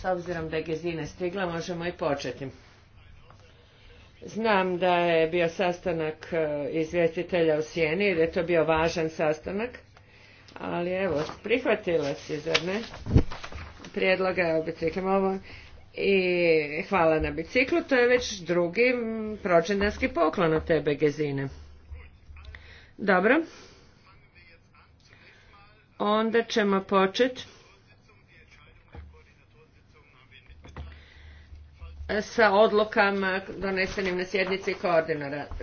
S obzirom da je Gesine stigla, možemo i početi. Znam da je bio sastanak e, izvjestitelja u Sjeni, da je to bio važan sastanak, ali evo, prihvatila si, zar ne? Prijedloga o biciklima ovo. I hvala na biciklu, to je već drugi pročendanski poklon od tebe, Gezine. Dobro onda ćemo početi sa odlukama donesenim na sjednici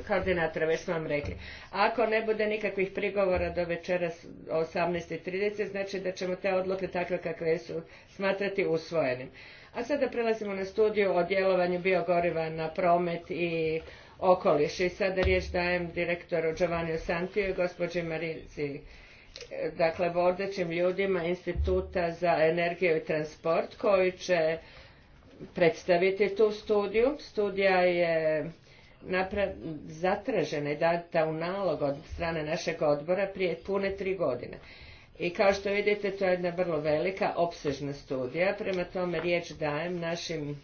koordinatora, već smo vam rekli. Ako ne bude nikakvih prigovora do večeras 18.30, znači da ćemo te odluke takve kakve su smatrati usvojenim. A sada prelazimo na studiju o djelovanju biogoriva na promet i okoliš. I sada riječ dajem direktoru Giovanni Santiju i gospođi Marici dakle vodećim ljudima Instituta za energiju i transport koji će predstaviti tu studiju. Studija je zatražena i data u nalog od strane našeg odbora prije pune tri godine. I kao što vidite, to je jedna vrlo velika, opsežna studija. Prema tome riječ dajem našim,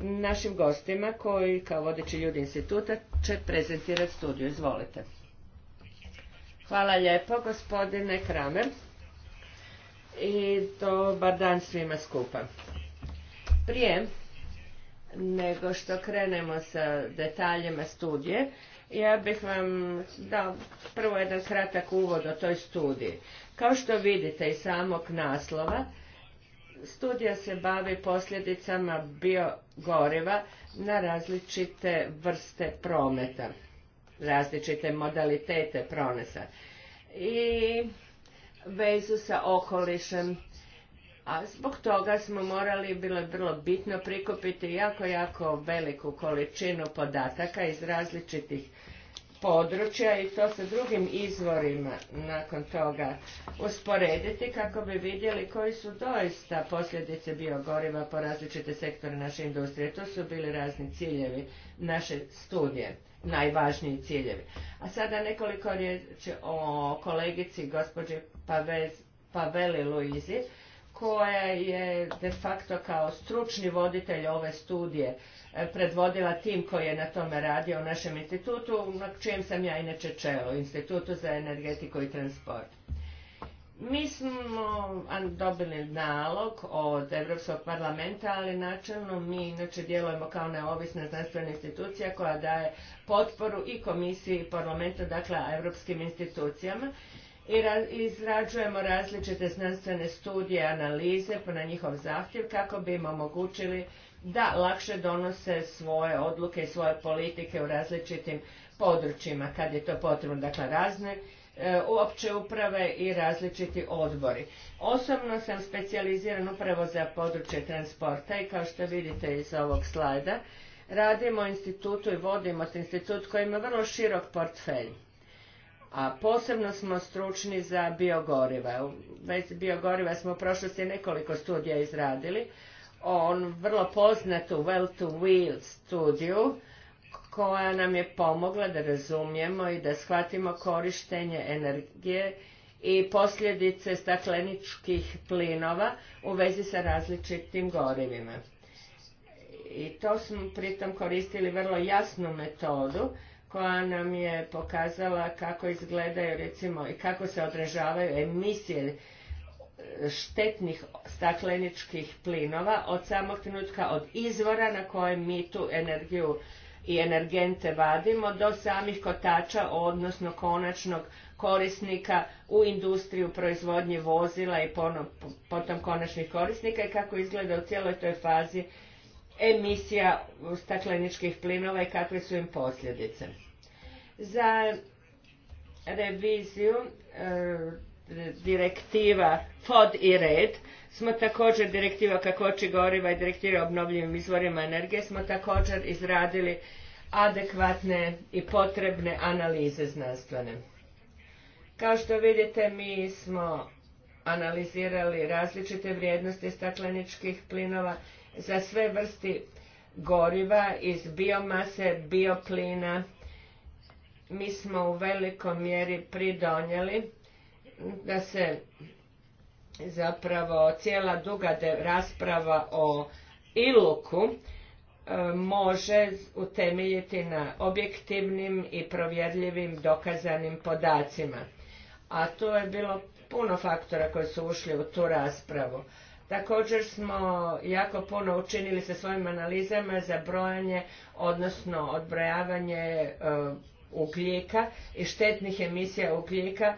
našim gostima koji, kao vodeći ljudi instituta, će prezentirati studiju. Izvolite. Hvala lijepo gospodine Kramer i dobar dan svima skupa. Prije nego što krenemo sa detaljima studije, ja bih vam dao prvo jedan kratak uvod o toj studiji. Kao što vidite iz samog naslova, studija se bavi posljedicama biogoriva na različite vrste prometa različite modalitete pronesa i vezu sa okolišem. A zbog toga smo morali, bilo je vrlo bitno prikupiti jako, jako veliku količinu podataka iz različitih područja i to sa drugim izvorima nakon toga usporediti kako bi vidjeli koji su doista posljedice biogoriva po različite sektore naše industrije. To su bili razni ciljevi naše studije, najvažniji ciljevi. A sada nekoliko riječi o kolegici gospođi Paveli Luizi koja je de facto kao stručni voditelj ove studije e, predvodila tim koji je na tome radio u našem institutu, na čijem sam ja inače čelo, Institutu za energetiku i transport. Mi smo dobili nalog od Europskog parlamenta, ali načelno mi inače djelujemo kao neovisna znanstvena institucija koja daje potporu i komisiji i parlamentu, dakle europskim institucijama i izrađujemo različite znanstvene studije, analize na njihov zahtjev kako bi im omogućili da lakše donose svoje odluke i svoje politike u različitim područjima kad je to potrebno, dakle razne uopće opće uprave i različiti odbori. Osobno sam specijaliziran upravo za područje transporta i kao što vidite iz ovog slajda radimo institutu i vodimo institut koji ima vrlo širok portfelj a posebno smo stručni za biogoriva. biogoriva smo u prošlosti nekoliko studija izradili. On vrlo poznatu Well to Wheel studiju koja nam je pomogla da razumijemo i da shvatimo korištenje energije i posljedice stakleničkih plinova u vezi sa različitim gorivima. I to smo pritom koristili vrlo jasnu metodu koja nam je pokazala kako izgledaju recimo i kako se odražavaju emisije štetnih stakleničkih plinova od samog trenutka od izvora na kojem mi tu energiju i energente vadimo do samih kotača odnosno konačnog korisnika u industriju proizvodnje vozila i potom konačnih korisnika i kako izgleda u cijeloj toj fazi emisija stakleničkih plinova i kakve su im posljedice za reviziju e, direktiva FOD i RED smo također direktiva kakoći goriva i direktiva obnovljivim izvorima energije smo također izradili adekvatne i potrebne analize znanstvene. Kao što vidite mi smo analizirali različite vrijednosti stakleničkih plinova za sve vrsti goriva iz biomase, bioplina, mi smo u velikoj mjeri pridonijeli da se zapravo cijela duga rasprava o iluku e, može utemeljiti na objektivnim i provjerljivim dokazanim podacima. A tu je bilo puno faktora koji su ušli u tu raspravu. Također smo jako puno učinili sa svojim analizama za brojanje, odnosno odbrojavanje e, ugljika i štetnih emisija ugljika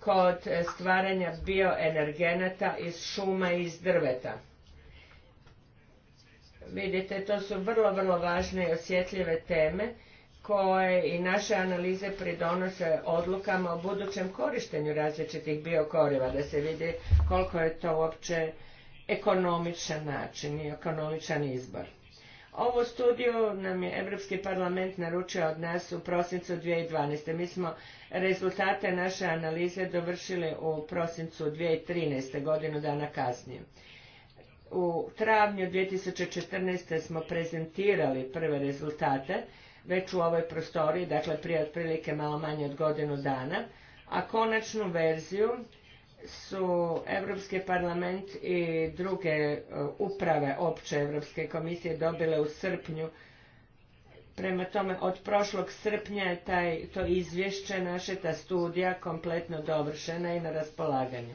kod e, stvaranja bioenergenata iz šuma i iz drveta. Vidite, to su vrlo, vrlo važne i osjetljive teme koje i naše analize pridonose odlukama o budućem korištenju različitih biokoriva, da se vidi koliko je to uopće ekonomičan način i ekonomičan izbor. Ovu studiju nam je Europski parlament naručio od nas u prosincu 2012. Mi smo rezultate naše analize dovršili u prosincu 2013. godinu dana kasnije. U travnju 2014. smo prezentirali prve rezultate već u ovoj prostoriji, dakle prije otprilike malo manje od godinu dana, a konačnu verziju su Europski parlament i druge uh, uprave opće Europske komisije dobile u srpnju. Prema tome, od prošlog srpnja je taj, to izvješće naše, ta studija, kompletno dovršena i na raspolaganju.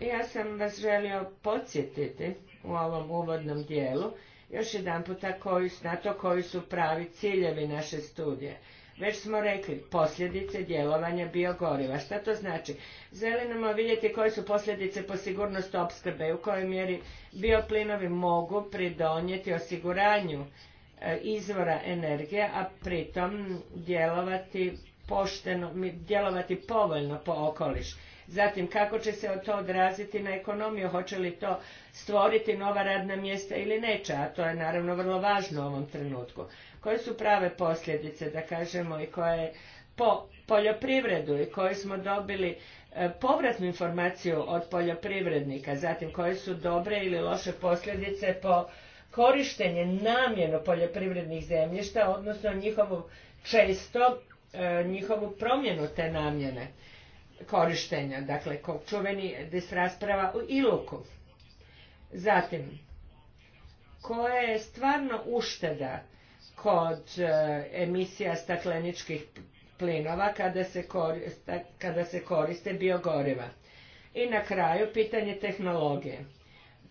Ja sam vas želio podsjetiti u ovom uvodnom dijelu još jedan puta na to koji su pravi ciljevi naše studije već smo rekli, posljedice djelovanja biogoriva. Šta to znači? Želimo vidjeti koje su posljedice po sigurnost opskrbe i u kojoj mjeri bioplinovi mogu pridonijeti osiguranju e, izvora energije, a pritom djelovati pošteno, djelovati povoljno po okoliš. Zatim, kako će se to odraziti na ekonomiju, hoće li to stvoriti nova radna mjesta ili neće, a to je naravno vrlo važno u ovom trenutku koje su prave posljedice, da kažemo, i koje po poljoprivredu i koje smo dobili e, povratnu informaciju od poljoprivrednika, zatim koje su dobre ili loše posljedice po korištenje namjenu poljoprivrednih zemljišta, odnosno njihovu često e, njihovu promjenu te namjene korištenja, dakle čuveni rasprava u iluku. Zatim, koja je stvarno ušteda kod e, emisija stakleničkih plinova kada se, koriste, biogoriva. I na kraju pitanje tehnologije.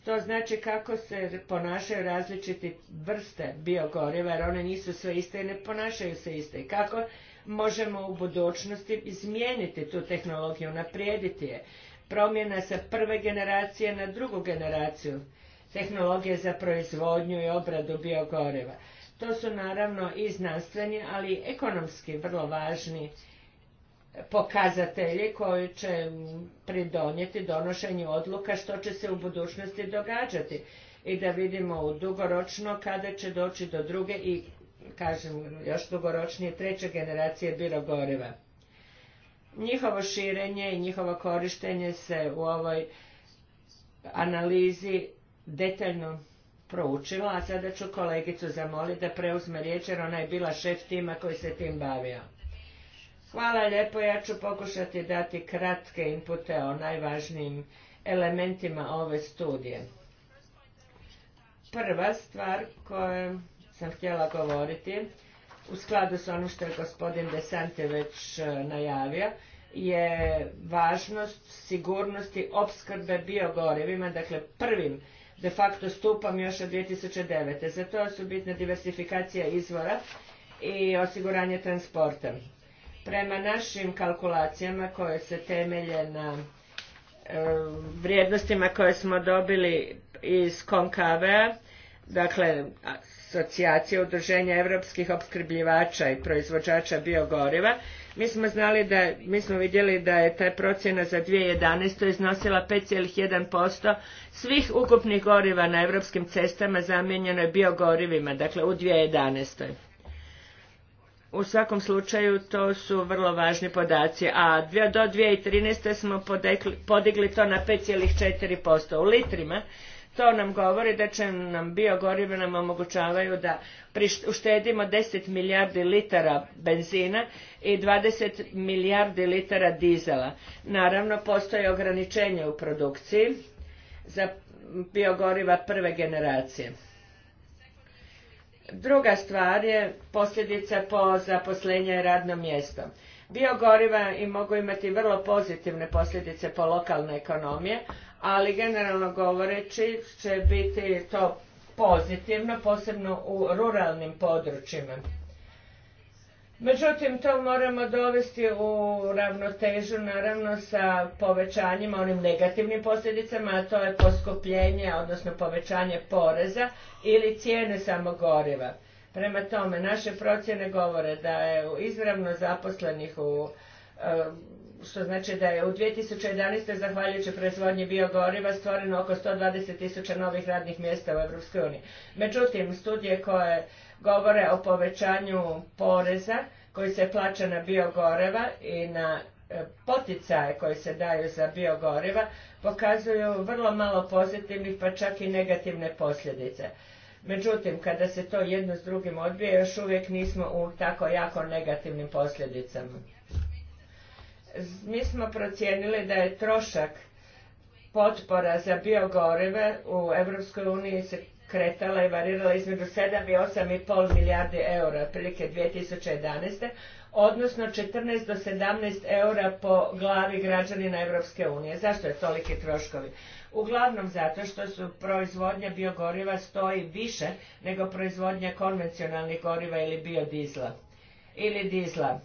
To znači kako se ponašaju različite vrste biogoriva, jer one nisu sve iste i ne ponašaju se iste. I kako možemo u budućnosti izmijeniti tu tehnologiju, unaprijediti je. Promjena sa prve generacije na drugu generaciju tehnologije za proizvodnju i obradu biogoriva. To su naravno i znanstveni, ali i ekonomski vrlo važni pokazatelji koji će pridonijeti donošenju odluka što će se u budućnosti događati i da vidimo dugoročno kada će doći do druge i kažem još dugoročnije treće generacije biogoriva. Njihovo širenje i njihovo korištenje se u ovoj analizi detaljno proučila, a sada ću kolegicu zamoliti da preuzme riječ jer ona je bila šef tima koji se tim bavio. Hvala lijepo, ja ću pokušati dati kratke inpute o najvažnijim elementima ove studije. Prva stvar koju sam htjela govoriti, u skladu s onim što je gospodin Desante već e, najavio, je važnost sigurnosti opskrbe biogorivima, dakle prvim de facto stupom još od 2009. Za to su bitna diversifikacija izvora i osiguranje transporta. Prema našim kalkulacijama koje se temelje na e, vrijednostima koje smo dobili iz Konkavea, dakle asocijacije udruženja europskih opskrbljivača i proizvođača biogoriva, mi smo znali da, mi smo vidjeli da je ta procjena za 2011. iznosila 5,1% svih ukupnih goriva na europskim cestama zamijenjeno je biogorivima, dakle u 2011. U svakom slučaju to su vrlo važni podaci, a do 2013. smo podigli to na 5,4%. U litrima to nam govori da će nam biogorive nam omogućavaju da uštedimo 10 milijardi litara benzina i 20 milijardi litara dizela. Naravno, postoje ograničenje u produkciji za biogoriva prve generacije. Druga stvar je posljedica po zaposlenje radno mjesto. Biogoriva i mogu imati vrlo pozitivne posljedice po lokalne ekonomije, ali generalno govoreći će biti to pozitivno, posebno u ruralnim područjima. Međutim, to moramo dovesti u ravnotežu naravno sa povećanjima, onim negativnim posljedicama, a to je poskupljenje, odnosno povećanje poreza ili cijene samog goriva. Prema tome, naše procjene govore da je izravno zaposlenih u što znači da je u 2011. zahvaljujući proizvodnji biogoriva stvoreno oko twenty zero novih radnih mjesta u Europskoj uniji. Međutim, studije koje govore o povećanju poreza koji se plaća na biogoriva i na e, poticaje koji se daju za biogoriva pokazuju vrlo malo pozitivnih pa čak i negativne posljedice. Međutim, kada se to jedno s drugim odbije, još uvijek nismo u tako jako negativnim posljedicama mi smo procijenili da je trošak potpora za biogorive u europskoj uniji se kretala i varirala između sedam i osam i pol milijardi eura otprilike two thousand and eleven odnosno fourteen do seventeen eura po glavi građanina europske unije. zašto je toliki troškovi? uglavnom zato što proizvodnja biogoriva stoji više nego proizvodnja konvencionalnih goriva ili biodizela ili dizla.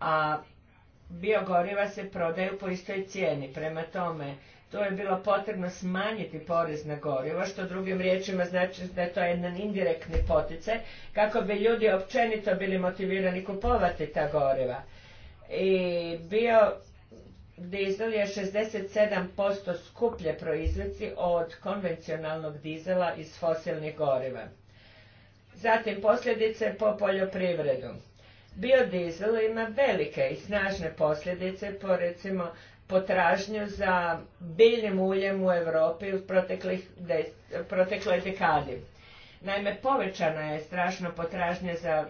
a biogoriva se prodaju po istoj cijeni. Prema tome, tu je bilo potrebno smanjiti porez na gorivo, što drugim riječima znači da je to jedan indirektni poticaj, kako bi ljudi općenito bili motivirani kupovati ta goriva. I bio dizel je 67% skuplje proizvesti od konvencionalnog dizela iz fosilnih goriva. Zatim posljedice po poljoprivredu biodizel ima velike i snažne posljedice po recimo potražnju za biljnim uljem u Europi u protekloj dekadi. Naime, povećana je strašno potražnja za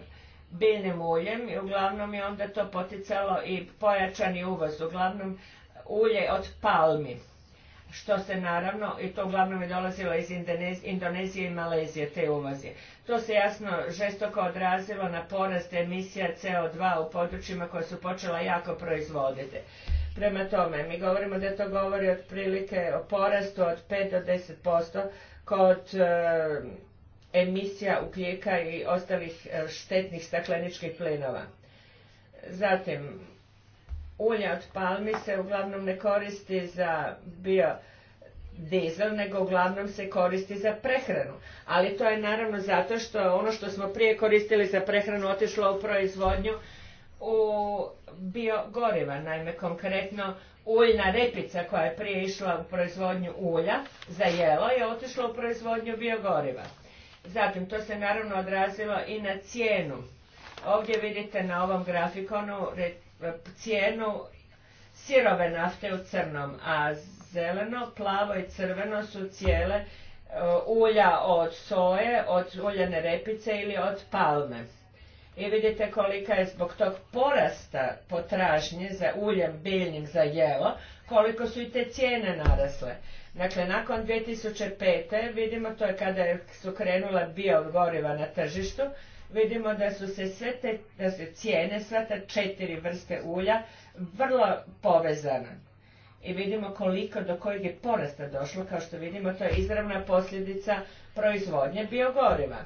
biljnim uljem i uglavnom je onda to poticalo i pojačani uvoz, uglavnom ulje od palmi što se naravno, i to uglavnom je dolazilo iz Indonezije i Malezije, te uvozije. To se jasno žestoko odrazilo na porast emisija CO2 u područjima koja su počela jako proizvoditi. Prema tome, mi govorimo da to govori otprilike o porastu od 5 do 10% kod e, emisija ugljika i ostalih e, štetnih stakleničkih plinova. Zatim, Ulje od palmi se uglavnom ne koristi za bio dizel, nego uglavnom se koristi za prehranu. Ali to je naravno zato što ono što smo prije koristili za prehranu otišlo u proizvodnju u biogoriva, naime konkretno uljna repica koja je prije išla u proizvodnju ulja za jelo je otišla u proizvodnju biogoriva. Zatim to se naravno odrazilo i na cijenu. Ovdje vidite na ovom grafikonu cijenu sirove nafte u crnom, a zeleno, plavo i crveno su cijele e, ulja od soje, od uljane repice ili od palme. I vidite kolika je zbog tog porasta potražnje za uljem biljnim za jelo, koliko su i te cijene narasle. Dakle, nakon 2005. vidimo to je kada su krenula biogoriva na tržištu, vidimo da su se sve te, da cijene, sva četiri vrste ulja vrlo povezane. I vidimo koliko do kojeg je porasta došlo, kao što vidimo to je izravna posljedica proizvodnje biogoriva.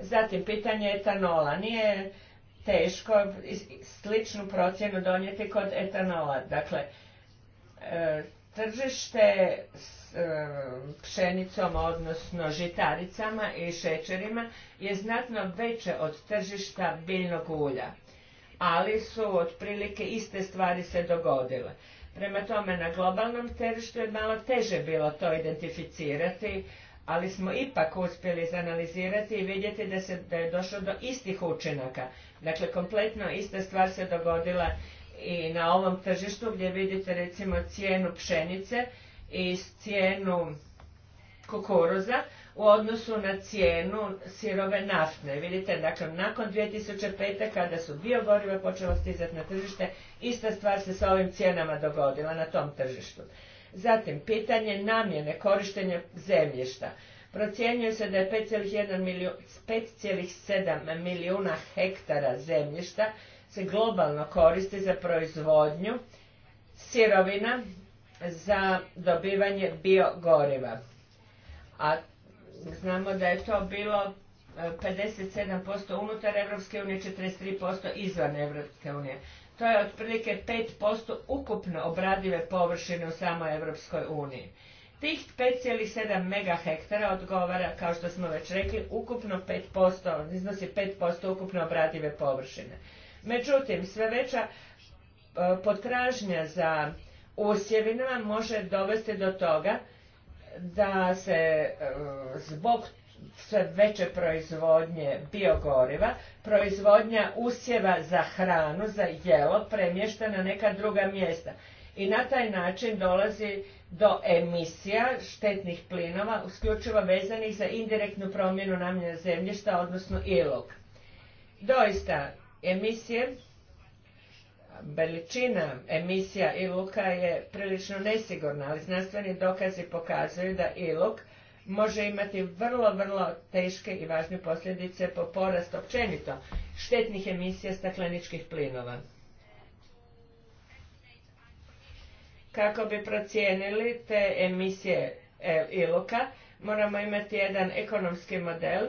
Zatim pitanje etanola. Nije teško sličnu procjenu donijeti kod etanola. Dakle, e, Tržište s e, pšenicom, odnosno žitaricama i šećerima je znatno veće od tržišta biljnog ulja, ali su otprilike iste stvari se dogodile. Prema tome, na globalnom tržištu je malo teže bilo to identificirati, ali smo ipak uspjeli zanalizirati i vidjeti da, se, da je došlo do istih učinaka. Dakle, kompletno ista stvar se dogodila i na ovom tržištu gdje vidite recimo cijenu pšenice i cijenu kukuruza u odnosu na cijenu sirove naftne. Vidite, dakle, nakon 2005. kada su goriva počela stizati na tržište, ista stvar se s ovim cijenama dogodila na tom tržištu. Zatim, pitanje namjene korištenja zemljišta. Procjenjuje se da je 5,7 milijuna hektara zemljišta se globalno koristi za proizvodnju sirovina za dobivanje biogoriva. A znamo da je to bilo 57% e, unutar Evropske unije, 43% izvan Evropske unije. To je otprilike 5% ukupno obradive površine u samoj Evropskoj uniji. Tih 5,7 megahektara odgovara, kao što smo već rekli, ukupno 5%, iznosi 5% ukupno obradive površine. Međutim, sve veća e, potražnja za usjevima može dovesti do toga da se e, zbog sve veće proizvodnje biogoriva, proizvodnja usjeva za hranu, za jelo, premješta na neka druga mjesta. I na taj način dolazi do emisija štetnih plinova, isključivo vezanih za indirektnu promjenu namjene zemljišta, odnosno ilog. Doista, emisije, veličina emisija iluka je prilično nesigurna, ali znanstveni dokazi pokazuju da iluk može imati vrlo, vrlo teške i važne posljedice po porast općenito štetnih emisija stakleničkih plinova. Kako bi procijenili te emisije e, iluka, moramo imati jedan ekonomski model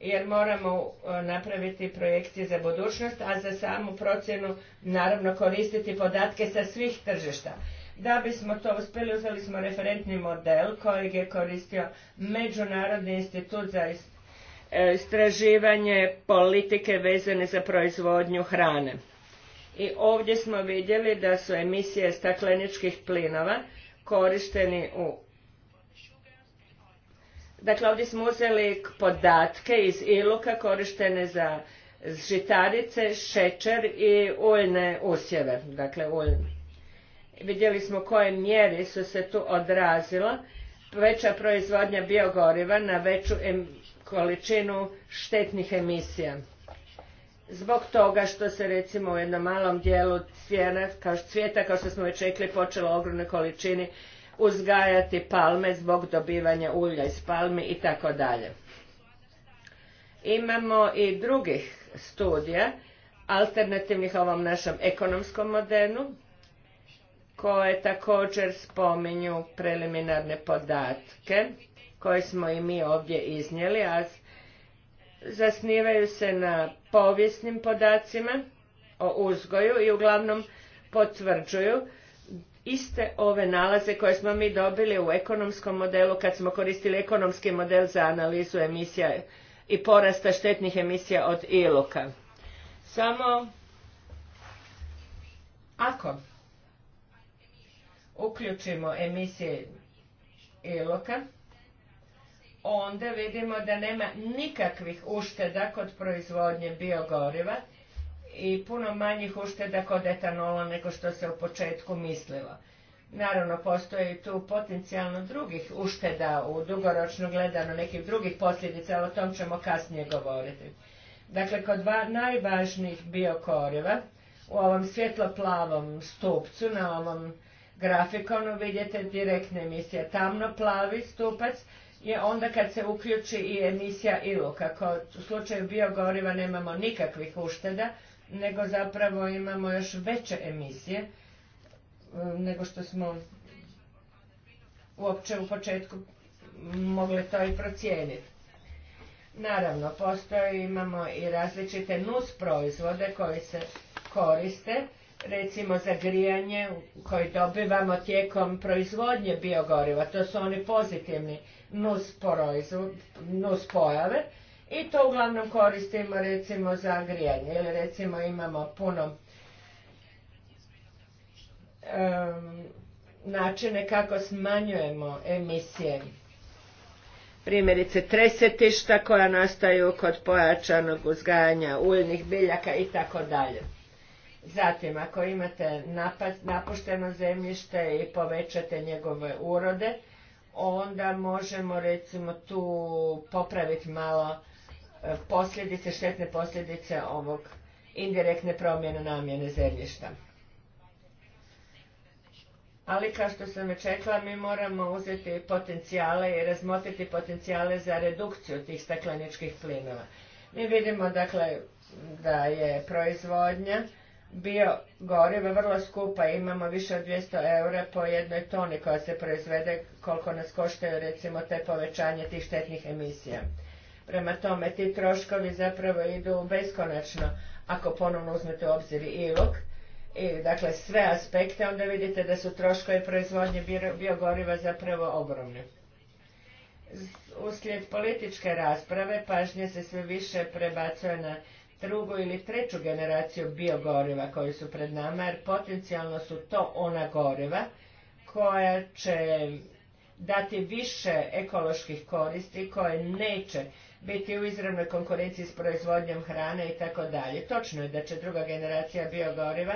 jer moramo e, napraviti projekcije za budućnost, a za samu procjenu naravno koristiti podatke sa svih tržišta. Da bismo to uspjeli, uzeli smo referentni model kojeg je koristio Međunarodni institut za e, istraživanje politike vezane za proizvodnju hrane. I ovdje smo vidjeli da su emisije stakleničkih plinova korišteni u Dakle, ovdje smo uzeli podatke iz iluka korištene za žitarice, šećer i uljne usjeve. Dakle, uljne. Vidjeli smo koje mjeri su se tu odrazila veća proizvodnja biogoriva na veću količinu štetnih emisija. Zbog toga što se recimo u jednom malom dijelu cvijeta, kao što smo već rekli, počelo ogromne količini uzgajati palme zbog dobivanja ulja iz palmi i tako dalje. Imamo i drugih studija alternativnih ovom našem ekonomskom modelu koje također spominju preliminarne podatke koje smo i mi ovdje iznijeli, a zasnivaju se na povijesnim podacima o uzgoju i uglavnom potvrđuju iste ove nalaze koje smo mi dobili u ekonomskom modelu kad smo koristili ekonomski model za analizu emisija i porasta štetnih emisija od iluka. Samo ako uključimo emisije iloka onda vidimo da nema nikakvih ušteda kod proizvodnje biogoriva i puno manjih ušteda kod etanola nego što se u početku mislilo. Naravno, postoje tu potencijalno drugih ušteda u dugoročno gledano nekih drugih posljedica, ali o tom ćemo kasnije govoriti. Dakle, kod dva najvažnijih biokoriva u ovom svjetloplavom stupcu na ovom grafikonu vidite direktne emisije. Tamno-plavi stupac je onda kad se uključi i emisija ilu. Kako u slučaju biogoriva nemamo nikakvih ušteda, nego zapravo imamo još veće emisije e, nego što smo uopće u početku mogli to i procijeniti. Naravno, postoji, imamo i različite nus proizvode koji se koriste, recimo za grijanje koji dobivamo tijekom proizvodnje biogoriva. To su oni pozitivni nus, pojave, i to uglavnom koristimo recimo za grijanje ili recimo imamo puno um, načine kako smanjujemo emisije primjerice tresetišta koja nastaju kod pojačanog uzgajanja uljnih biljaka i tako dalje. Zatim, ako imate napušteno zemljište i povećate njegove urode, onda možemo recimo tu popraviti malo E, posljedice, štetne posljedice ovog indirektne promjene namjene zemljišta. Ali kao što sam već rekla, mi moramo uzeti potencijale i razmotriti potencijale za redukciju tih stakleničkih plinova. Mi vidimo dakle da je proizvodnja bio goriva vrlo skupa, imamo više od 200 eura po jednoj toni koja se proizvede, koliko nas koštaju recimo te povećanje tih štetnih emisija. Prema tome, ti troškovi zapravo idu beskonačno ako ponovno uzmete u obzir ilog i dakle sve aspekte, onda vidite da su troškovi proizvodnje biogoriva zapravo ogromni. Uslijed političke rasprave pažnje se sve više prebacuje na drugu ili treću generaciju biogoriva koji su pred nama, jer potencijalno su to ona goriva koja će dati više ekoloških koristi koje neće biti u izravnoj konkurenciji s proizvodnjom hrane i tako Točno je da će druga generacija biogoriva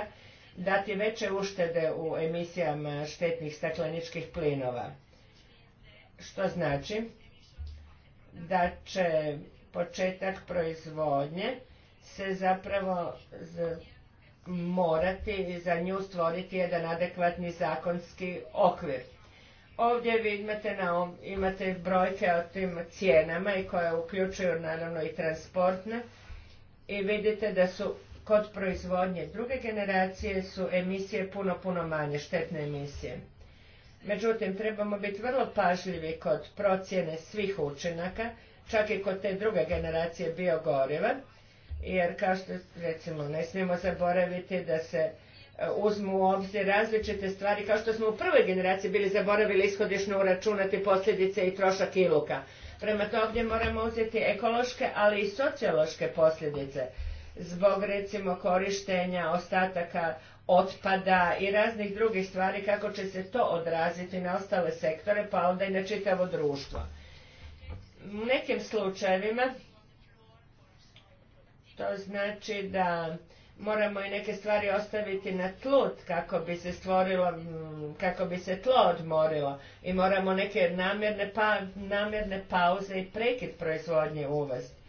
dati veće uštede u emisijama štetnih stakleničkih plinova. Što znači da će početak proizvodnje se zapravo morati za nju stvoriti jedan adekvatni zakonski okvir. Ovdje vi imate, na, imate brojke o tim cijenama i koje uključuju naravno i transportne i vidite da su kod proizvodnje druge generacije su emisije puno, puno manje, štetne emisije. Međutim, trebamo biti vrlo pažljivi kod procjene svih učinaka, čak i kod te druge generacije biogoriva, jer kao što recimo ne smijemo zaboraviti da se E, uzmu u obzir različite stvari, kao što smo u prvoj generaciji bili zaboravili ishodišno uračunati posljedice i trošak iluka. Prema tome ovdje moramo uzeti ekološke, ali i sociološke posljedice zbog recimo korištenja ostataka otpada i raznih drugih stvari kako će se to odraziti na ostale sektore pa onda i na čitavo društvo. U nekim slučajevima to znači da moramo i neke stvari ostaviti na tlut kako bi se stvorilo, kako bi se tlo odmorilo i moramo neke pa, namjerne, pauze i prekid proizvodnje uvesti.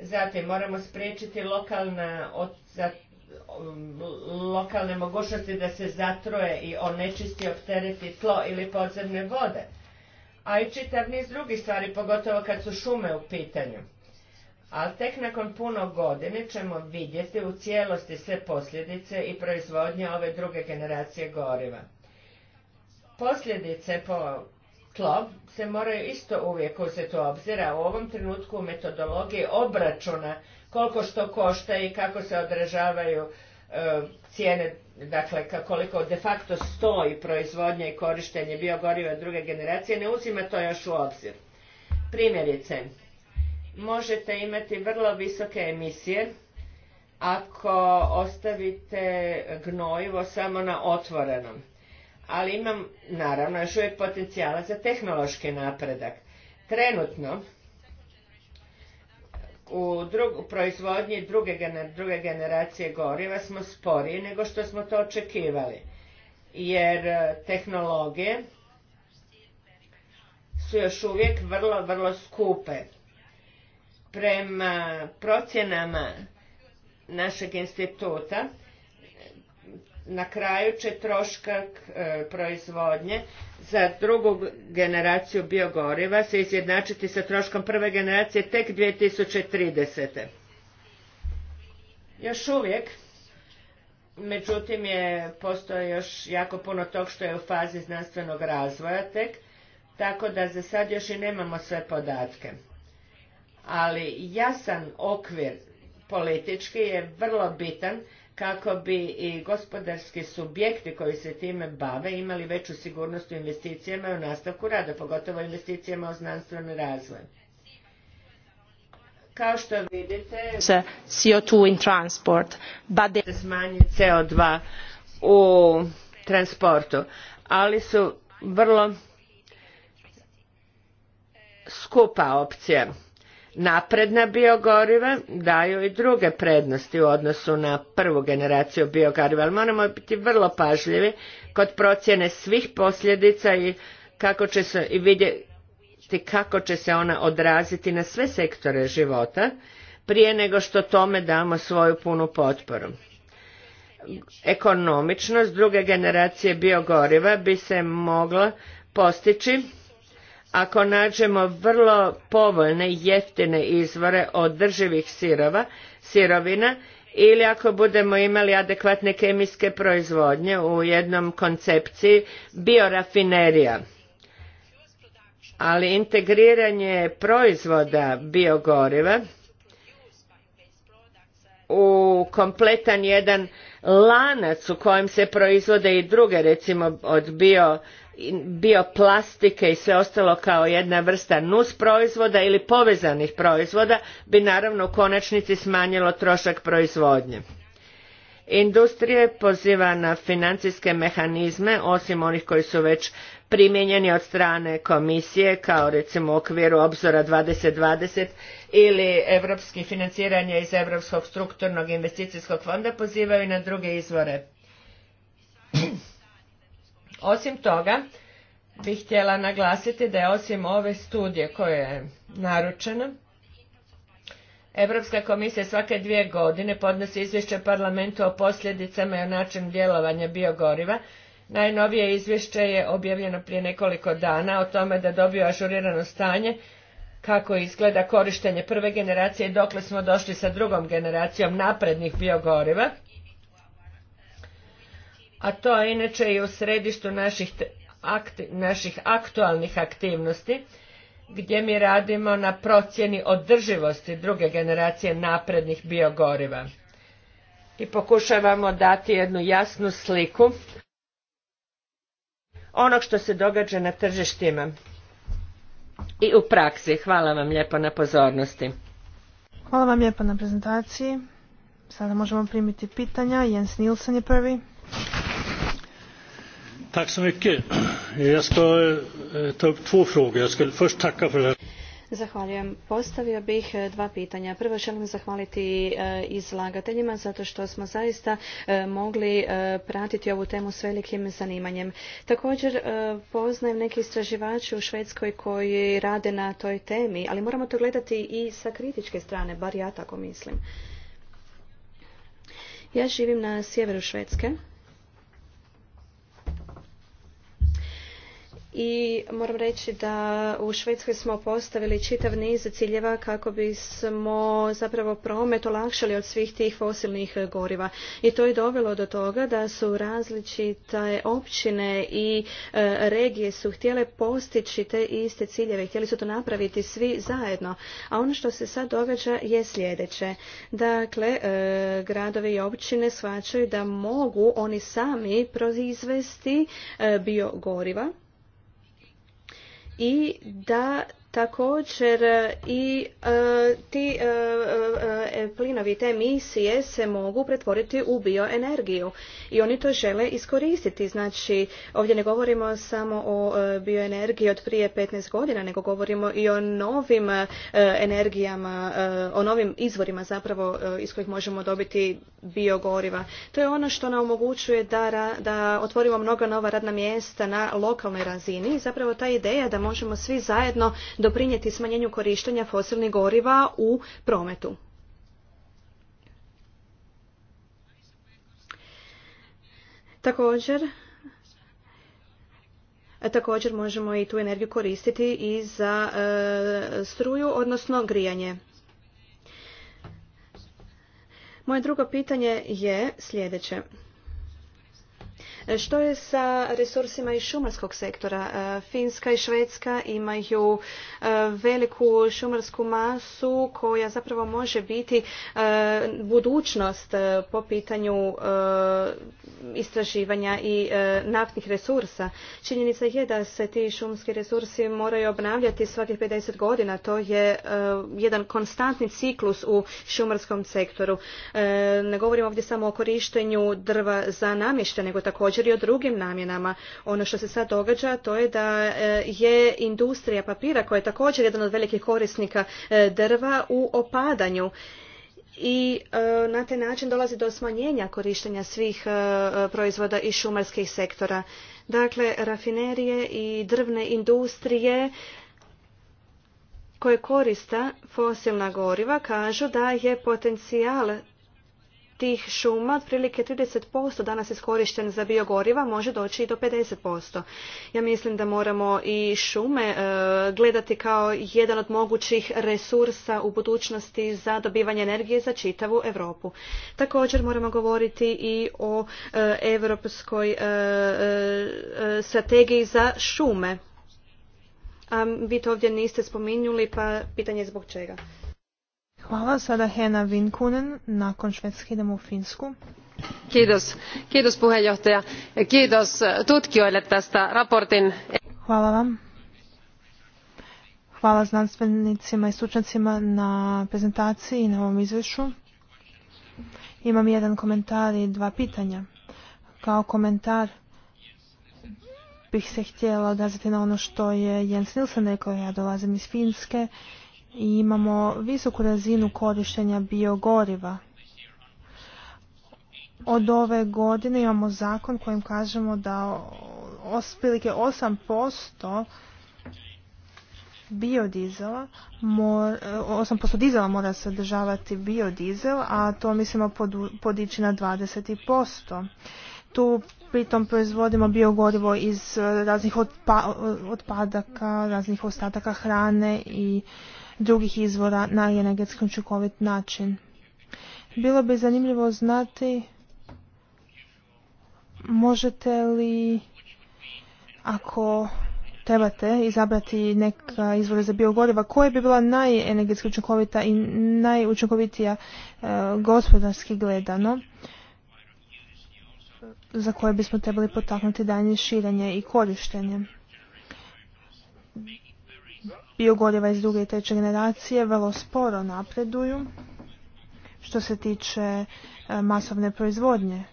Zatim moramo spriječiti lokalna lokalne mogućnosti da se zatruje i onečisti optereti tlo ili podzemne vode. A i čitav niz drugih stvari, pogotovo kad su šume u pitanju ali tek nakon puno godine ćemo vidjeti u cijelosti sve posljedice i proizvodnje ove druge generacije goriva. Posljedice po tlo se moraju isto uvijek uzeti u obzir, a u ovom trenutku u metodologiji obračuna koliko što košta i kako se odražavaju e, cijene, dakle koliko de facto stoji proizvodnja i korištenje biogoriva druge generacije, ne uzima to još u obzir. Primjerice, možete imati vrlo visoke emisije ako ostavite gnojivo samo na otvorenom. Ali imam, naravno, još uvijek potencijala za tehnološki napredak. Trenutno, u proizvodnji druge, druge generacije goriva smo sporiji nego što smo to očekivali. Jer e, tehnologije su još uvijek vrlo, vrlo skupe prema procjenama našeg instituta na kraju će troškak e, proizvodnje za drugu generaciju biogoriva se izjednačiti sa troškom prve generacije tek 2030. Još uvijek, međutim, je, postoje još jako puno tog što je u fazi znanstvenog razvoja tek, tako da za sad još i nemamo sve podatke ali jasan okvir politički je vrlo bitan kako bi i gospodarski subjekti koji se time bave imali veću sigurnost u investicijama i u nastavku rada, pogotovo u investicijama u znanstveni razvoj. Kao što vidite, CO2 in transport, but smanji CO2 u transportu, ali su vrlo skupa opcija Napredna biogoriva daju i druge prednosti u odnosu na prvu generaciju biogoriva, ali moramo biti vrlo pažljivi kod procjene svih posljedica i kako će se i vidjeti kako će se ona odraziti na sve sektore života prije nego što tome damo svoju punu potporu. Ekonomičnost druge generacije biogoriva bi se mogla postići ako nađemo vrlo povoljne i jeftine izvore održivih sirovina ili ako budemo imali adekvatne kemijske proizvodnje u jednom koncepciji biorafinerija. Ali integriranje proizvoda biogoriva u kompletan jedan lanac u kojem se proizvode i druge recimo od bio bioplastike i sve ostalo kao jedna vrsta nus proizvoda ili povezanih proizvoda bi naravno u konačnici smanjilo trošak proizvodnje. Industrija poziva na financijske mehanizme, osim onih koji su već primijenjeni od strane komisije, kao recimo u okviru obzora 2020 ili evropski financiranje iz Europskog strukturnog investicijskog fonda, pozivaju na druge izvore osim toga, bih htjela naglasiti da je osim ove studije koja je naručena, Europska komisija svake dvije godine podnosi izvješće parlamentu o posljedicama i o načinu djelovanja biogoriva. Najnovije izvješće je objavljeno prije nekoliko dana o tome da dobio ažurirano stanje kako izgleda korištenje prve generacije i dokle smo došli sa drugom generacijom naprednih biogoriva a to je inače i u središtu naših, aktualnih aktivnosti gdje mi radimo na procjeni održivosti druge generacije naprednih biogoriva i pokušavamo dati jednu jasnu sliku onog što se događa na tržištima i u praksi. Hvala vam lijepo na pozornosti. Hvala vam lijepo na prezentaciji. Sada možemo primiti pitanja. Jens Nilsen je prvi. Postavio bih eh, dva pitanja. Prvo želim zahvaliti eh, izlagateljima zato što smo zaista eh, mogli pratiti ovu temu s velikim zanimanjem. Također poznajem neke istraživače u Švedskoj koji rade na toj temi, ali moramo to gledati i sa kritičke strane, bar ja tako mislim. Ja živim na sjeveru Švedske i moram reći da u Švedskoj smo postavili čitav niz ciljeva kako bismo zapravo promet olakšali od svih tih fosilnih goriva. I to je dovelo do toga da su različite općine i e, regije su htjele postići te iste ciljeve, htjeli su to napraviti svi zajedno. A ono što se sad događa je sljedeće. Dakle, e, gradovi i općine shvaćaju da mogu oni sami proizvesti e, biogoriva i da Također i e, ti e, e, e, plinovi, te emisije se mogu pretvoriti u bioenergiju i oni to žele iskoristiti. Znači, ovdje ne govorimo samo o e, bioenergiji od prije 15 godina, nego govorimo i o novim energijama, o novim izvorima zapravo iz kojih možemo dobiti biogoriva. To je ono što nam omogućuje da, da otvorimo mnoga nova radna mjesta na lokalnoj razini i zapravo ta ideja da možemo svi zajedno doprinijeti smanjenju korištenja fosilnih goriva u prometu. Također, također možemo i tu energiju koristiti i za e, struju, odnosno grijanje. Moje drugo pitanje je sljedeće. Što je sa resursima iz šumarskog sektora? E, Finska i Švedska imaju e, veliku šumarsku masu koja zapravo može biti e, budućnost po pitanju istraživanja i naftnih resursa. Činjenica je da se ti šumski resursi moraju obnavljati svakih 50 godina. To je jedan konstantni ciklus u šumarskom sektoru. Ne govorim ovdje samo o korištenju drva za namještaj, nego također također i o drugim namjenama. Ono što se sad događa to je da e, je industrija papira koja je također jedan od velikih korisnika e, drva u opadanju i e, na taj način dolazi do smanjenja korištenja svih proizvoda iz šumarskih sektora. Dakle, rafinerije i drvne industrije koje korista fosilna goriva kažu da je potencijal tih šuma, otprilike 30% danas iskorišten za biogoriva, može doći i do 50%. Ja mislim da moramo i šume e, gledati kao jedan od mogućih resursa u budućnosti za dobivanje energije za čitavu Europu. Također moramo govoriti i o e, evropskoj europskoj e, strategiji za šume. A vi to ovdje niste spominjuli, pa pitanje je zbog čega. Hvala. Sada Hena Vinkunen. Nakon Švedske idemo u Finsku. Kiitos. Kiitos puheenjohtaja. Kiitos tutkijoille tästä raportin. Hvala vam. Hvala znanstvenicima i stručnjacima na prezentaciji i na ovom izvješću. Imam jedan komentar i dva pitanja. Kao komentar bih se htjela odaziti na ono što je Jens Nilsen rekao, ja dolazim iz Finske i imamo visoku razinu korištenja biogoriva. Od ove godine imamo zakon kojim kažemo da ospilike 8% biodizela, 8% dizela mora sadržavati biodizel, a to mislimo podići na 20%. Tu pritom proizvodimo biogorivo iz eh, raznih otpadaka, raznih ostataka hrane i drugih izvora na energetski učinkovit način. Bilo bi zanimljivo znati možete li ako trebate izabrati neka izvore za biogoriva, koja bi bila najenergetski učinkovita i najučinkovitija e, gospodarski gledano, za koje bismo trebali potaknuti danje širenje i korištenje biogoriva iz druge i treće generacije vrlo sporo napreduju što se tiče e, masovne proizvodnje.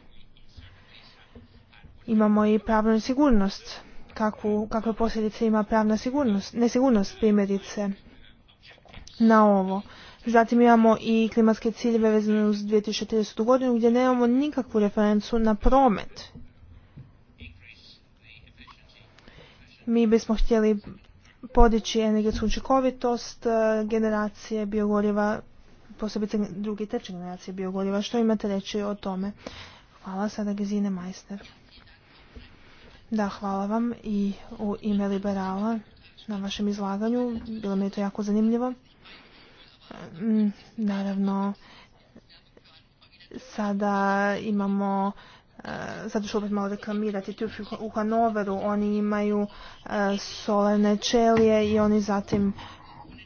Imamo i pravnu sigurnost. kakve posljedice ima pravna sigurnost, nesigurnost primjerice na ovo. Zatim imamo i klimatske ciljeve vezane uz 2030. godinu gdje nemamo nikakvu referencu na promet. Mi bismo htjeli podići energetsku učinkovitost e, generacije biogoriva, posebice druge i treće generacije biogoriva. Što imate reći o tome? Hvala sada Gezine Majster. Da, hvala vam i u ime Liberala na vašem izlaganju. Bilo mi je to jako zanimljivo. Mm, naravno, sada imamo zato e, što opet malo reklamirati, tu u Hanoveru oni imaju e, solarne čelije i oni zatim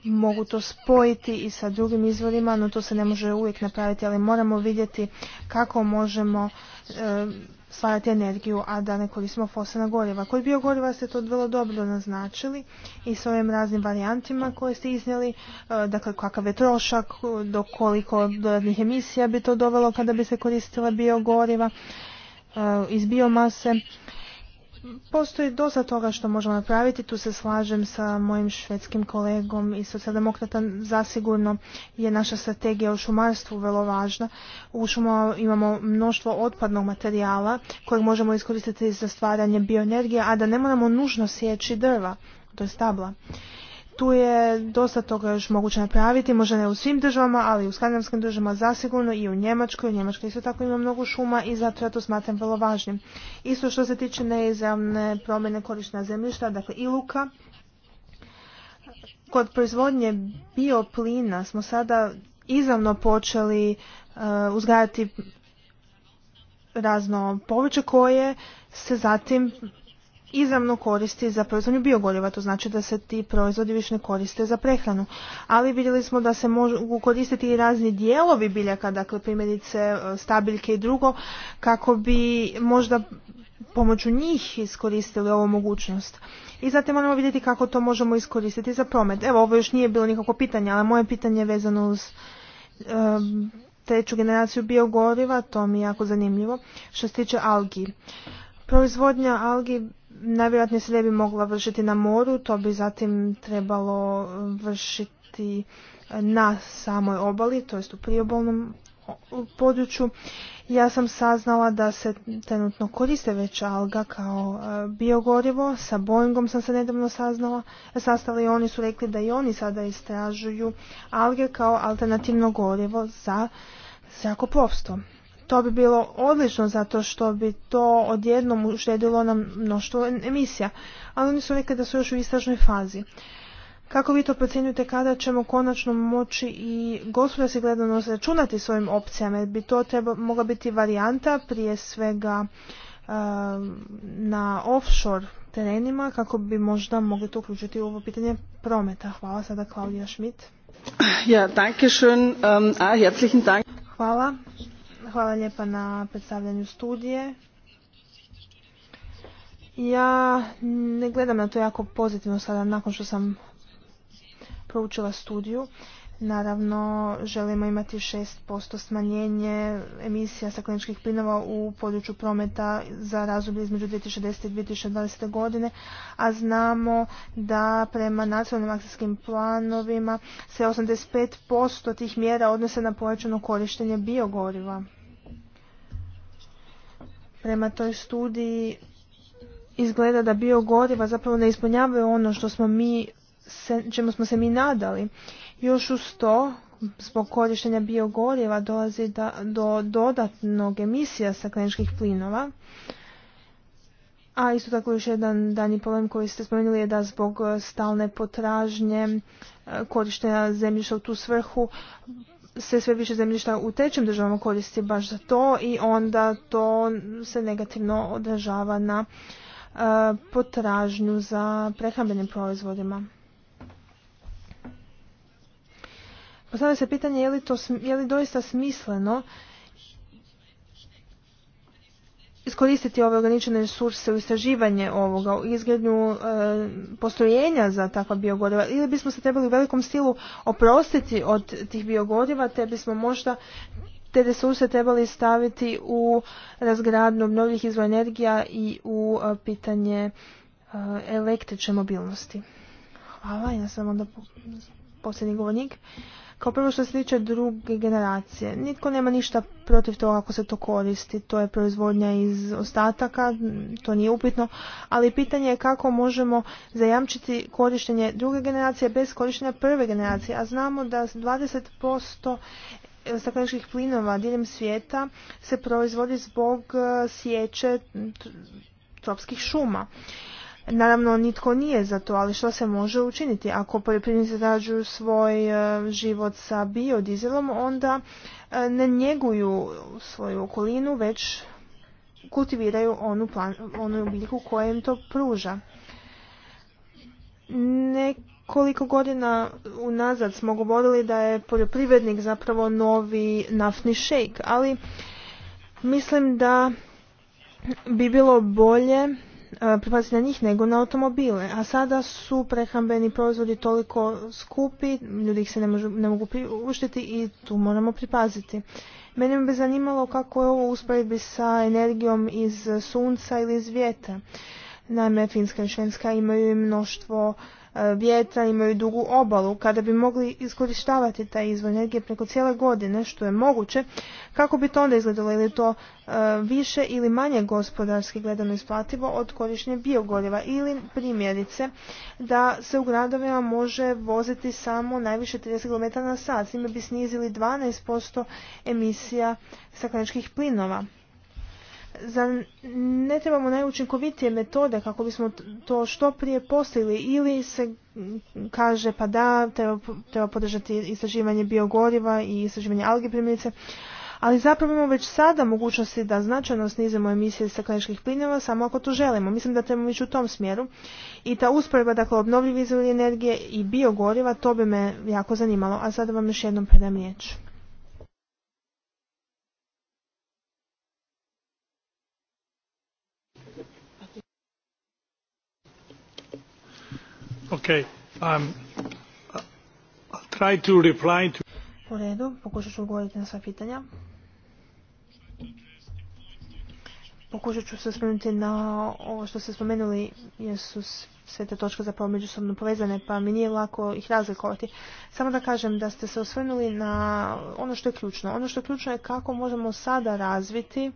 mogu to spojiti i sa drugim izvorima, no to se ne može uvijek napraviti, ali moramo vidjeti kako možemo e, stvarati energiju, a da ne koristimo fosilna goriva. Kod biogoriva ste to vrlo dobro naznačili i s ovim raznim varijantima koje ste iznijeli, dakle kakav je trošak, do koliko dodatnih emisija bi to dovelo kada bi se koristila biogoriva. E, iz biomase. Postoji dosta toga što možemo napraviti, tu se slažem sa mojim švedskim kolegom i socijaldemokrata, zasigurno je naša strategija u šumarstvu vrlo važna. U šumu imamo mnoštvo otpadnog materijala kojeg možemo iskoristiti za stvaranje bioenergije, a da ne moramo nužno sjeći drva, to je stabla. Tu je dosta toga još moguće napraviti, možda ne u svim državama, ali u skandinavskim državama zasigurno i u Njemačkoj. U Njemačkoj isto tako ima mnogo šuma i zato ja to smatram vrlo važnim. Isto što se tiče neizravne promjene korištenja zemljišta, dakle i luka, kod proizvodnje bioplina smo sada izravno počeli e, uzgajati razno povrće koje se zatim izravno koristi za proizvodnju biogoriva, to znači da se ti proizvodi više ne koriste za prehranu. Ali vidjeli smo da se mogu koristiti i razni dijelovi biljaka, dakle primjerice e, stabiljke i drugo, kako bi možda pomoću njih iskoristili ovu mogućnost. I zatim moramo vidjeti kako to možemo iskoristiti za promet. Evo, ovo još nije bilo nikako pitanje, ali moje pitanje je vezano uz e, treću generaciju biogoriva, to mi je jako zanimljivo, što se tiče algi. Proizvodnja algi najvjerojatnije se ne bi mogla vršiti na moru, to bi zatim trebalo vršiti na samoj obali, to jest u priobalnom području. Ja sam saznala da se trenutno koriste već alga kao e, biogorivo. Sa Boeingom sam se nedavno saznala, sastala i oni su rekli da i oni sada istražuju alge kao alternativno gorivo za zrakoplovstvo. To bi bilo odlično zato što bi to odjednom uštedilo nam mnoštvo emisija, ali oni su rekli da su još u istražnoj fazi. Kako vi to procjenjujete kada ćemo konačno moći i gospodarski gledano računati svojim opcijama? Jer bi to treba, mogla biti varijanta prije svega um, na offshore terenima kako bi možda mogli to uključiti u ovo pitanje prometa. Hvala sada Klaudija Schmidt. Ja, danke schön. Um, ah, Hvala. Hvala lijepa na predstavljanju studije. Ja ne gledam na to jako pozitivno sada nakon što sam proučila studiju. Naravno, želimo imati 6% smanjenje emisija stakleničkih plinova u području prometa za razdoblje između 2010. i 2020. godine, a znamo da prema nacionalnim akcijskim planovima se 85% tih mjera odnose na povećano korištenje biogoriva prema toj studiji izgleda da biogoriva zapravo ne ispunjavaju ono što smo mi, čemu smo se mi nadali. Još uz to, zbog korištenja biogoriva dolazi do dodatnog emisija stakleničkih plinova. A isto tako još jedan danji problem koji ste spomenuli je da zbog stalne potražnje e, korištenja zemljišta u tu svrhu se sve više zemljišta u trećim državama koristi baš za to i onda to se negativno odražava na e, potražnju za prehrambenim proizvodima. Postavlja se pitanje je li, to, je li doista smisleno iskoristiti ove ograničene resurse u istraživanje ovoga, u izgradnju e, postrojenja za takva biogodiva, ili bismo se trebali u velikom stilu oprostiti od tih biogodiva, te bismo možda te resurse trebali staviti u razgradnu mnogih izvora energija i u e, pitanje e, električne mobilnosti. Hvala, ja sam onda posljednji govornik. Kao prvo što se tiče druge generacije, nitko nema ništa protiv toga ako se to koristi, to je proizvodnja iz ostataka, to nije upitno, ali pitanje je kako možemo zajamčiti korištenje druge generacije bez korištenja prve generacije, a znamo da 20% stakleničkih plinova diljem svijeta se proizvodi zbog sječe tropskih šuma. Naravno, nitko nije za to, ali što se može učiniti? Ako poljoprivrednici zarađuju svoj e, život sa biodizelom, onda e, ne njeguju svoju okolinu, već kultiviraju onu, plan, onu koja im to pruža. Nekoliko godina unazad smo govorili da je poljoprivrednik zapravo novi naftni šejk, ali mislim da bi bilo bolje E, pripaziti na njih nego na automobile. A sada su prehrambeni proizvodi toliko skupi, ljudi ih se ne, ne mogu priuštiti i tu moramo pripaziti. Mene bi zanimalo kako je ovo usporedbi sa energijom iz sunca ili iz vjetra. Naime, Finska i Švenska imaju mnoštvo E, vjetra imaju dugu obalu, kada bi mogli iskorištavati taj izvor energije preko cijele godine, što je moguće, kako bi to onda izgledalo, ili to e, više ili manje gospodarski gledano isplativo od korištenja biogoriva ili primjerice da se u gradovima može voziti samo najviše 30 km na sat, time bi snizili 12% emisija stakleničkih plinova za ne trebamo najučinkovitije metode kako bismo to što prije postigli ili se kaže pa da treba, treba podržati istraživanje biogoriva i istraživanje alge primjerice ali zapravo imamo već sada mogućnosti da značajno snizimo emisije stakleničkih plinova samo ako to želimo. Mislim da trebamo ići u tom smjeru. I ta usporedba, dakle, obnovljivih izvori energije i biogoriva, to bi me jako zanimalo. A sada vam još jednom predam riječ. Ok, um, uh, pokušat ću odgovoriti na sva pitanja. Pokušat ću se spomenuti na ovo što ste spomenuli, jer su sve te točke zapravo međusobno povezane, pa mi nije lako ih razlikovati. Samo da kažem da ste se osvrnuli na ono što je ključno. Ono što je ključno je kako možemo sada razviti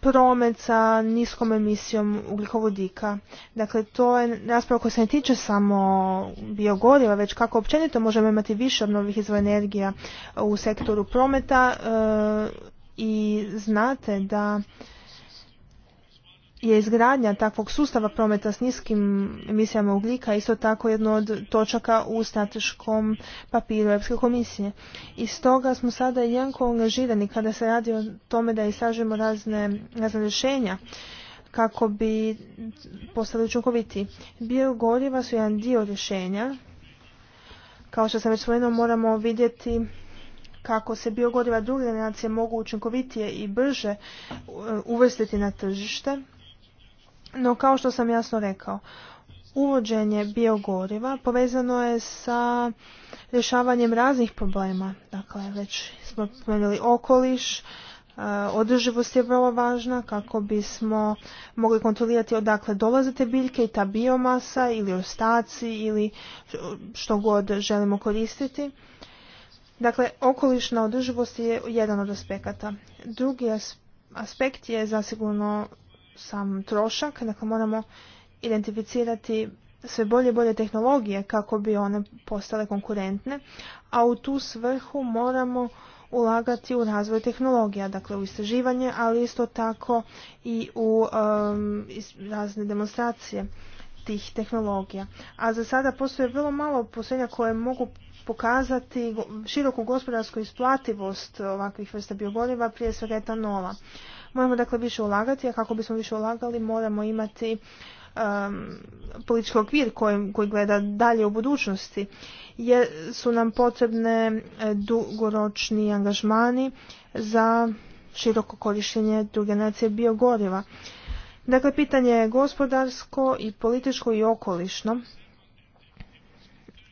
promet sa niskom emisijom ugljikovodika. Dakle, to je rasprava koja se ne tiče samo biogoriva, već kako općenito možemo imati više obnovih izvora energija u sektoru prometa e, i znate da je izgradnja takvog sustava prometa s niskim emisijama ugljika isto tako jedno od točaka u strateškom papiru Europske komisije. I stoga smo sada jednako angažirani kada se radi o tome da istražujemo razne, razne rješenja kako bi postali učinkoviti. Biogoriva su jedan dio rješenja. Kao što sam već spomenuo, moramo vidjeti kako se biogoriva druge generacije mogu učinkovitije i brže e, uvrstiti na tržište no kao što sam jasno rekao, uvođenje biogoriva povezano je sa rješavanjem raznih problema. Dakle, već smo spomenuli okoliš, e, održivost je vrlo važna kako bismo mogli kontrolirati odakle dolaze te biljke i ta biomasa ili ostaci ili što god želimo koristiti. Dakle, okolišna održivost je jedan od aspekata. Drugi aspekt je zasigurno sam trošak, dakle moramo identificirati sve bolje i bolje tehnologije kako bi one postale konkurentne, a u tu svrhu moramo ulagati u razvoj tehnologija, dakle u istraživanje, ali isto tako i u um, razne demonstracije tih tehnologija. A za sada postoje vrlo malo posljednja koje mogu pokazati široku gospodarsku isplativost ovakvih vrsta biogoriva, prije svega etanola. Moramo dakle više ulagati, a kako bismo više ulagali moramo imati um, politički okvir koji, koji gleda dalje u budućnosti jer su nam potrebne e, dugoročni angažmani za široko korištenje druge generacije biogoriva. Dakle, pitanje je gospodarsko i političko i okolišno,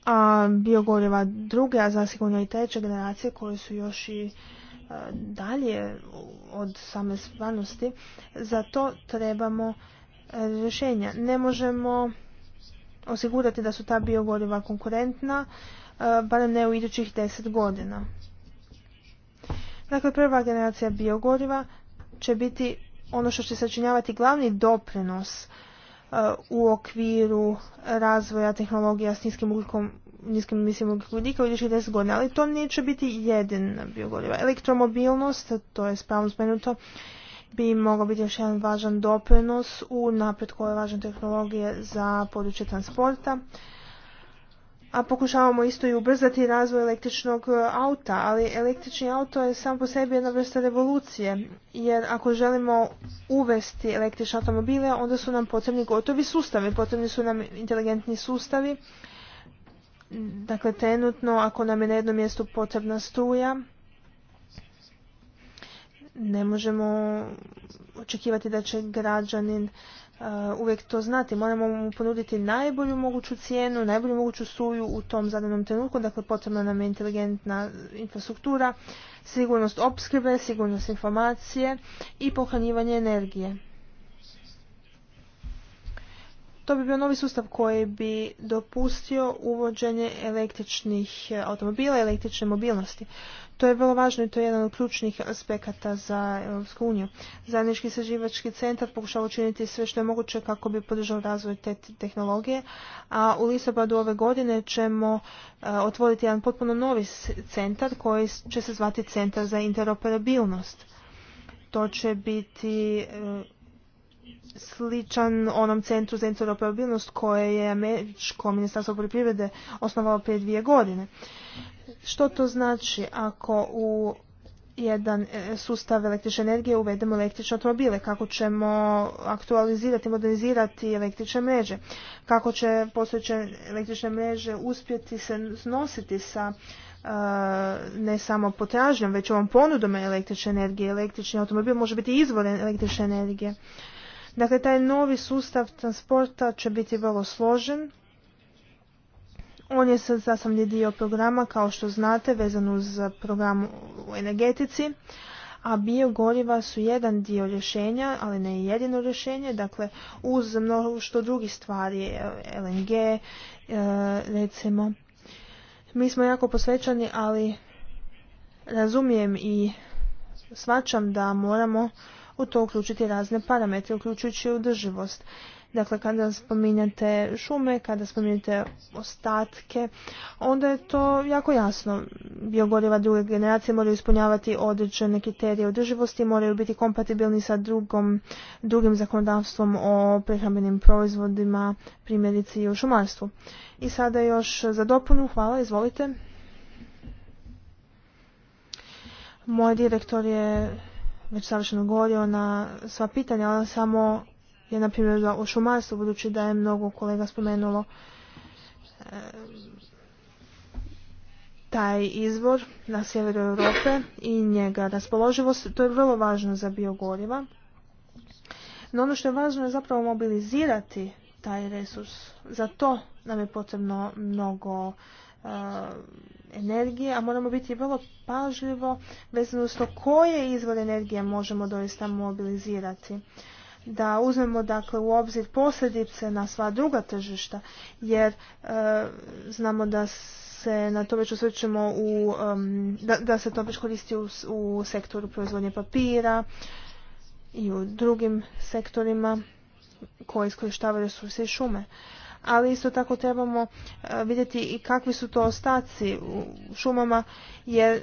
a biogoriva druge, a zasigurno i treće generacije koje su još i dalje od same stvarnosti, za to trebamo e, rješenja. Ne možemo osigurati da su ta biogoriva konkurentna, e, barem ne u idućih deset godina. Dakle, prva generacija biogoriva će biti ono što će sačinjavati glavni doprinos e, u okviru razvoja tehnologija s niskim ugljikom niskim mislim ugljikovodika u idućih 10 godina, ali to neće biti jedin biogoriva. Elektromobilnost, to je spravno spomenuto, bi mogao biti još jedan važan doprinos u napret je važne tehnologije za područje transporta. A pokušavamo isto i ubrzati razvoj električnog e, auta, ali električni auto je sam po sebi jedna vrsta revolucije, jer ako želimo uvesti električne automobile, onda su nam potrebni gotovi sustavi, potrebni su nam inteligentni sustavi Dakle, trenutno ako nam je na jednom mjestu potrebna struja, ne možemo očekivati da će građanin uh, uvijek to znati. Moramo mu ponuditi najbolju moguću cijenu, najbolju moguću struju u tom zadanom trenutku. Dakle, potrebna nam je inteligentna infrastruktura, sigurnost opskrbe, sigurnost informacije i pohranjivanje energije. To bi bio novi sustav koji bi dopustio uvođenje električnih e, automobila, i električne mobilnosti. To je vrlo važno i to je jedan od ključnih aspekata za Europsku uniju. Zajednički saživački centar pokušava učiniti sve što je moguće kako bi podržao razvoj te tehnologije, a u listopadu ove godine ćemo e, otvoriti jedan potpuno novi centar koji će se zvati Centar za interoperabilnost. To će biti e, sličan onom centru za interoperabilnost koje je američko ministarstvo poljoprivrede osnovalo prije dvije godine. Što to znači ako u jedan e, sustav električne energije uvedemo električne automobile, kako ćemo aktualizirati, modernizirati električne mreže, kako će postojeće električne mreže uspjeti se nositi sa e, ne samo potražnjom, već ovom ponudom električne energije. Električni automobil može biti izvor električne energije. Dakle, taj novi sustav transporta će biti vrlo složen. On je sad sastavni dio programa, kao što znate, vezan uz program u energetici, a biogoriva su jedan dio rješenja, ali ne jedino rješenje. Dakle, uz mnogo što drugih stvari, LNG, e, recimo. Mi smo jako posvećani, ali razumijem i svačam da moramo u to uključiti razne parametre, uključujući održivost. Dakle, kada spominjate šume, kada spominjate ostatke, onda je to jako jasno. Biogoriva druge generacije moraju ispunjavati određene kriterije održivosti, moraju biti kompatibilni sa drugom, drugim zakonodavstvom o prehrambenim proizvodima, primjerice i u šumarstvu. I sada još za dopunu, hvala, izvolite. Moj direktor je već savršeno govorio na sva pitanja, ali samo je na primjer o šumarstvu, budući da je mnogo kolega spomenulo taj izvor na sjeveru Europe i njega raspoloživost, to je vrlo važno za biogoriva. No ono što je važno je zapravo mobilizirati taj resurs. Za to nam je potrebno mnogo energije, a moramo biti vrlo pažljivo vezano s to koje izvore energije možemo doista mobilizirati. Da uzmemo dakle u obzir posljedice na sva druga tržišta, jer e, znamo da se na to već osvrćemo u, da, se to već koristi u, u sektoru proizvodnje papira i u drugim sektorima koje iskorištavaju resurse i šume ali isto tako trebamo e, vidjeti i kakvi su to ostaci u šumama jer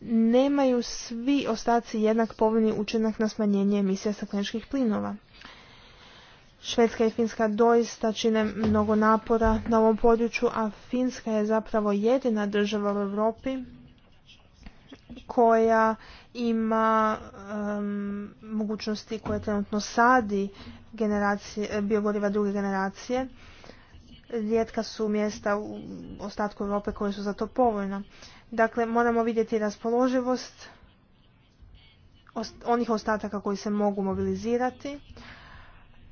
nemaju svi ostaci jednak povoljni učinak na smanjenje emisija stakleničkih plinova. Švedska i Finska doista čine mnogo napora na ovom području, a Finska je zapravo jedina država u Europi koja ima mogućnosti koje trenutno sadi eh, biogoriva druge generacije. Rijetka su mjesta u ostatku Europe koje su za to povoljna. Dakle, moramo vidjeti raspoloživost onih ostataka koji se mogu mobilizirati,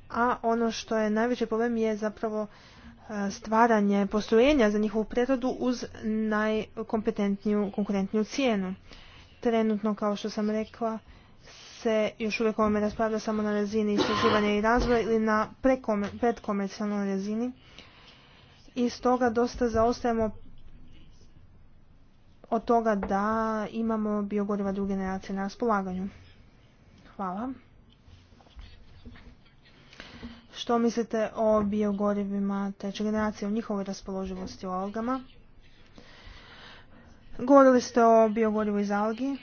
a ono što je najveći problem je zapravo eh, stvaranje postrojenja za njihovu prirodu uz najkompetentniju konkurentniju cijenu. Trenutno, kao što sam rekla, se još uvijek ovome raspravlja samo na razini istraživanja i razvoja ili na predkomercijalnoj razini. I stoga dosta zaostajemo od toga da imamo biogoriva druge generacije na raspolaganju. Hvala. Što mislite o biogorivima treće generacije, o njihovoj raspoloživosti u algama? Govorili ste o biogorivu iz algi.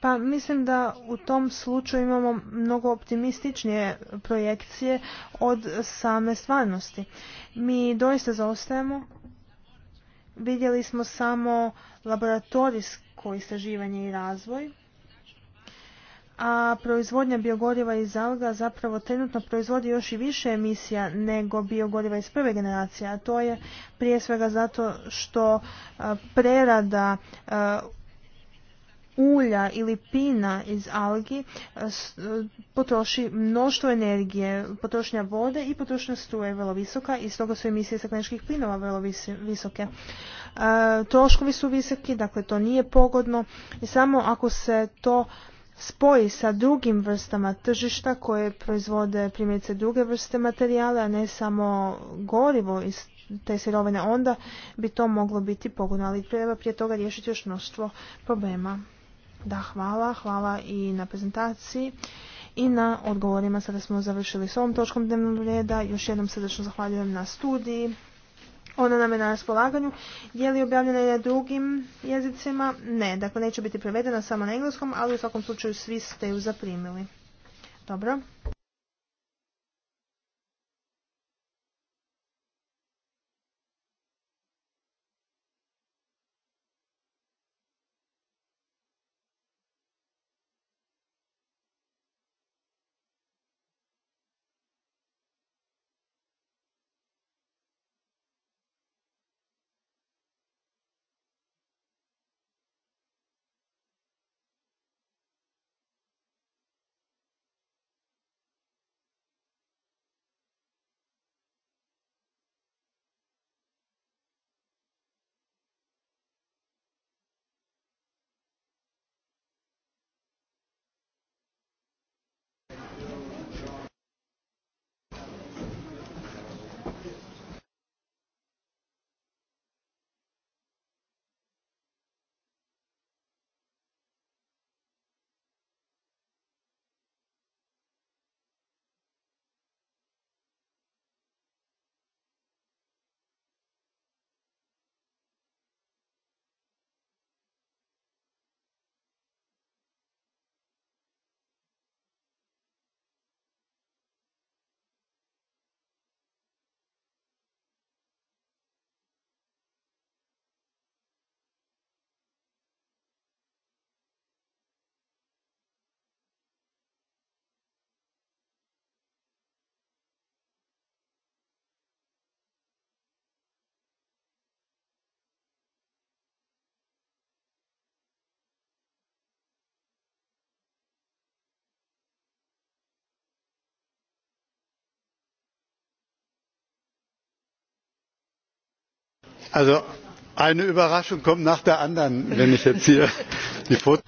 Pa mislim da u tom slučaju imamo mnogo optimističnije projekcije od same stvarnosti. Mi doista zaostajemo. Vidjeli smo samo laboratorijsko istraživanje i razvoj a proizvodnja biogoriva iz alga zapravo trenutno proizvodi još i više emisija nego biogoriva iz prve generacije, a to je prije svega zato što prerada ulja ili pina iz algi potroši mnoštvo energije, potrošnja vode i potrošnja struje je vrlo visoka i stoga su emisije stakleničkih plinova vrlo visoke. Troškovi su visoki, dakle to nije pogodno i samo ako se to spoji sa drugim vrstama tržišta koje proizvode primjerice druge vrste materijala, a ne samo gorivo iz te sirovine, onda bi to moglo biti pogodno, ali treba prije toga riješiti još mnoštvo problema. Da, hvala, hvala i na prezentaciji i na odgovorima. Sada smo završili s ovom točkom dnevnog reda. Još jednom srdečno zahvaljujem na studiji. Ona nam je na raspolaganju. Je li objavljena na drugim jezicima? Ne, dakle neće biti prevedena samo na engleskom, ali u svakom slučaju svi ste ju zaprimili. Dobro. Also, eine Überraschung kommt nach der anderen, wenn ich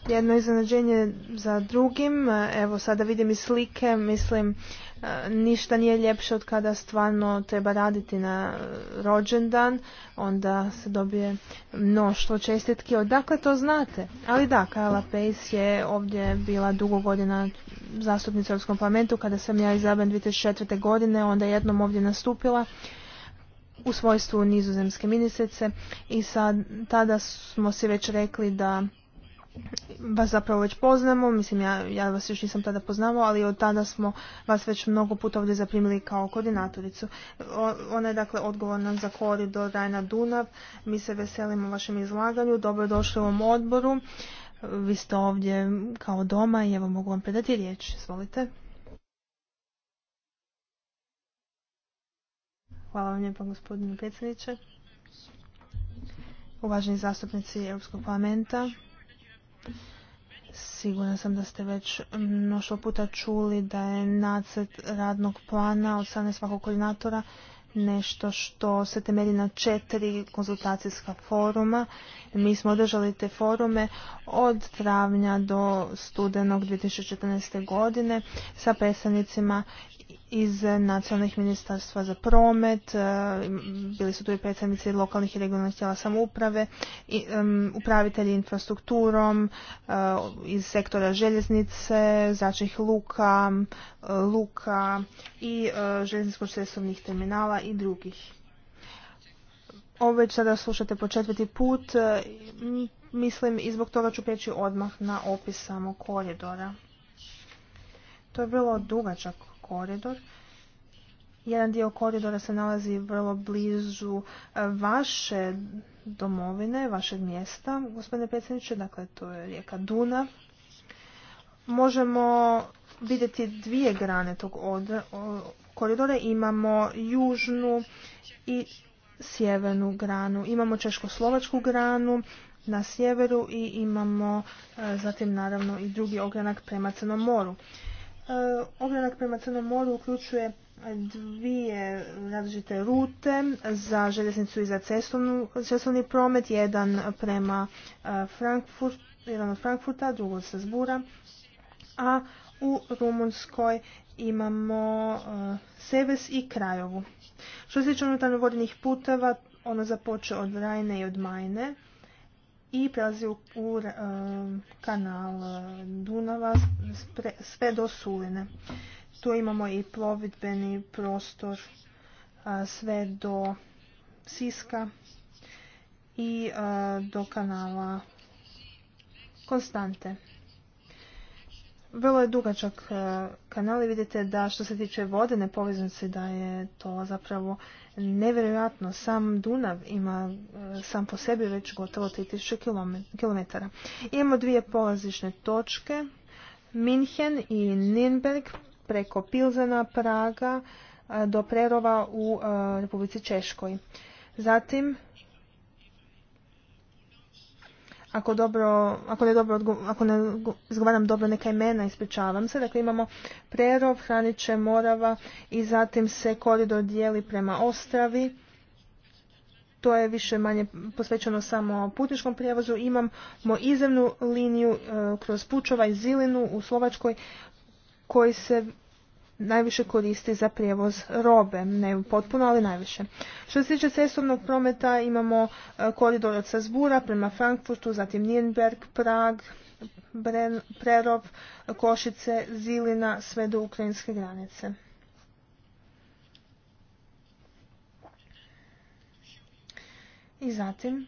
Jedno iznenađenje za drugim. Evo sada vidim i slike, mislim e, ništa nije ljepše od kada stvarno treba raditi na rođendan, onda se dobije mnoštvo čestitki. Odakle to znate? Ali da, Karla Pace je ovdje bila dugo godina zastupnica u Europskom parlamentu, kada sam ja izabran 2004. godine, onda jednom ovdje nastupila u svojstvu nizozemske ministrice i sad, tada smo si već rekli da vas zapravo već poznamo, mislim ja, ja vas još nisam tada poznavao, ali od tada smo vas već mnogo puta ovdje zaprimili kao koordinatoricu. ona je dakle odgovorna za koridor Rajna Dunav, mi se veselimo vašem izlaganju, dobrodošli u ovom odboru, vi ste ovdje kao doma i evo mogu vam predati riječ, izvolite. Hvala vam lijepo gospodine predsjedniče. Uvaženi zastupnici Europskog parlamenta, Sigurna sam da ste već mnoštvo puta čuli da je nacrt radnog plana od strane svakog koordinatora nešto što se temelji na četiri konzultacijska foruma. Mi smo održali te forume od travnja do studenog 2014. godine sa predstavnicima iz nacionalnih ministarstva za promet, e, bili su tu i predstavnici lokalnih i regionalnih tijela samouprave, upravitelji infrastrukturom, e, iz sektora željeznice, zračnih luka, e, luka i željezničko-cestovnih terminala i drugih. Ovo već sada slušate po četvrti put, mislim i zbog toga ću prijeći odmah na opis samog koridora. To je bilo dugačak koridor. Jedan dio koridora se nalazi vrlo blizu e, vaše domovine, vašeg mjesta, gospodine predsjedniče, dakle to je rijeka Dunav. Možemo vidjeti dvije grane tog koridora, imamo južnu i sjevernu granu, imamo češko-slovačku granu na sjeveru i imamo e, zatim naravno i drugi ogranak prema Crnom moru. E, ogranak prema Crnom moru uključuje dvije različite rute za željeznicu i za cestovni promet, jedan prema e, Frankfurt, jedan od Frankfurta, drugo od Zbura, a u Rumunskoj imamo e, Seves i Krajovu. Što se tiče unutarnjih vodnih puteva, ono započe od Rajne i od Majne, i prelazi u, um, kanal uh, Dunava sve do Suline. Tu imamo i plovidbeni prostor uh, sve do Siska i uh, do kanala Konstante. Vrlo je dugačak e, kanal i vidite da što se tiče vodene poveznice da je to zapravo nevjerojatno. Sam Dunav ima e, sam po sebi već gotovo 3000 km. Imamo dvije polazišne točke, Minhen i Nürnberg preko Pilzana Praga e, do Prerova u Republici Češkoj. Zatim ako, dobro, ako, ne, dobro, ako ne izgovaram dobro neka imena, ispričavam se. Dakle, imamo Prerov, Hraniće, Morava i zatim se koridor dijeli prema Ostravi. To je više manje posvećeno samo putničkom prijevozu. Imamo izemnu liniju e, kroz Pučova i Zilinu u Slovačkoj koji se najviše koristi za prijevoz robe, ne potpuno, ali najviše. Što se tiče cestovnog prometa imamo e, koridor od Sazbura prema Frankfurtu, zatim Nürnberg, Prag, Prerob, Prerov, Košice, Zilina, sve do ukrajinske granice. I zatim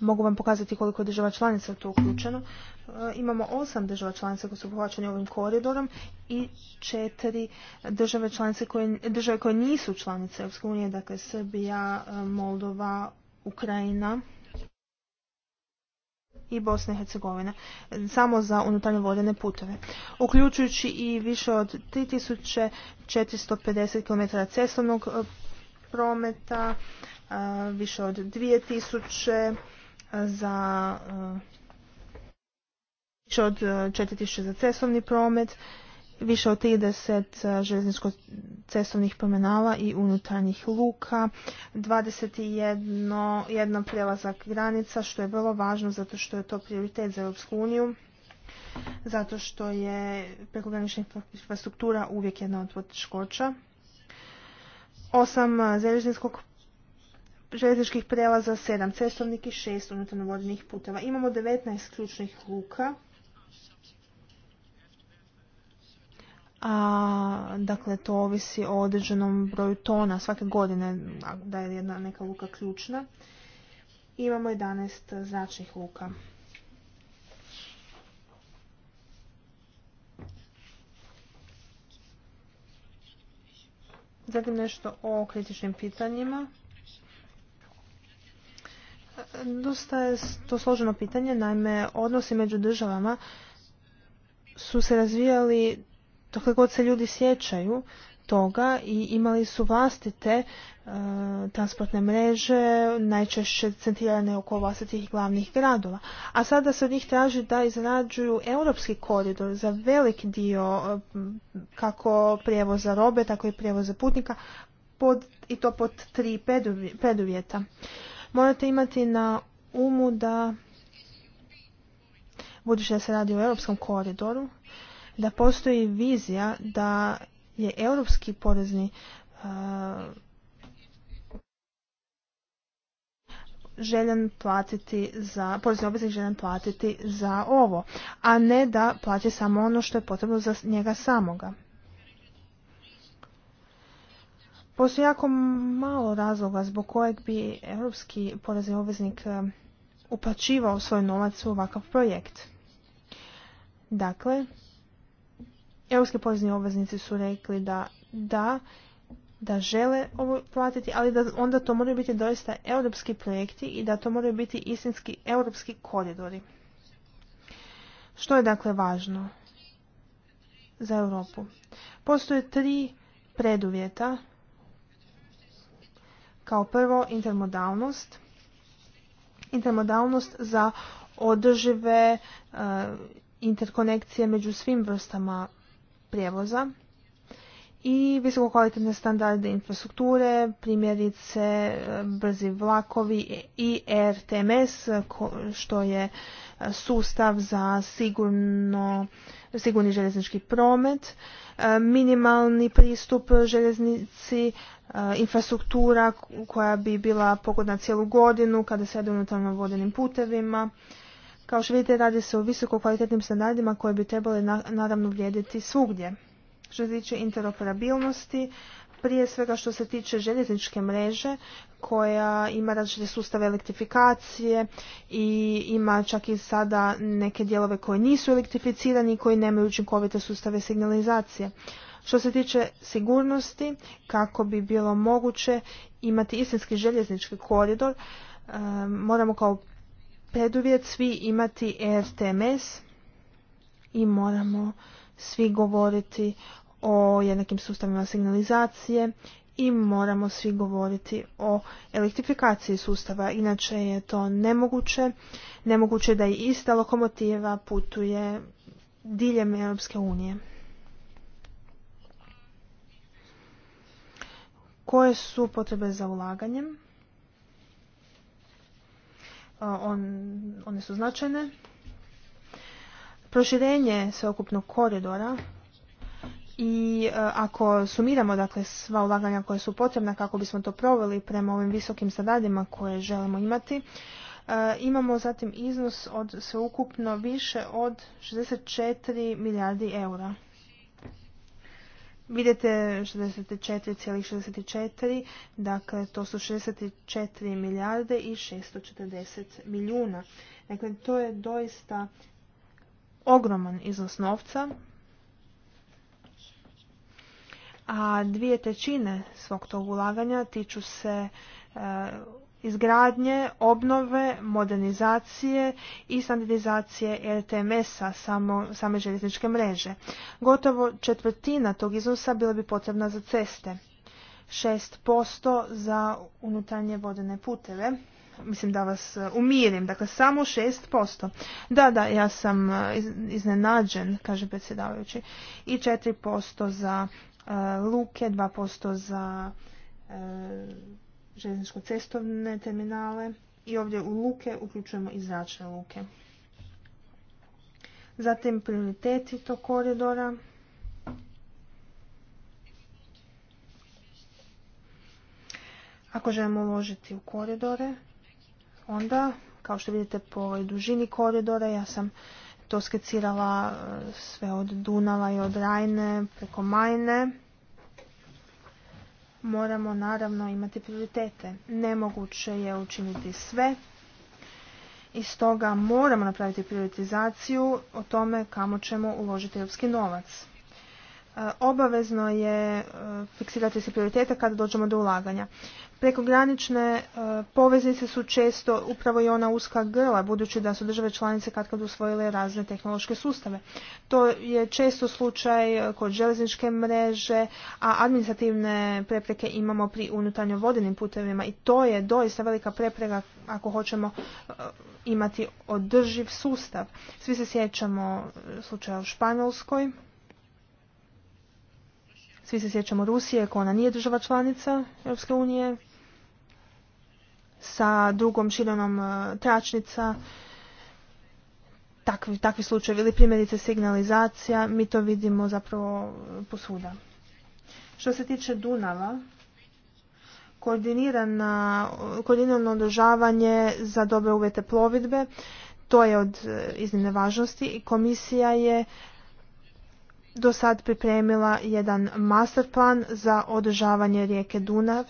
mogu vam pokazati koliko je država članica to uključeno. E, imamo osam država članica koje su obuhvaćene ovim koridorom i četiri države članice koje, države nisu članice Europske unije, dakle Srbija, e, Moldova, Ukrajina i Bosna i Hercegovina, samo za unutarnje vodene putove, uključujući i više od 3450 km cestovnog e, prometa, više od 2000 za više od 4000 e, za cestovni promet, više od 30 e, željezničko-cestovnih promenala i unutarnjih luka, 21 jedno prelazak granica, što je vrlo važno zato što je to prioritet za Europsku uniju, zato što je prekogranična infrastruktura uvijek jedna od poteškoća. Osam e, železničkih željezničkih prelaza, sedam cestovnih i šest unutarnjih puteva. Imamo 19 ključnih luka a dakle to ovisi o određenom broju tona svake godine, da je jedna neka luka ključna. Imamo 11 zračnih luka. Zatim nešto o kritičnim pitanjima. Dosta je to složeno pitanje, naime odnosi među državama su se razvijali dokle god se ljudi sjećaju toga i imali su vlastite e, transportne mreže, najčešće centrirane oko vlastitih glavnih gradova. A sada se od njih traži da izrađuju europski koridor za velik dio e, kako prijevoza robe, tako i prijevoza putnika i to pod tri preduvjeta. Morate imati na umu da budući da se radi o europskom koridoru, da postoji vizija da je europski porezni e, platiti za, porezni obveznik željen platiti za ovo, a ne da plaće samo ono što je potrebno za njega samoga. Postoji jako malo razloga zbog kojeg bi europski porezni obveznik e, uplaćivao svoj novac u ovakav projekt. Dakle, Europski porezni obveznici su rekli da da, da žele ovo platiti, ali da onda to moraju biti doista europski projekti i da to moraju biti istinski europski koridori. Što je dakle važno za Europu? Postoje tri preduvjeta. Kao prvo intermodalnost. Intermodalnost za održive eh, interkonekcije među svim vrstama prijevoza i visokokvalitetne standarde infrastrukture, primjerice e, brzi vlakovi i e RTMS, e, što je sustav za sigurni željeznički promet, minimalni pristup željeznici, infrastruktura koja bi bila pogodna cijelu godinu kada se jede na vodenim putevima, kao što vidite, radi se o visoko kvalitetnim standardima koje bi trebali naravno vrijediti svugdje. Što se tiče interoperabilnosti, prije svega što se tiče željezničke mreže koja ima različite sustave elektrifikacije i ima čak i sada neke dijelove koji nisu elektrificirani i koji nemaju učinkovite sustave signalizacije. Što se tiče sigurnosti, kako bi bilo moguće imati istinski željeznički koridor, eh, moramo kao preduvjet svi imati ERTMS i moramo svi govoriti o jednakim sustavima signalizacije i moramo svi govoriti o elektrifikaciji sustava. Inače je to nemoguće. Nemoguće da i ista lokomotiva putuje diljem Europske unije. Koje su potrebe za ulaganjem? one su značajne. Proširenje sveokupnog koridora i ako sumiramo dakle sva ulaganja koja su potrebna kako bismo to proveli prema ovim visokim standardima koje želimo imati, imamo zatim iznos od sveukupno više od 64 milijardi eura. Vidite 64,64, dakle to su 64 milijarde i 640 milijuna. Dakle, to je doista ogroman iznos novca, a dvije trećine svog tog ulaganja tiču se e, izgradnje, obnove, modernizacije i standardizacije RTMS-a same željezničke mreže. Gotovo četvrtina tog iznosa bila bi potrebna za ceste, 6% za unutarnje vodene puteve. Mislim da vas e, umirim, dakle samo 6%. Da, da, ja sam e, iznenađen, kaže predsjedavajući, i 4% za e, luke, 2% za željezničko-cestovne terminale i ovdje u luke uključujemo i zračne luke. Zatim prioriteti tog koridora. Ako želimo uložiti u koridore, onda, kao što vidite po ovoj dužini koridora, ja sam to skecirala e, sve od Dunava i od Rajne preko Majne moramo naravno imati prioritete. Nemoguće je učiniti sve i stoga moramo napraviti prioritizaciju o tome kamo ćemo uložiti europski novac. E, obavezno je e, fiksirati se prioritete kada dođemo do ulaganja. Prekogranične e, poveznice su često upravo i ona uska grla, budući da su države članice katkad usvojile razne tehnološke sustave. To je često slučaj kod železničke mreže, a administrativne prepreke imamo pri unutarnjo vodenim putevima i to je doista velika prepreka ako hoćemo imati održiv sustav. Svi se sjećamo slučaja u Španjolskoj, svi se sjećamo Rusije, ako ona nije država članica Europske unije, sa drugom širenom e, tračnica, takvi, takvi slučajevi ili primjerice signalizacija, mi to vidimo zapravo e, posvuda. Što se tiče Dunava, e, koordinirano održavanje za dobre uvjete plovidbe, to je od iznimne važnosti i komisija je do sad pripremila jedan master plan za održavanje rijeke Dunav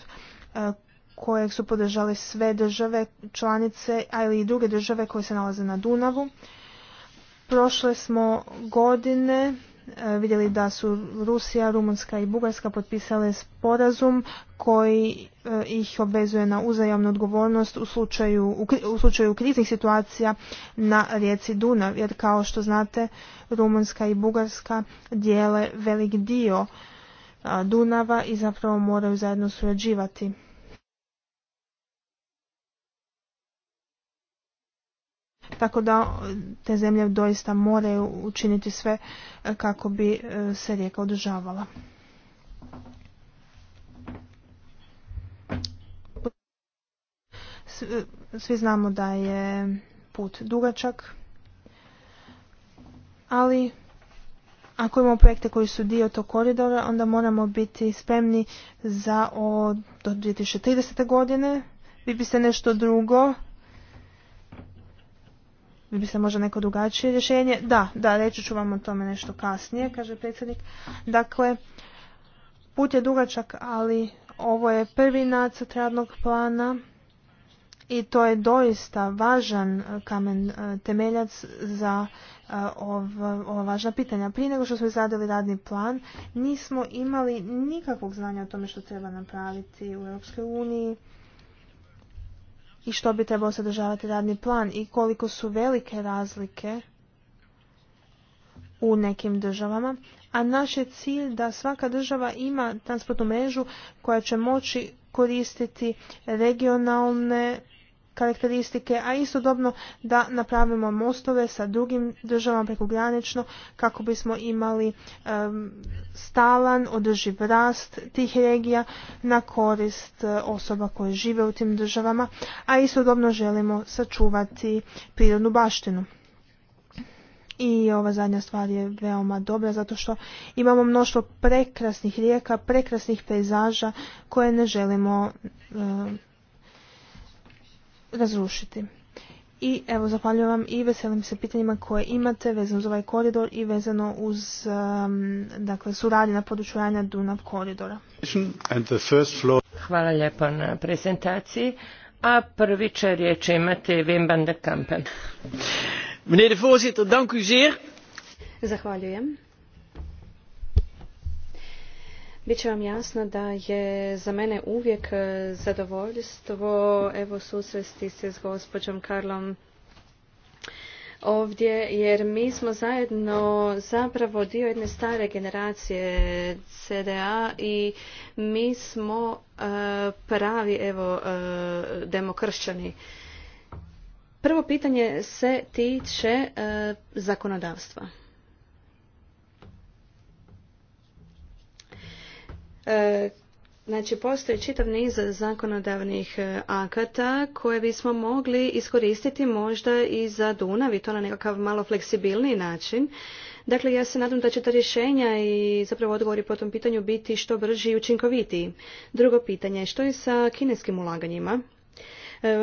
e, kojeg su podržale sve države članice, ali i druge države koje se nalaze na Dunavu. Prošle smo godine E, vidjeli da su Rusija, Rumunska i Bugarska potpisale sporazum koji e, ih obvezuje na uzajamnu odgovornost u slučaju, u slučaju kriznih situacija na rijeci Dunav. Jer kao što znate, Rumunska i Bugarska dijele velik dio Dunava i zapravo moraju zajedno surađivati. Tako da e, te zemlje doista moraju učiniti sve e, kako bi e, se rijeka održavala. Svi znamo da je put dugačak, ali ako imamo projekte koji su dio tog koridora, onda moramo biti spremni za od, do 2030. godine. Vi se nešto drugo bi se možda neko drugačije rješenje. Da, da, reći ću vam o tome nešto kasnije, kaže predsjednik. Dakle, put je dugačak, ali ovo je prvi nacrt radnog plana i to je doista važan e, kamen e, temeljac za e, ova, važna pitanja. Prije nego što smo izradili radni plan, nismo imali nikakvog znanja o tome što treba napraviti u Europskoj uniji i što bi trebalo sadržavati radni plan i koliko su velike razlike u nekim državama, a naš je cilj da svaka država ima transportnu mrežu koja će moći koristiti regionalne karakteristike, a istodobno da napravimo mostove sa drugim državama prekogranično kako bismo imali stalan, održiv rast tih regija na korist e, osoba koje žive u tim državama, a istodobno želimo sačuvati prirodnu baštinu. I ova zadnja stvar je veoma dobra zato što imamo mnoštvo prekrasnih rijeka, prekrasnih pejzaža koje ne želimo razrušiti. I evo, zahvaljujem vam i veselim se pitanjima koje imate vezano uz ovaj koridor i vezano uz um, dakle, suradnje na području Dunav koridora. Hvala lijepo na prezentaciji. A prvi će riječ imati Wim van der Kampen. Meneer de voorzitter, dank u zeer. Zahvaljujem. Bit će vam jasno da je za mene uvijek e, zadovoljstvo evo susresti se s gospođom Karlom ovdje jer mi smo zajedno zapravo dio jedne stare generacije CDA i mi smo e, pravi evo e, demokršćani. Prvo pitanje se tiče zakonodavstva. E, znači, postoji čitav niz zakonodavnih e, akata koje bismo mogli iskoristiti možda i za Dunav i to na nekakav malo fleksibilniji način. Dakle, ja se nadam da će ta rješenja i zapravo odgovori po tom pitanju biti što brži i učinkovitiji. Drugo pitanje, što je sa kineskim ulaganjima? E,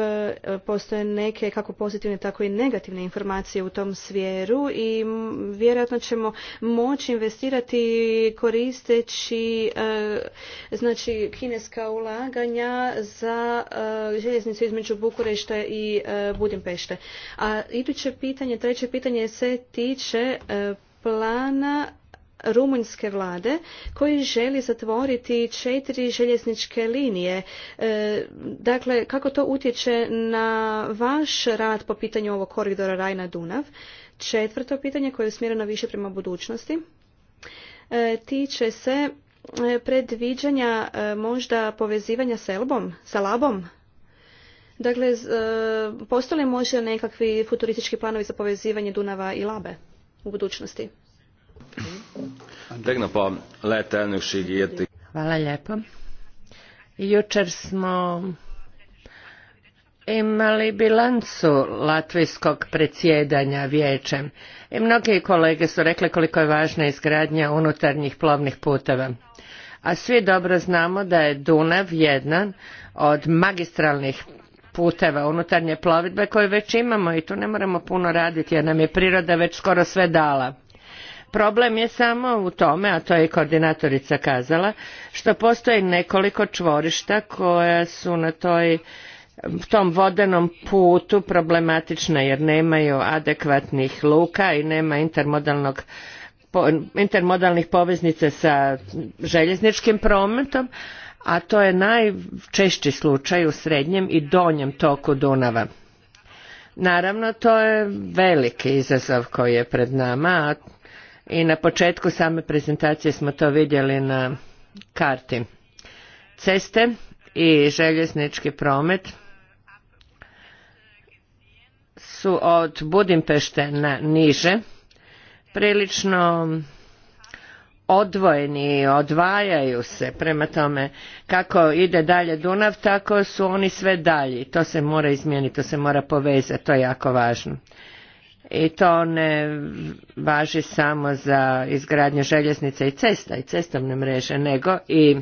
postoje neke kako pozitivne tako i negativne informacije u tom smjeru i vjerojatno ćemo moći investirati koristeći e, znači kineska ulaganja za e, željeznicu između Bukurešta i Budimpešte. A iduće pitanje, treće pitanje se tiče plana rumunjske vlade koji želi zatvoriti četiri željezničke linije. E, dakle, kako to utječe na vaš rad po pitanju ovog koridora Rajna-Dunav? Četvrto pitanje koje je usmjereno više prema budućnosti e, tiče se e, predviđanja možda povezivanja s Elbom, sa Labom, Dakle, postoje li možda nekakvi futuristički planovi za povezivanje Dunava i Labe u budućnosti? Pa Hvala lijepo. Jučer smo imali bilancu latvijskog predsjedanja vijećem i mnogi kolege su rekli koliko je važna izgradnja unutarnjih plovnih puteva. A svi dobro znamo da je Dunav jedan od magistralnih puteva unutarnje plovidbe koje već imamo i tu ne moramo puno raditi jer nam je priroda već skoro sve dala. Problem je samo u tome, a to je i koordinatorica kazala, što postoji nekoliko čvorišta koja su na toj tom vodenom putu problematična jer nemaju adekvatnih luka i nema intermodalnog intermodalnih poveznice sa željezničkim prometom, a to je najčešći slučaj u srednjem i donjem toku Dunava. Naravno, to je veliki izazov koji je pred nama, a i na početku same prezentacije smo to vidjeli na karti. Ceste i željeznički promet su od Budimpešte na niže prilično odvojeni, odvajaju se prema tome kako ide dalje Dunav, tako su oni sve dalji. To se mora izmijeniti, to se mora povezati, to je jako važno i to ne važi samo za izgradnju željeznice i cesta i cestovne mreže, nego i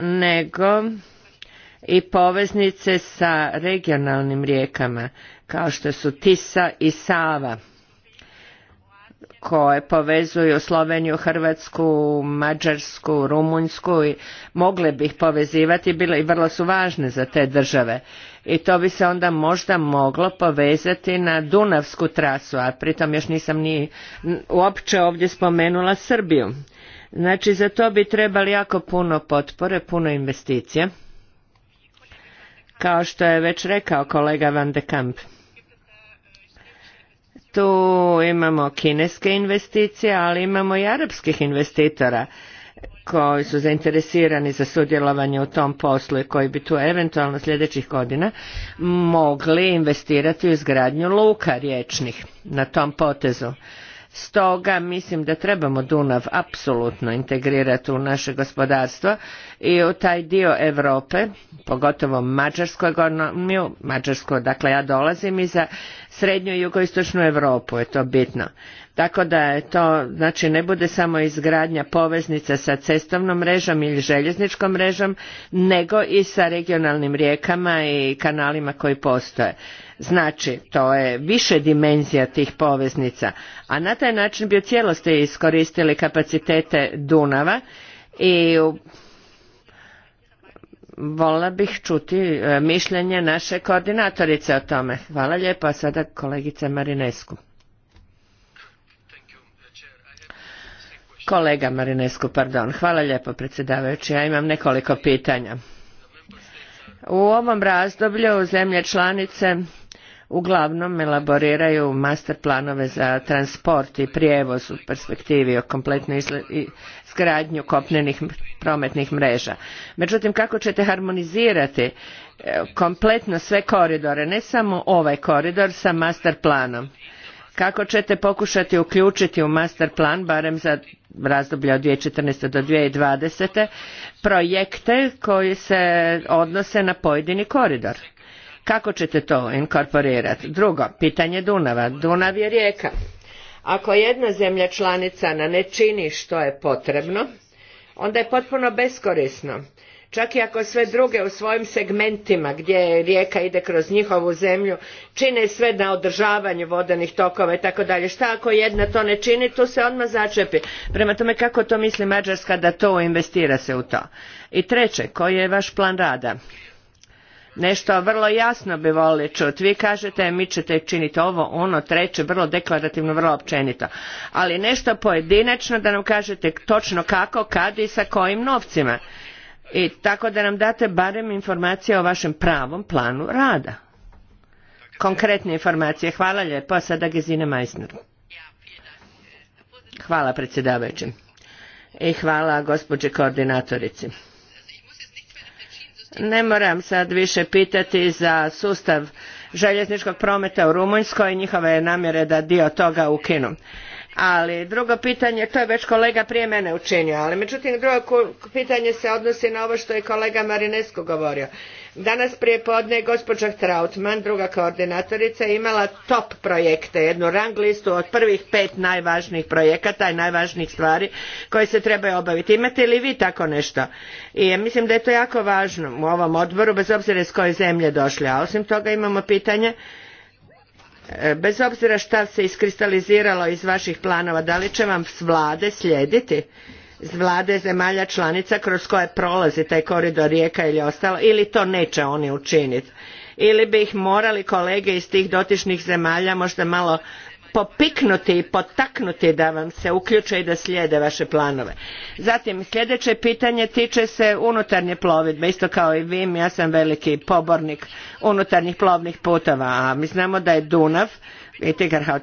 nego i poveznice sa regionalnim rijekama kao što su Tisa i Sava koje povezuju Sloveniju, Hrvatsku, Mađarsku, Rumunjsku i mogle bi ih povezivati bile i vrlo su važne za te države i to bi se onda možda moglo povezati na Dunavsku trasu, a pritom još nisam ni uopće ovdje spomenula Srbiju. Znači za to bi trebali jako puno potpore, puno investicije. Kao što je već rekao kolega Van de Kamp. Tu imamo kineske investicije, ali imamo i arapskih investitora koji su zainteresirani za sudjelovanje u tom poslu i koji bi tu eventualno sljedećih godina mogli investirati u izgradnju luka riječnih na tom potezu. Stoga mislim da trebamo Dunav apsolutno integrirati u naše gospodarstvo i u taj dio Europe, pogotovo Mađarsku ekonomiju, Mađarsku, dakle ja dolazim i za srednju i jugoistočnu Europu je to bitno. Tako da je to, znači ne bude samo izgradnja poveznica sa cestovnom mrežom ili željezničkom mrežom, nego i sa regionalnim rijekama i kanalima koji postoje. Znači, to je više dimenzija tih poveznica, a na taj način bi u cijelosti iskoristili kapacitete Dunava i vola bih čuti e, mišljenje naše koordinatorice o tome. Hvala lijepo, a sada kolegice Marinesku. Kolega Marinescu, pardon. Hvala lijepo predsjedavajući. Ja imam nekoliko pitanja. U ovom razdoblju zemlje članice uglavnom elaboriraju master planove za transport i prijevoz u perspektivi o kompletnoj izgradnju kopnenih prometnih mreža. Međutim, kako ćete harmonizirati e, kompletno sve koridore, ne samo ovaj koridor sa master planom? kako ćete pokušati uključiti u master plan barem za razdoblje od 2014. do 2020. projekte koji se odnose na pojedini koridor. Kako ćete to inkorporirati? Drugo, pitanje Dunava. Dunav je rijeka. Ako jedna zemlja članica ne čini što je potrebno, onda je potpuno beskorisno čak i ako sve druge u svojim segmentima gdje rijeka ide kroz njihovu zemlju čine sve na održavanju vodenih tokova i tako dalje šta ako jedna to ne čini tu se odmah začepi prema tome kako to misli mađarska da to investira se u to i treće koji je vaš plan rada nešto vrlo jasno bi volili čuti. Vi kažete mi ćete činiti ovo, ono, treće, vrlo deklarativno, vrlo općenito. Ali nešto pojedinačno da nam kažete točno kako, kad i sa kojim novcima. I tako da nam date barem informacije o vašem pravom planu rada. Konkretne informacije. Hvala lijepo. sada Gezina Majsner. Hvala predsjedavajućem I hvala gospođe koordinatorici. Ne moram sad više pitati za sustav željezničkog prometa u Rumunjskoj i njihove namjere da dio toga ukinu. Ali drugo pitanje, to je već kolega prije mene učinio, ali međutim drugo pitanje se odnosi na ovo što je kolega Marinesko govorio. Danas prijepodne je gospođa Trautman, druga koordinatorica, imala top projekte, jednu rang listu od prvih pet najvažnijih projekata i najvažnijih stvari koje se trebaju obaviti. Imate li vi tako nešto? I mislim da je to jako važno u ovom odboru, bez obzira iz koje zemlje došli. A osim toga imamo pitanje E, bez obzira šta se iskristaliziralo iz vaših planova, da li će vam s vlade slijediti? vlade zemalja članica kroz koje prolazi taj koridor rijeka ili ostalo ili to neće oni učiniti ili bi ih morali kolege iz tih dotičnih zemalja možda malo popiknuti i potaknuti da vam se uključe i da slijede vaše planove. Zatim sljedeće pitanje tiče se unutarnje plovidbe, isto kao i vi, ja sam veliki pobornik unutarnjih plovnih puteva a mi znamo da je Dunav i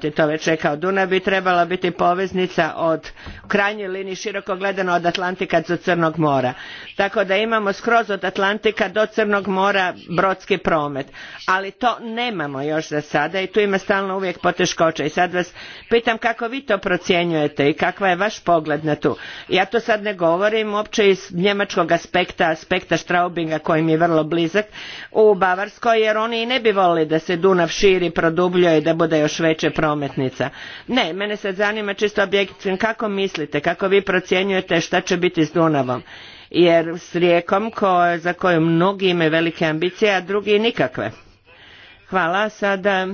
je to već rekao, Dunav bi trebala biti poveznica od krajnje linije široko gledano od Atlantika do Crnog mora. Tako da imamo skroz od Atlantika do Crnog mora brodski promet. Ali to nemamo još za sada i tu ima stalno uvijek poteškoća. I sad vas pitam kako vi to procjenjujete i kakva je vaš pogled na tu. Ja to sad ne govorim uopće iz njemačkog aspekta, aspekta Straubinga koji mi je vrlo blizak u Bavarskoj jer oni i ne bi volili da se Dunav širi, produbljuje i da bude još veće prometnica. Ne, mene sad zanima čisto objektivno kako mislite, kako vi procjenjujete šta će biti s Dunavom. Jer s rijekom za koju mnogi imaju velike ambicije, a drugi nikakve. Hvala, sada...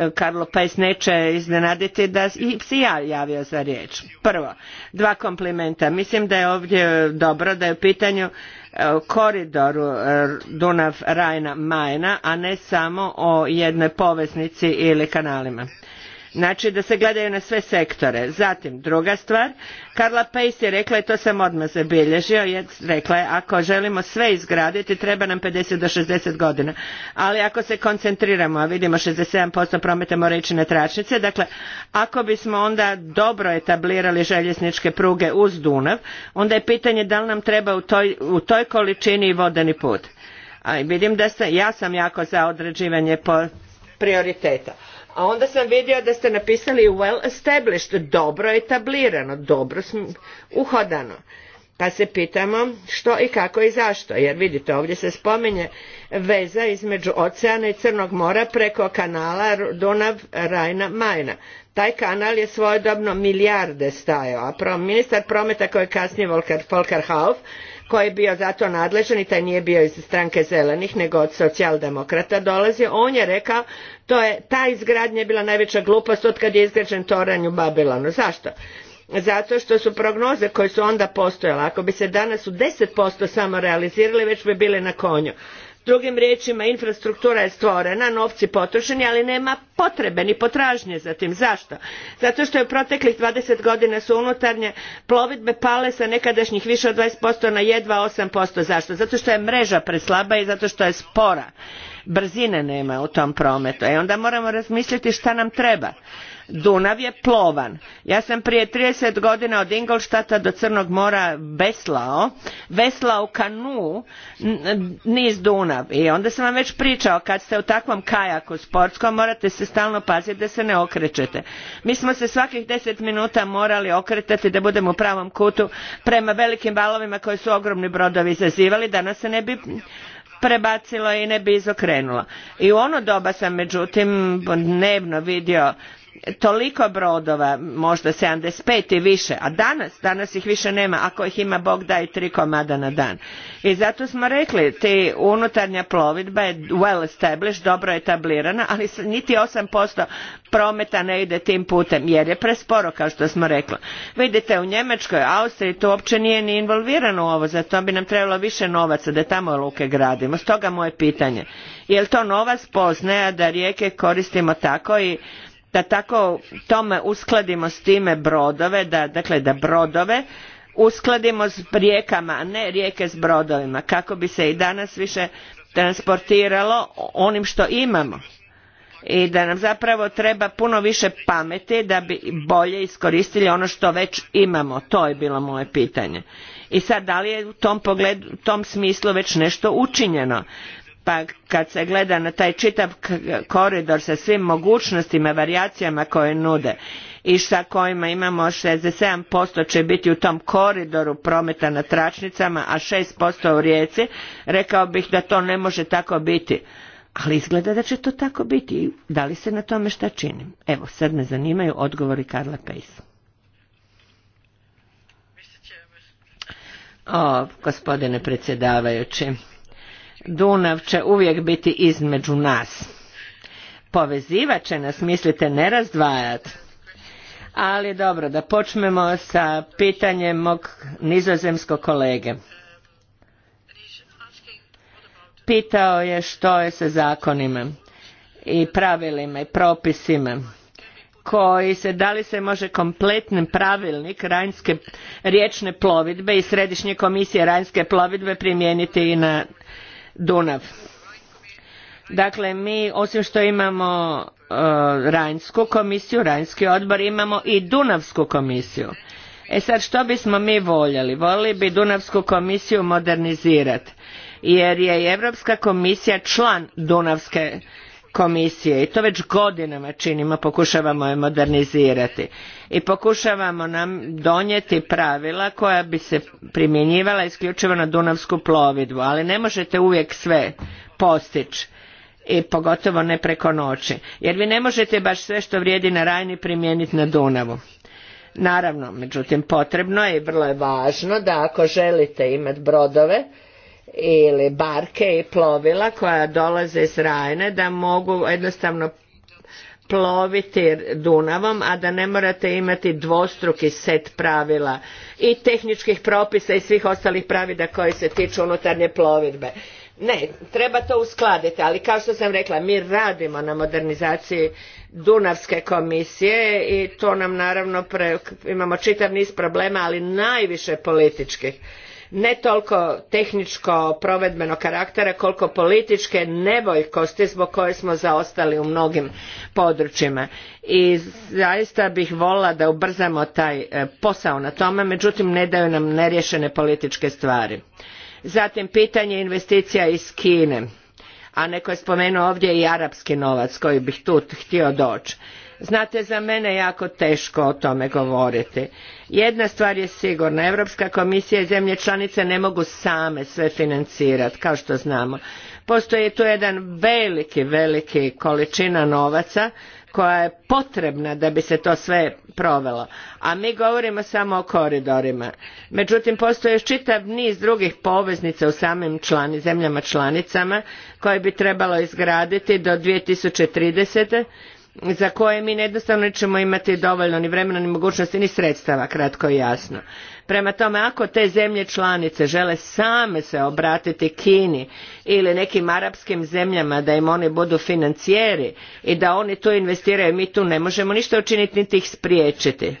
E, Karlo Pajs neće iznenaditi da si ja javio za riječ. Prvo, dva komplimenta. Mislim da je ovdje e, dobro da je u pitanju E, koridoru e, Dunav Rajna Majna, a ne samo o jednoj poveznici ili kanalima. Znači da se gledaju na sve sektore. Zatim, druga stvar, Karla Pace je rekla i to sam odmah zabilježio, je rekla je ako želimo sve izgraditi treba nam 50 do 60 godina. Ali ako se koncentriramo, a vidimo 67% prometa mora ići na tračnice, dakle ako bismo onda dobro etablirali željezničke pruge uz Dunav, onda je pitanje da li nam treba u toj, u toj količini i vodeni put. A vidim da se ja sam jako za određivanje po prioriteta a onda sam vidio da ste napisali well established, dobro etablirano, dobro uhodano. Pa se pitamo što i kako i zašto, jer vidite ovdje se spominje veza između oceana i Crnog mora preko kanala Dunav Rajna Majna. Taj kanal je svojedobno milijarde stajao, a ministar prometa koji je kasnije Volker, Volker Hauf koji je bio za to nadležan i taj nije bio iz stranke zelenih nego od socijaldemokrata dolazio on je rekao to je ta izgradnja bila najveća glupost otkad je izgrađen toranj u babilonu. zašto? zato što su prognoze koje su onda postojale ako bi se danas u deset posto samo realizirale već bi bile na konju drugim riječima infrastruktura je stvorena novci potrošeni ali nema potrebe ni potražnje za tim zašto zato što je u proteklih dvadeset godina su unutarnje plovidbe pale sa nekadašnjih više od twenty na jedva eight zašto zato što je mreža preslaba i zato što je spora brzine nema u tom prometu i e, onda moramo razmisliti šta nam treba Dunav je plovan. Ja sam prije 30 godina od Ingolštata do Crnog mora veslao, u kanu niz Dunav i onda sam vam već pričao kad ste u takvom kajaku sportskom morate se stalno paziti da se ne okrećete. Mi smo se svakih 10 minuta morali okretati da budemo u pravom kutu prema velikim valovima koje su ogromni brodovi izazivali da nas se ne bi prebacilo i ne bi izokrenulo. I u ono doba sam međutim dnevno vidio toliko brodova, možda 75 i više, a danas, danas ih više nema, ako ih ima Bog daj tri komada na dan. I zato smo rekli, ti unutarnja plovidba je well established, dobro etablirana, ali niti posto prometa ne ide tim putem, jer je presporo, kao što smo rekli. Vidite, u Njemačkoj, Austriji to uopće nije ni involvirano u ovo, zato bi nam trebalo više novaca da tamo luke gradimo. Stoga moje pitanje, je li to novac spoznaja da rijeke koristimo tako i da tako tome uskladimo s time brodove, da, dakle da brodove uskladimo s rijekama, a ne rijeke s brodovima, kako bi se i danas više transportiralo onim što imamo i da nam zapravo treba puno više pameti da bi bolje iskoristili ono što već imamo. To je bilo moje pitanje. I sad, da li je u tom, pogledu, tom smislu već nešto učinjeno? pa kad se gleda na taj čitav koridor sa svim mogućnostima varijacijama koje nude i sa kojima imamo 67% će biti u tom koridoru prometa na tračnicama a 6% u rijeci rekao bih da to ne može tako biti ali izgleda da će to tako biti da li se na tome šta čini evo sad me zanimaju odgovori Karla Pejsa o gospodine predsjedavajući Dunav će uvijek biti između nas. Povezivat će nas, mislite, ne razdvajat. Ali dobro, da počnemo sa pitanjem mog nizozemskog kolege. Pitao je što je sa zakonima i pravilima i propisima koji se, da li se može kompletni pravilnik Rajnske riječne plovidbe i Središnje komisije Rajnske plovidbe primijeniti i na Dunav. Dakle, mi osim što imamo uh, e, Rajnsku komisiju, Rajnski odbor, imamo i Dunavsku komisiju. E sad, što bismo mi voljeli? Voljeli bi Dunavsku komisiju modernizirati, jer je Europska komisija član Dunavske komisije i to već godinama činimo, pokušavamo je modernizirati i pokušavamo nam donijeti pravila koja bi se primjenjivala isključivo na Dunavsku plovidbu, ali ne možete uvijek sve postići i pogotovo ne preko noći, jer vi ne možete baš sve što vrijedi na Rajni primijeniti na Dunavu. Naravno, međutim, potrebno je i vrlo je važno da ako želite imati brodove, ili barke i plovila koja dolaze iz Rajne da mogu jednostavno ploviti Dunavom, a da ne morate imati dvostruki set pravila i tehničkih propisa i svih ostalih pravida koje se tiču unutarnje plovidbe. Ne, treba to uskladiti, ali kao što sam rekla, mi radimo na modernizaciji Dunavske komisije i to nam naravno imamo čitav niz problema, ali najviše političkih ne toliko tehničko provedbenog karaktera koliko političke nevoljkosti zbog koje smo zaostali u mnogim područjima i zaista bih voljela da ubrzamo taj e, posao na tome međutim ne daju nam neriješene političke stvari zatim pitanje investicija iz kine a neko je spomenuo ovdje i arapski novac koji bih tu htio doći Znate, za mene jako teško o tome govoriti. Jedna stvar je sigurna, Europska komisija i zemlje članice ne mogu same sve financirati, kao što znamo. Postoji tu jedan veliki, veliki količina novaca koja je potrebna da bi se to sve provelo. A mi govorimo samo o koridorima. Međutim, postoji još čitav niz drugih poveznica u samim zemljama članicama koje bi trebalo izgraditi do 2030 za koje mi jednostavno nećemo imati dovoljno ni vremena ni mogućnosti ni sredstava kratko i jasno. Prema tome, ako te zemlje članice žele same se obratiti Kini ili nekim arapskim zemljama da im oni budu financijeri i da oni tu investiraju, mi tu ne možemo ništa učiniti niti ih spriječiti.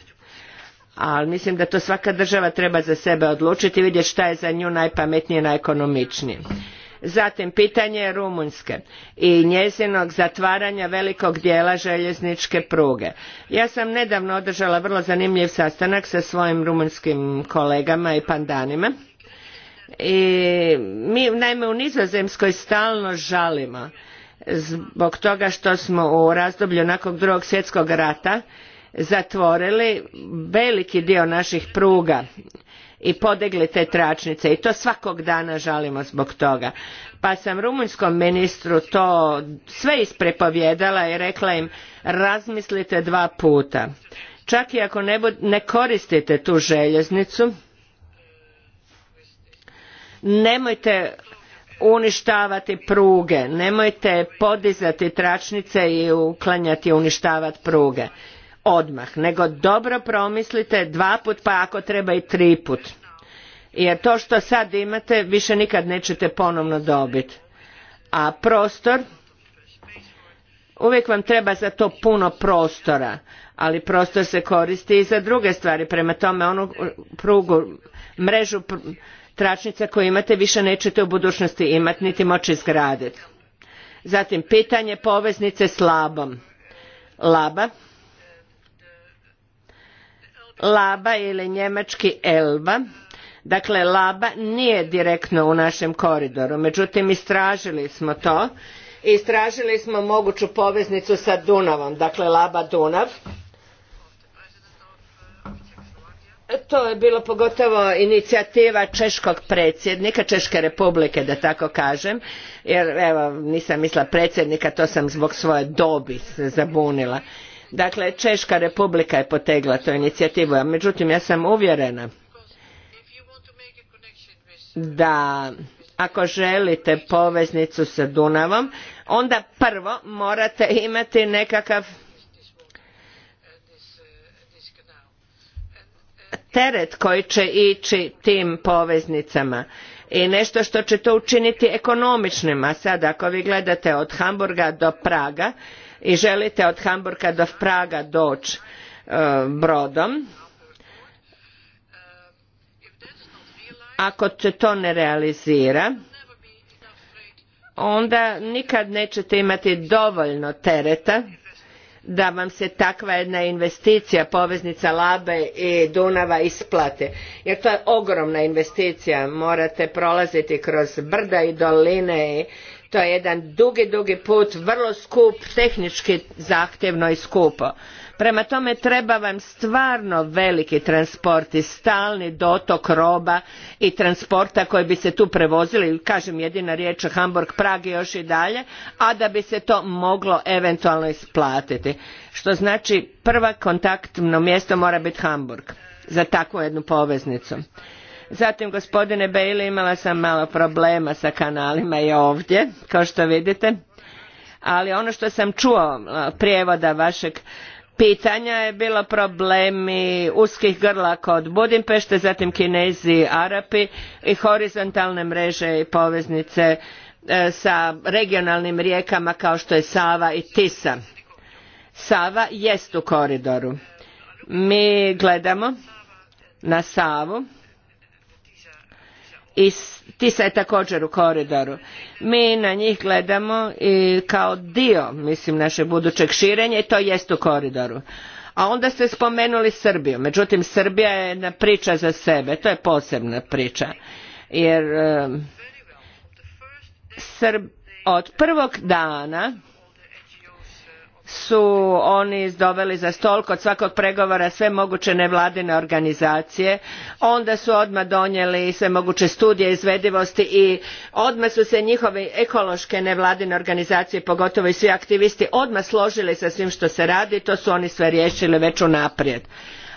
Ali mislim da to svaka država treba za sebe odlučiti i vidjeti šta je za nju najpametnije i najekonomičnije. Zatim pitanje Rumunjske i njezinog zatvaranja velikog dijela željezničke pruge. Ja sam nedavno održala vrlo zanimljiv sastanak sa svojim rumunjskim kolegama i pandanima. I mi naime u Nizozemskoj stalno žalimo zbog toga što smo u razdoblju nakon drugog svjetskog rata zatvorili veliki dio naših pruga i podigli te tračnice i to svakog dana žalimo zbog toga. Pa sam rumunjskom ministru to sve isprepovjedala i rekla im razmislite dva puta. Čak i ako ne, ne koristite tu željeznicu, nemojte uništavati pruge, nemojte podizati tračnice i uklanjati uništavati pruge odmah, nego dobro promislite dva put, pa ako treba i tri put. Jer to što sad imate više nikad nećete ponovno dobiti. A prostor, uvijek vam treba za to puno prostora, ali prostor se koristi i za druge stvari. Prema tome onu prugu, mrežu tračnica koju imate više nećete u budućnosti imati niti moći izgraditi. Zatim pitanje poveznice s labom. Laba laba ili njemački elba dakle laba nije direktno u našem koridoru međutim istražili smo to i istražili smo moguću poveznicu sa dunavom dakle laba dunav to je bilo pogotovo inicijativa češkog predsjednika češke republike da tako kažem jer evo nisam mislila predsjednika to sam zbog svoje dobi se zabunila Dakle, Češka republika je potegla tu inicijativu, a međutim ja sam uvjerena da ako želite poveznicu sa Dunavom, onda prvo morate imati nekakav teret koji će ići tim poveznicama i nešto što će to učiniti ekonomičnim. A sad ako vi gledate od Hamburga do Praga, i želite od Hamburga do Praga doći e, brodom, ako se to ne realizira, onda nikad nećete imati dovoljno tereta da vam se takva jedna investicija poveznica Labe i Dunava isplate. Jer to je ogromna investicija, morate prolaziti kroz brda i doline i to je jedan dugi, dugi put, vrlo skup, tehnički zahtjevno i skupo. Prema tome treba vam stvarno veliki transport i stalni dotok roba i transporta koji bi se tu prevozili, kažem jedina riječ Hamburg, Prag i još i dalje, a da bi se to moglo eventualno isplatiti. Što znači prva kontaktno mjesto mora biti Hamburg za takvu jednu poveznicu. Zatim gospodine Bailey, imala sam malo problema sa kanalima i ovdje, kao što vidite. Ali ono što sam čuo eh, prijevoda vašeg pitanja je bilo problemi uskih grla kod Budimpešte, zatim Kinezi i Arapi i horizontalne mreže i poveznice eh, sa regionalnim rijekama kao što je Sava i Tisa. Sava jest u koridoru. Mi gledamo na Savu i tisa je također u koridoru. Mi na njih gledamo i kao dio mislim naše budućeg širenja i to jest u koridoru. A onda ste spomenuli Srbiju, međutim Srbija je jedna priča za sebe, to je posebna priča. Jer Srb, od prvog dana su oni doveli za stol kod svakog pregovora sve moguće nevladine organizacije onda su odmah donijeli sve moguće studije izvedivosti i odmah su se njihove ekološke nevladine organizacije pogotovo i svi aktivisti odmah složili sa svim što se radi i to su oni sve riješili već unaprijed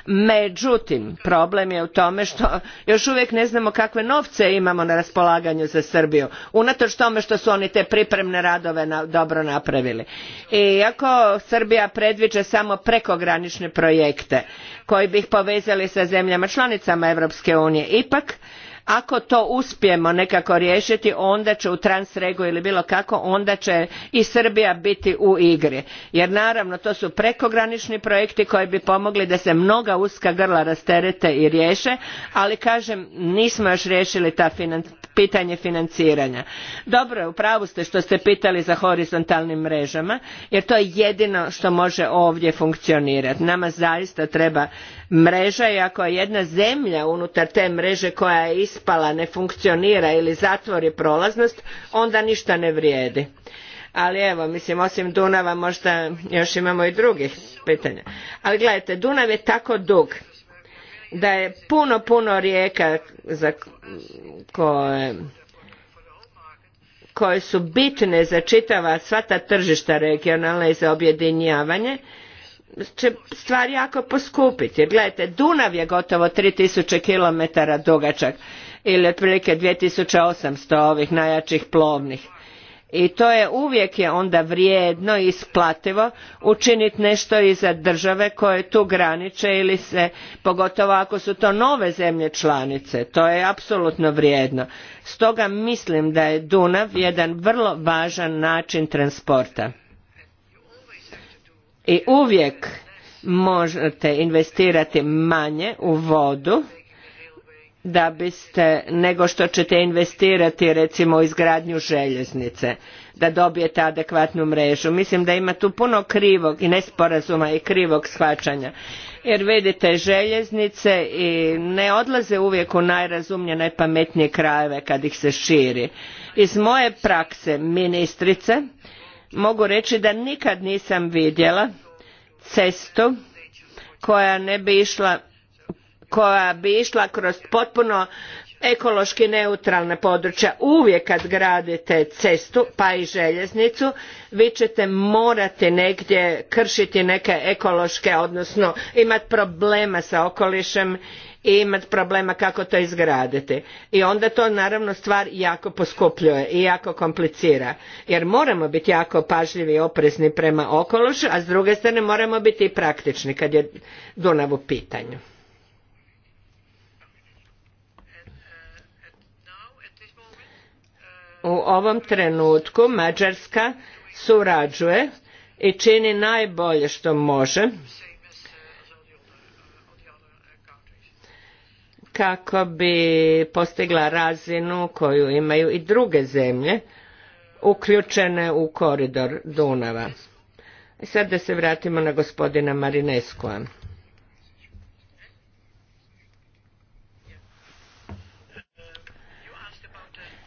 međutim problem je u tome što još uvijek ne znamo kakve novce imamo na raspolaganju za srbiju unatoč tome što su oni te pripremne radove dobro napravili iako srbija predviđa samo prekogranične projekte koji bi ih povezali sa zemljama članicama europske unije ipak ako to uspijemo nekako riješiti onda će u transregu ili bilo kako onda će i srbija biti u igri jer naravno to su prekogranični projekti koji bi pomogli da se mnoga uska grla rasterete i riješe ali kažem nismo još riješili ta financija pitanje financiranja. Dobro je, u pravu ste što ste pitali za horizontalnim mrežama, jer to je jedino što može ovdje funkcionirati. Nama zaista treba mreža i ako je jedna zemlja unutar te mreže koja je ispala, ne funkcionira ili zatvori prolaznost, onda ništa ne vrijedi. Ali evo, mislim, osim Dunava možda još imamo i drugih pitanja. Ali gledajte, Dunav je tako dug da je puno, puno rijeka za koje su bitne za čitava sva ta tržišta regionalna i za objedinjavanje će stvar jako poskupiti. Jer gledajte, Dunav je gotovo 3000 km dugačak ili otprilike 2800 ovih najjačih plovnih i to je uvijek je onda vrijedno i isplativo učiniti nešto i za države koje tu graniče ili se pogotovo ako su to nove zemlje članice to je apsolutno vrijedno stoga mislim da je dunav jedan vrlo važan način transporta i uvijek možete investirati manje u vodu da biste nego što ćete investirati recimo u izgradnju željeznice da dobijete adekvatnu mrežu mislim da ima tu puno krivog i nesporazuma i krivog shvaćanja jer vidite željeznice i ne odlaze uvijek u najrazumnije najpametnije krajeve kad ih se širi iz moje prakse ministrice mogu reći da nikad nisam vidjela cestu koja ne bi išla koja bi išla kroz potpuno ekološki neutralna područja uvijek kad gradite cestu pa i željeznicu vi ćete morati negdje kršiti neke ekološke odnosno imati problema sa okolišem i imati problema kako to izgraditi i onda to naravno stvar jako poskupljuje i jako komplicira jer moramo biti jako pažljivi i oprezni prema okolišu a s druge strane moramo biti i praktični kad je dunav u pitanju. u ovom trenutku Mađarska surađuje i čini najbolje što može kako bi postigla razinu koju imaju i druge zemlje uključene u koridor Dunava. I Sad da se vratimo na gospodina Marineskoa.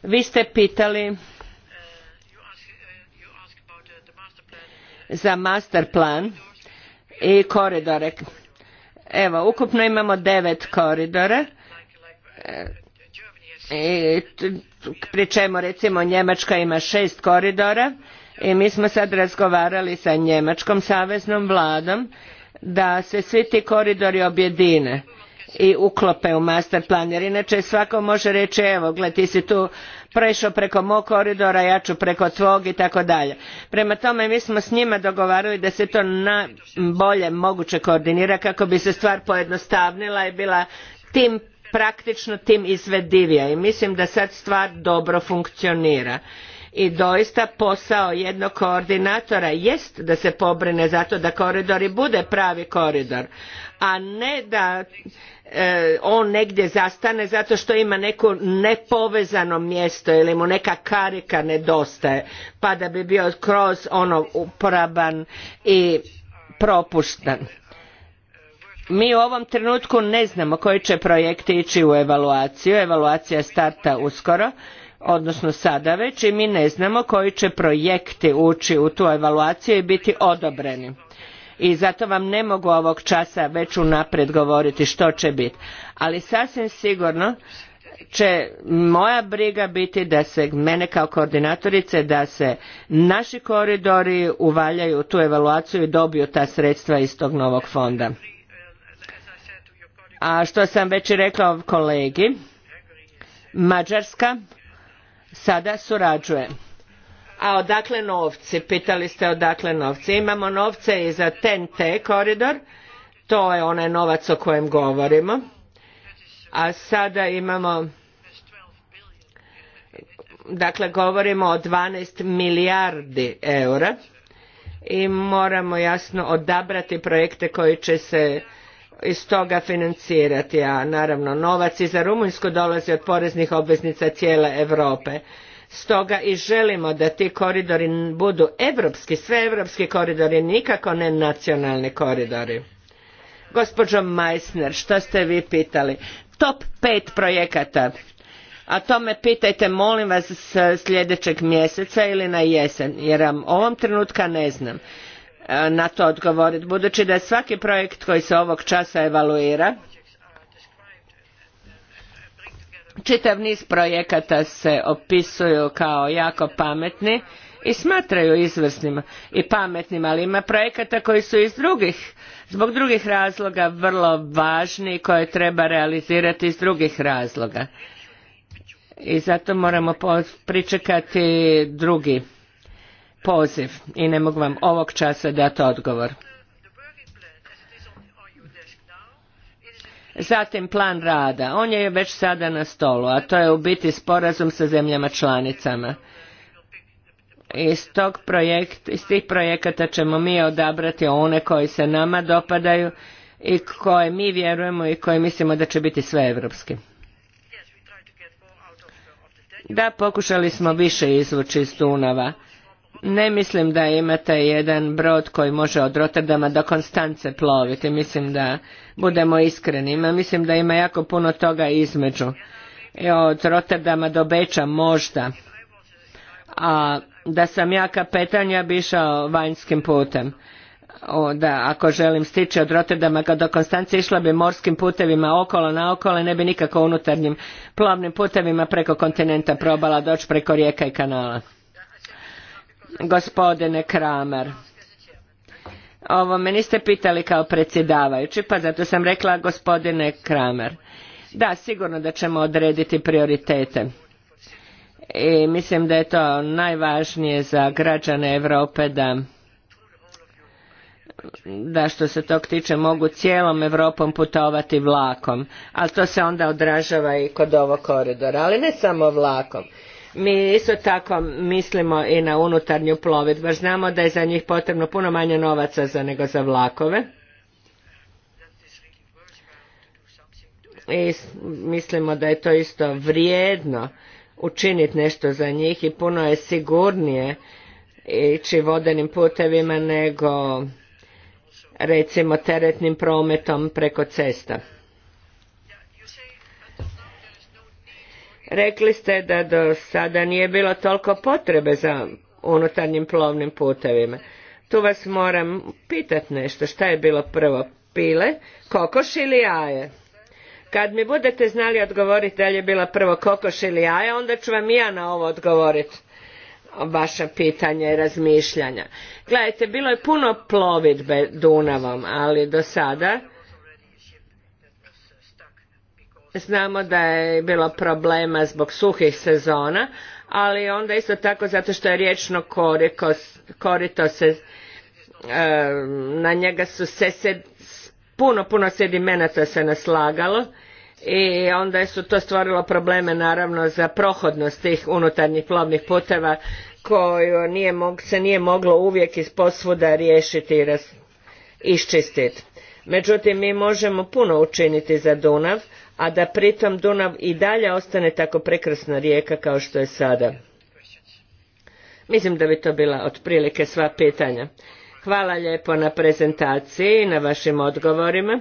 vi ste pitali za master plan i koridore. Evo, ukupno imamo devet koridora. I, e, pri čemu recimo Njemačka ima šest koridora i mi smo sad razgovarali sa Njemačkom saveznom vladom da se svi ti koridori objedine i uklope u master plan jer inače svako može reći evo gle ti si tu prešao preko mog koridora ja ću preko tvog i tako dalje. prema tome mi smo s njima dogovarali da se to najbolje moguće koordinira kako bi se stvar pojednostavnila i bila tim praktično tim izvedivija i mislim da sad stvar dobro funkcionira i doista posao jednog koordinatora jest da se pobrine za to da koridor i bude pravi koridor a ne da E, on negdje zastane zato što ima neko nepovezano mjesto ili mu neka karika nedostaje pa da bi bio kroz ono uporaban i propuštan. Mi u ovom trenutku ne znamo koji će projekti ići u evaluaciju, evaluacija starta uskoro, odnosno sada već i mi ne znamo koji će projekti ući u tu evaluaciju i biti odobreni i zato vam ne mogu ovog časa već unaprijed govoriti što će biti ali sasvim sigurno će moja briga biti da se mene kao koordinatorice da se naši koridori uvaljaju u tu evaluaciju i dobiju ta sredstva iz tog novog fonda. A što sam već i rekla kolegi, Mađarska sada surađuje a odakle novci pitali ste odakle novci imamo novce i za T koridor to je onaj novac o kojem govorimo a sada imamo dakle govorimo o 12 milijardi eura i moramo jasno odabrati projekte koji će se iz toga financirati a naravno novac i za rumunjsku dolazi od poreznih obveznica cijele europe Stoga i želimo da ti koridori budu evropski, sve evropski koridori, nikako ne nacionalni koridori. Gospođo Meissner, što ste vi pitali? Top pet projekata. A to me pitajte, molim vas, sljedećeg mjeseca ili na jesen, jer vam ovom trenutka ne znam e, na to odgovoriti. Budući da je svaki projekt koji se ovog časa evaluira, čitav niz projekata se opisuju kao jako pametni i smatraju izvrsnim i pametnim, ali ima projekata koji su iz drugih, zbog drugih razloga vrlo važni i koje treba realizirati iz drugih razloga. I zato moramo pričekati drugi poziv i ne mogu vam ovog časa dati odgovor. Zatim plan rada, on je već sada na stolu, a to je u biti sporazum sa zemljama članicama. Iz, tog projekt, iz tih projekata ćemo mi odabrati one koji se nama dopadaju i koje mi vjerujemo i koje mislimo da će biti sve evropski. Da, pokušali smo više izvući iz Dunava ne mislim da imate jedan brod koji može od Rotterdama do Konstance ploviti, mislim da budemo iskreni, mislim da ima jako puno toga između. I e, od Rotterdama do Beča možda, a da sam ja kapetan ja bi išao vanjskim putem. O, da, ako želim stići od Rotterdama do Konstance išla bi morskim putevima okolo na okolo ne bi nikako unutarnjim plovnim putevima preko kontinenta probala doći preko rijeka i kanala gospodine Kramer. Ovo me niste pitali kao predsjedavajući, pa zato sam rekla gospodine Kramer. Da, sigurno da ćemo odrediti prioritete. I mislim da je to najvažnije za građane Europe da da što se tog tiče mogu cijelom Europom putovati vlakom, ali to se onda odražava i kod ovog koridora, ali ne samo vlakom. Mi isto tako mislimo i na unutarnju plovidbu. Znamo da je za njih potrebno puno manje novaca za, nego za vlakove. I mislimo da je to isto vrijedno učiniti nešto za njih i puno je sigurnije ići vodenim putevima nego recimo teretnim prometom preko cesta. Rekli ste da do sada nije bilo toliko potrebe za unutarnjim plovnim putevima. Tu vas moram pitati nešto. Šta je bilo prvo? Pile, kokoš ili jaje? Kad mi budete znali odgovoriti da li je bila prvo kokoš ili jaje, onda ću vam i ja na ovo odgovoriti vaša pitanja i razmišljanja. Gledajte, bilo je puno plovidbe Dunavom, ali do sada Znamo da je bilo problema zbog suhih sezona, ali onda isto tako zato što je riječno korito se, eh, na njega su se, puno, puno sedimenata se naslagalo i onda su to stvorilo probleme naravno za prohodnost tih unutarnjih plovnih puteva koju nije, se nije moglo uvijek iz posvuda riješiti i iščistiti. Međutim, mi možemo puno učiniti za Dunav a da pritom Dunav i dalje ostane tako prekrasna rijeka kao što je sada? Mislim da bi to bila otprilike sva pitanja. Hvala lijepo na prezentaciji i na vašim odgovorima.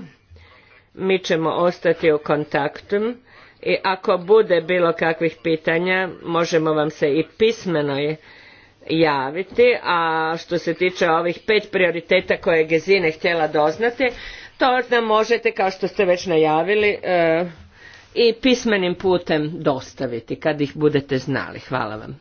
Mi ćemo ostati u kontaktu i ako bude bilo kakvih pitanja možemo vam se i pismeno javiti, a što se tiče ovih pet prioriteta koje je Gezine htjela doznati, to možete kao što ste već najavili e, i pismenim putem dostaviti kad ih budete znali. Hvala vam.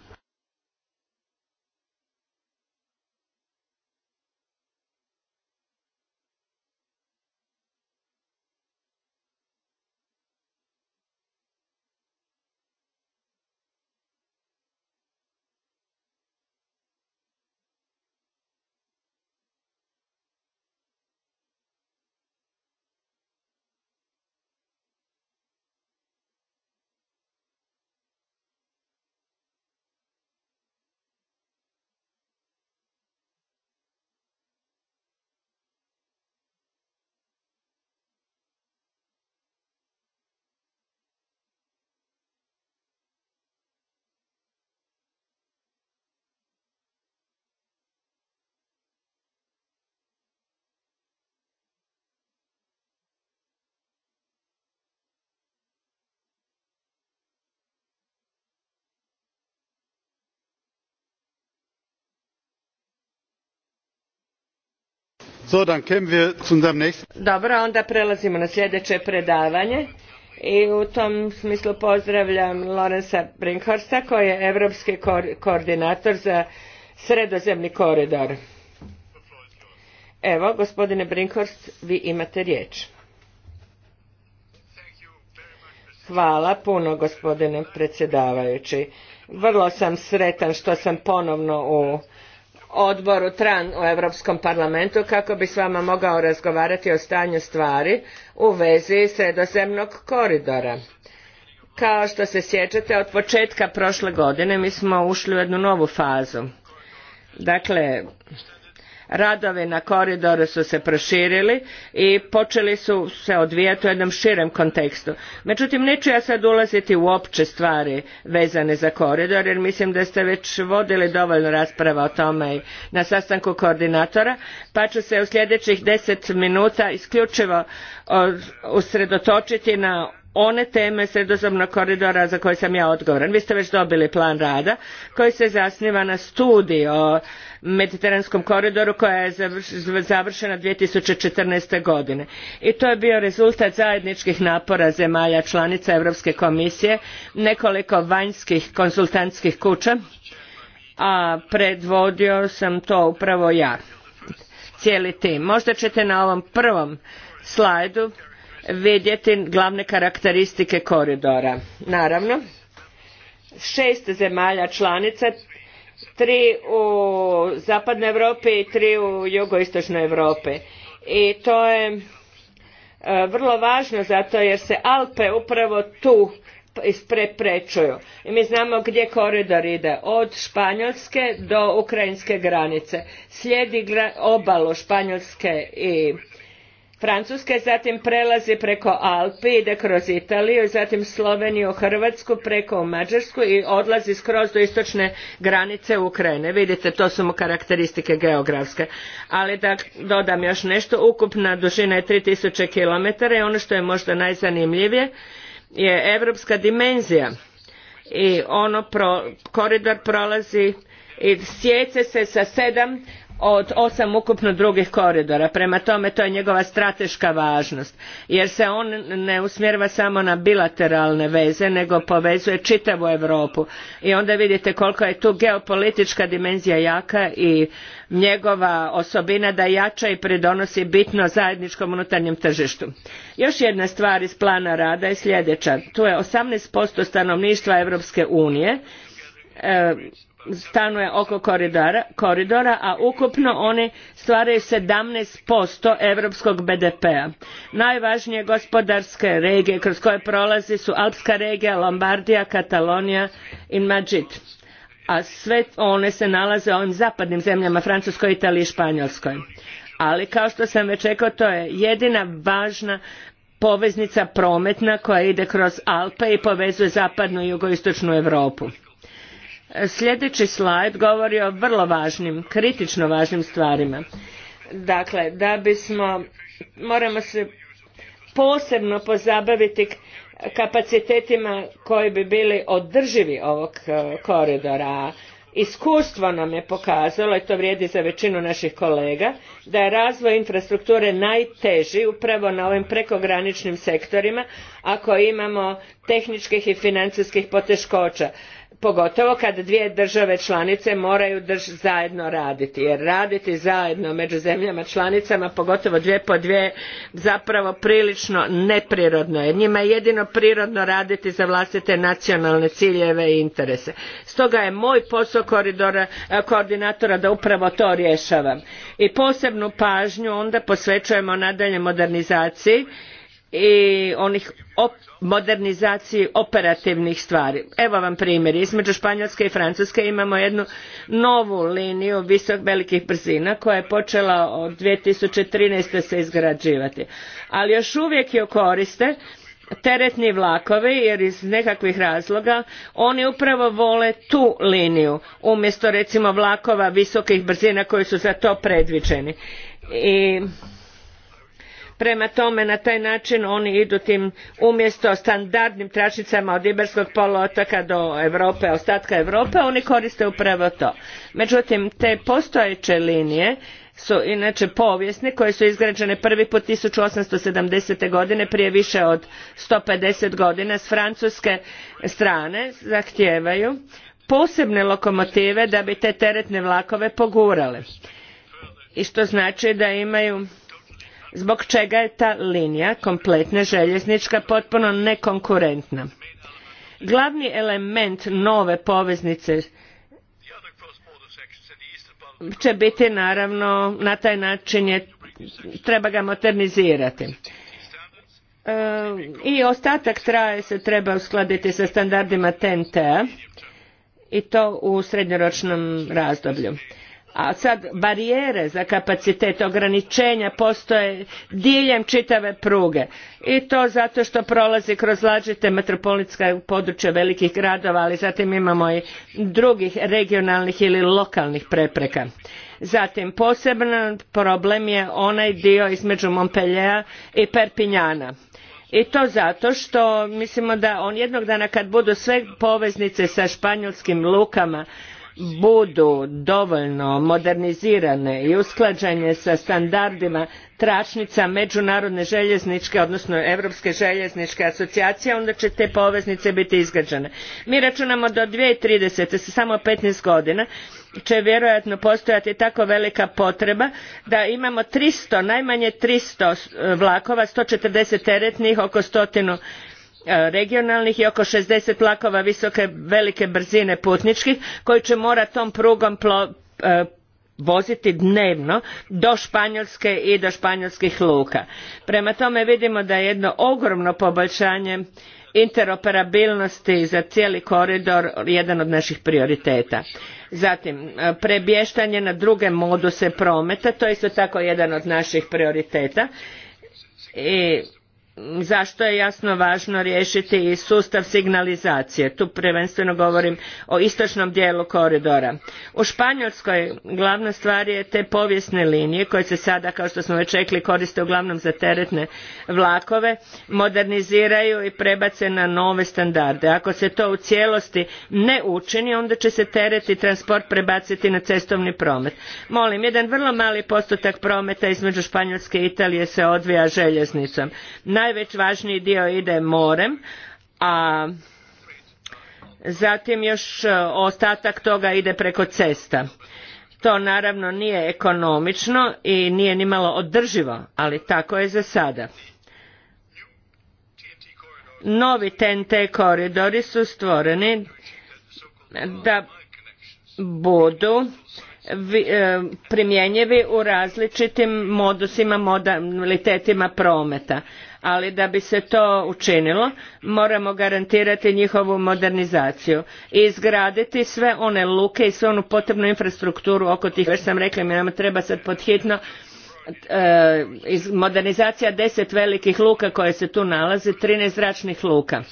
Dobro, onda prelazimo na sljedeće predavanje i u tom smislu pozdravljam Lorenza Brinkhorsta koji je europski koordinator za sredozemni koridor. Evo, gospodine Brinkhorst, vi imate riječ. Hvala puno gospodine predsjedavajući. Vrlo sam sretan što sam ponovno u odboru tran u europskom parlamentu kako bi s vama mogao razgovarati o stanju stvari u vezi sredozemnog koridora kao što se sjećate od početka prošle godine mi smo ušli u jednu novu fazu dakle radovi na koridoru su se proširili i počeli su se odvijati u jednom širem kontekstu. Međutim, neću ja sad ulaziti u opće stvari vezane za koridor, jer mislim da ste već vodili dovoljno rasprava o tome i na sastanku koordinatora, pa ću se u sljedećih deset minuta isključivo usredotočiti na one teme sredozemnog koridora za koje sam ja odgovoran. Vi ste već dobili plan rada koji se zasniva na studiji o mediteranskom koridoru koja je završena. two thousand and godine i to je bio rezultat zajedničkih napora zemalja članica europske komisije nekoliko vanjskih konsultantskih kuća a predvodio sam to upravo ja cijeli tim. možda ćete na ovom prvom slajdu vidjeti glavne karakteristike koridora. Naravno, šest zemalja članica, tri u zapadnoj Europi i tri u jugoistočnoj Europi. I to je e, vrlo važno zato jer se Alpe upravo tu ispreprečuju. I mi znamo gdje koridor ide, od Španjolske do ukrajinske granice. Slijedi obalu Španjolske i Francuske, zatim prelazi preko Alpi, ide kroz Italiju, zatim Sloveniju, Hrvatsku, preko Mađarsku i odlazi skroz do istočne granice Ukrajine. Vidite, to su mu karakteristike geografske. Ali da dodam još nešto, ukupna dužina je 3000 km i ono što je možda najzanimljivije je europska dimenzija i ono koridor prolazi i sjece se sa sedam od osam ukupno drugih koridora. Prema tome to je njegova strateška važnost jer se on ne usmjerava samo na bilateralne veze nego povezuje čitavu Europu i onda vidite koliko je tu geopolitička dimenzija jaka i njegova osobina da jača i pridonosi bitno zajedničkom unutarnjem tržištu. Još jedna stvar iz plana rada je sljedeća. Tu je 18% stanovništva Europske unije e, stanuje oko koridora, a ukupno oni stvaraju sedamnaest posto europskog bdp a. najvažnije gospodarske regije kroz koje prolazi su alpska regija lombardija katalonija i Madžid. a sve one se nalaze u ovim zapadnim zemljama francuskoj italiji i španjolskoj ali kao što sam već rekao to je jedina važna poveznica prometna koja ide kroz alpe i povezuje zapadnu i jugoistočnu europu Sljedeći slajd govori o vrlo važnim, kritično važnim stvarima. Dakle, da bismo, moramo se posebno pozabaviti kapacitetima koji bi bili održivi ovog e, koridora. Iskustvo nam je pokazalo, i to vrijedi za većinu naših kolega, da je razvoj infrastrukture najteži upravo na ovim prekograničnim sektorima ako imamo tehničkih i financijskih poteškoća pogotovo kad dvije države članice moraju zajedno raditi jer raditi zajedno među zemljama članicama pogotovo dvije po dvije zapravo prilično neprirodno jer njima je jedino prirodno raditi za vlastite nacionalne ciljeve i interese. stoga je moj posao e, koordinatora da upravo to rješavam i posebnu pažnju onda posvećujemo nadalje modernizaciji i onih modernizaciji operativnih stvari. Evo vam primjer, između Španjolske i Francuske imamo jednu novu liniju visok velikih brzina koja je počela od 2013. se izgrađivati. Ali još uvijek je koriste teretni vlakovi jer iz nekakvih razloga oni upravo vole tu liniju umjesto recimo vlakova visokih brzina koji su za to predviđeni. I prema tome na taj način oni idu tim umjesto standardnim tračnicama od iberskog poluotoka do europe ostatka europe oni koriste upravo to. međutim te postojeće linije su inače povijesne koje su izgrađene prvi put one thousand eight hundred godine prije više od sto fifty godina s francuske strane zahtijevaju posebne lokomotive da bi te teretne vlakove pogurali. i što znači da imaju zbog čega je ta linija kompletna željeznička potpuno nekonkurentna. Glavni element nove poveznice će biti naravno na taj način je treba ga modernizirati. E, I ostatak traje se treba uskladiti sa standardima TNT-a i to u srednjoročnom razdoblju a sad barijere za kapacitet ograničenja postoje diljem čitave pruge i to zato što prolazi kroz lađite metropolitska područja velikih gradova ali zatim imamo i drugih regionalnih ili lokalnih prepreka. Zatim poseban problem je onaj dio između Montpellier i Perpinjana i to zato što mislimo da on jednog dana kad budu sve poveznice sa španjolskim lukama budu dovoljno modernizirane i usklađene sa standardima tračnica međunarodne željezničke odnosno europske željezničke asocijacije onda će te poveznice biti izgrađene. mi računamo do 2030. tisuće samo 15 godina će vjerojatno postojati tako velika potreba da imamo tristo najmanje 300 e, vlakova 140 četrdeset teretnih oko stotinu E, regionalnih i oko sixty vlakova visoke velike brzine putničkih koji će morati tom prugom e, voziti dnevno do španjolske i do španjolskih luka. prema tome vidimo da je jedno ogromno poboljšanje interoperabilnosti za cijeli koridor jedan od naših prioriteta. Zatim, e, prebještanje na druge moduse prometa, to je isto tako jedan od naših prioriteta. I zašto je jasno važno riješiti i sustav signalizacije. Tu prvenstveno govorim o istočnom dijelu koridora. U Španjolskoj glavna stvar je te povijesne linije koje se sada, kao što smo već rekli, koriste uglavnom za teretne vlakove, moderniziraju i prebace na nove standarde. Ako se to u cijelosti ne učini, onda će se teret i transport prebaciti na cestovni promet. Molim, jedan vrlo mali postotak prometa između Španjolske i Italije se odvija željeznicom. Naj važniji dio ide morem, a zatim još e, ostatak toga ide preko cesta. To naravno nije ekonomično i nije ni malo održivo, ali tako je za sada. Novi TNT koridori su stvoreni da budu e, primjenjivi u različitim modusima, modalitetima prometa ali da bi se to učinilo moramo garantirati njihovu modernizaciju i izgraditi sve one luke i svu onu potrebnu infrastrukturu oko tih već sam rekla mi nama treba sad pod hitno eh, modernizacija deset velikih luka koje se tu nalaze trinaest zračnih luka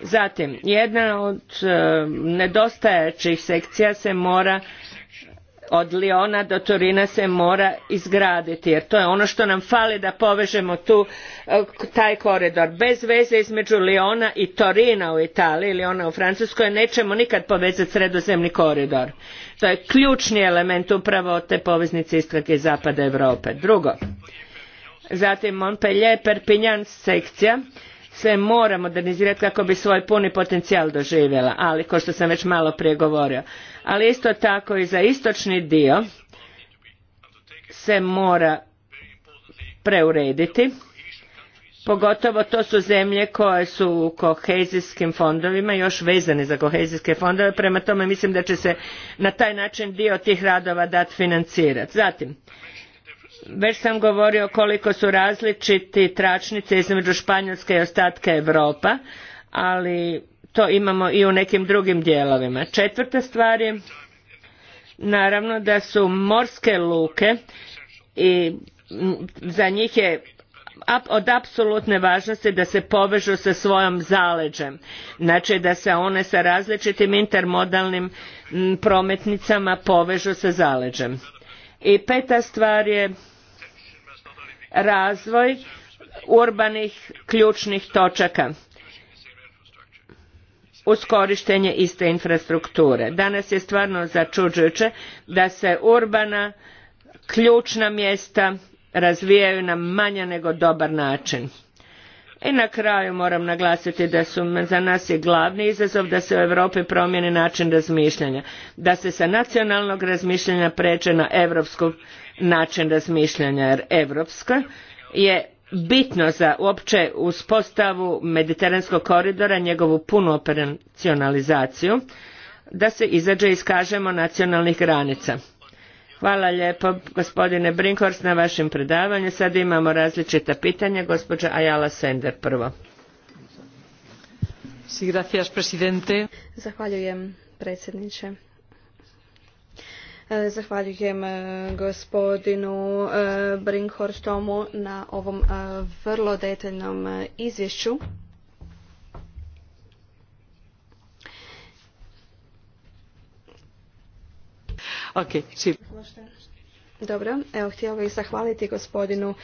zatim jedna od eh, sekcija se mora od Liona do Torina se mora izgraditi jer to je ono što nam fali da povežemo tu e, taj koridor. Bez veze između Liona i Torina u Italiji ili u Francuskoj nećemo nikad povezati sredozemni koridor. To je ključni element upravo te poveznice istoka i zapada Europe. Drugo, zatim Montpellier Perpignan sekcija se mora modernizirati kako bi svoj puni potencijal doživjela, ali kao što sam već malo prije govorio. Ali isto tako i za istočni dio se mora preurediti. Pogotovo to su zemlje koje su u kohezijskim fondovima, još vezane za kohezijske fondove, prema tome mislim da će se na taj način dio tih radova dati financirati. Zatim, već sam govorio koliko su različiti tračnice između Španjolske i ostatka europe ali to imamo i u nekim drugim dijelovima. Četvrta stvar je naravno da su morske luke i za njih je od apsolutne važnosti da se povežu sa svojom zaleđem. Znači da se one sa različitim intermodalnim prometnicama povežu sa zaleđem. I peta stvar je razvoj urbanih ključnih točaka uz korištenje iste infrastrukture. Danas je stvarno začuđujuće da se urbana ključna mjesta razvijaju na manje nego dobar način. I na kraju moram naglasiti da su za nas je glavni izazov da se u Europi promijeni način razmišljanja, da se sa nacionalnog razmišljanja pređe na europsku način razmišljanja jer Evropska je bitno za uopće uspostavu mediteranskog koridora, njegovu punu operacionalizaciju, da se izađe i skažemo nacionalnih granica. Hvala lijepo gospodine Brinkhorst na vašem predavanju. Sad imamo različita pitanja. Gospođa Ajala Sender prvo. Zahvaljujem predsjedniče. E, zahvaljujem e, gospodinu e, Brinkhorstomu na ovom vrlo detaljnom izvješću. dobro, evo htjela bih zahvaliti gospodinu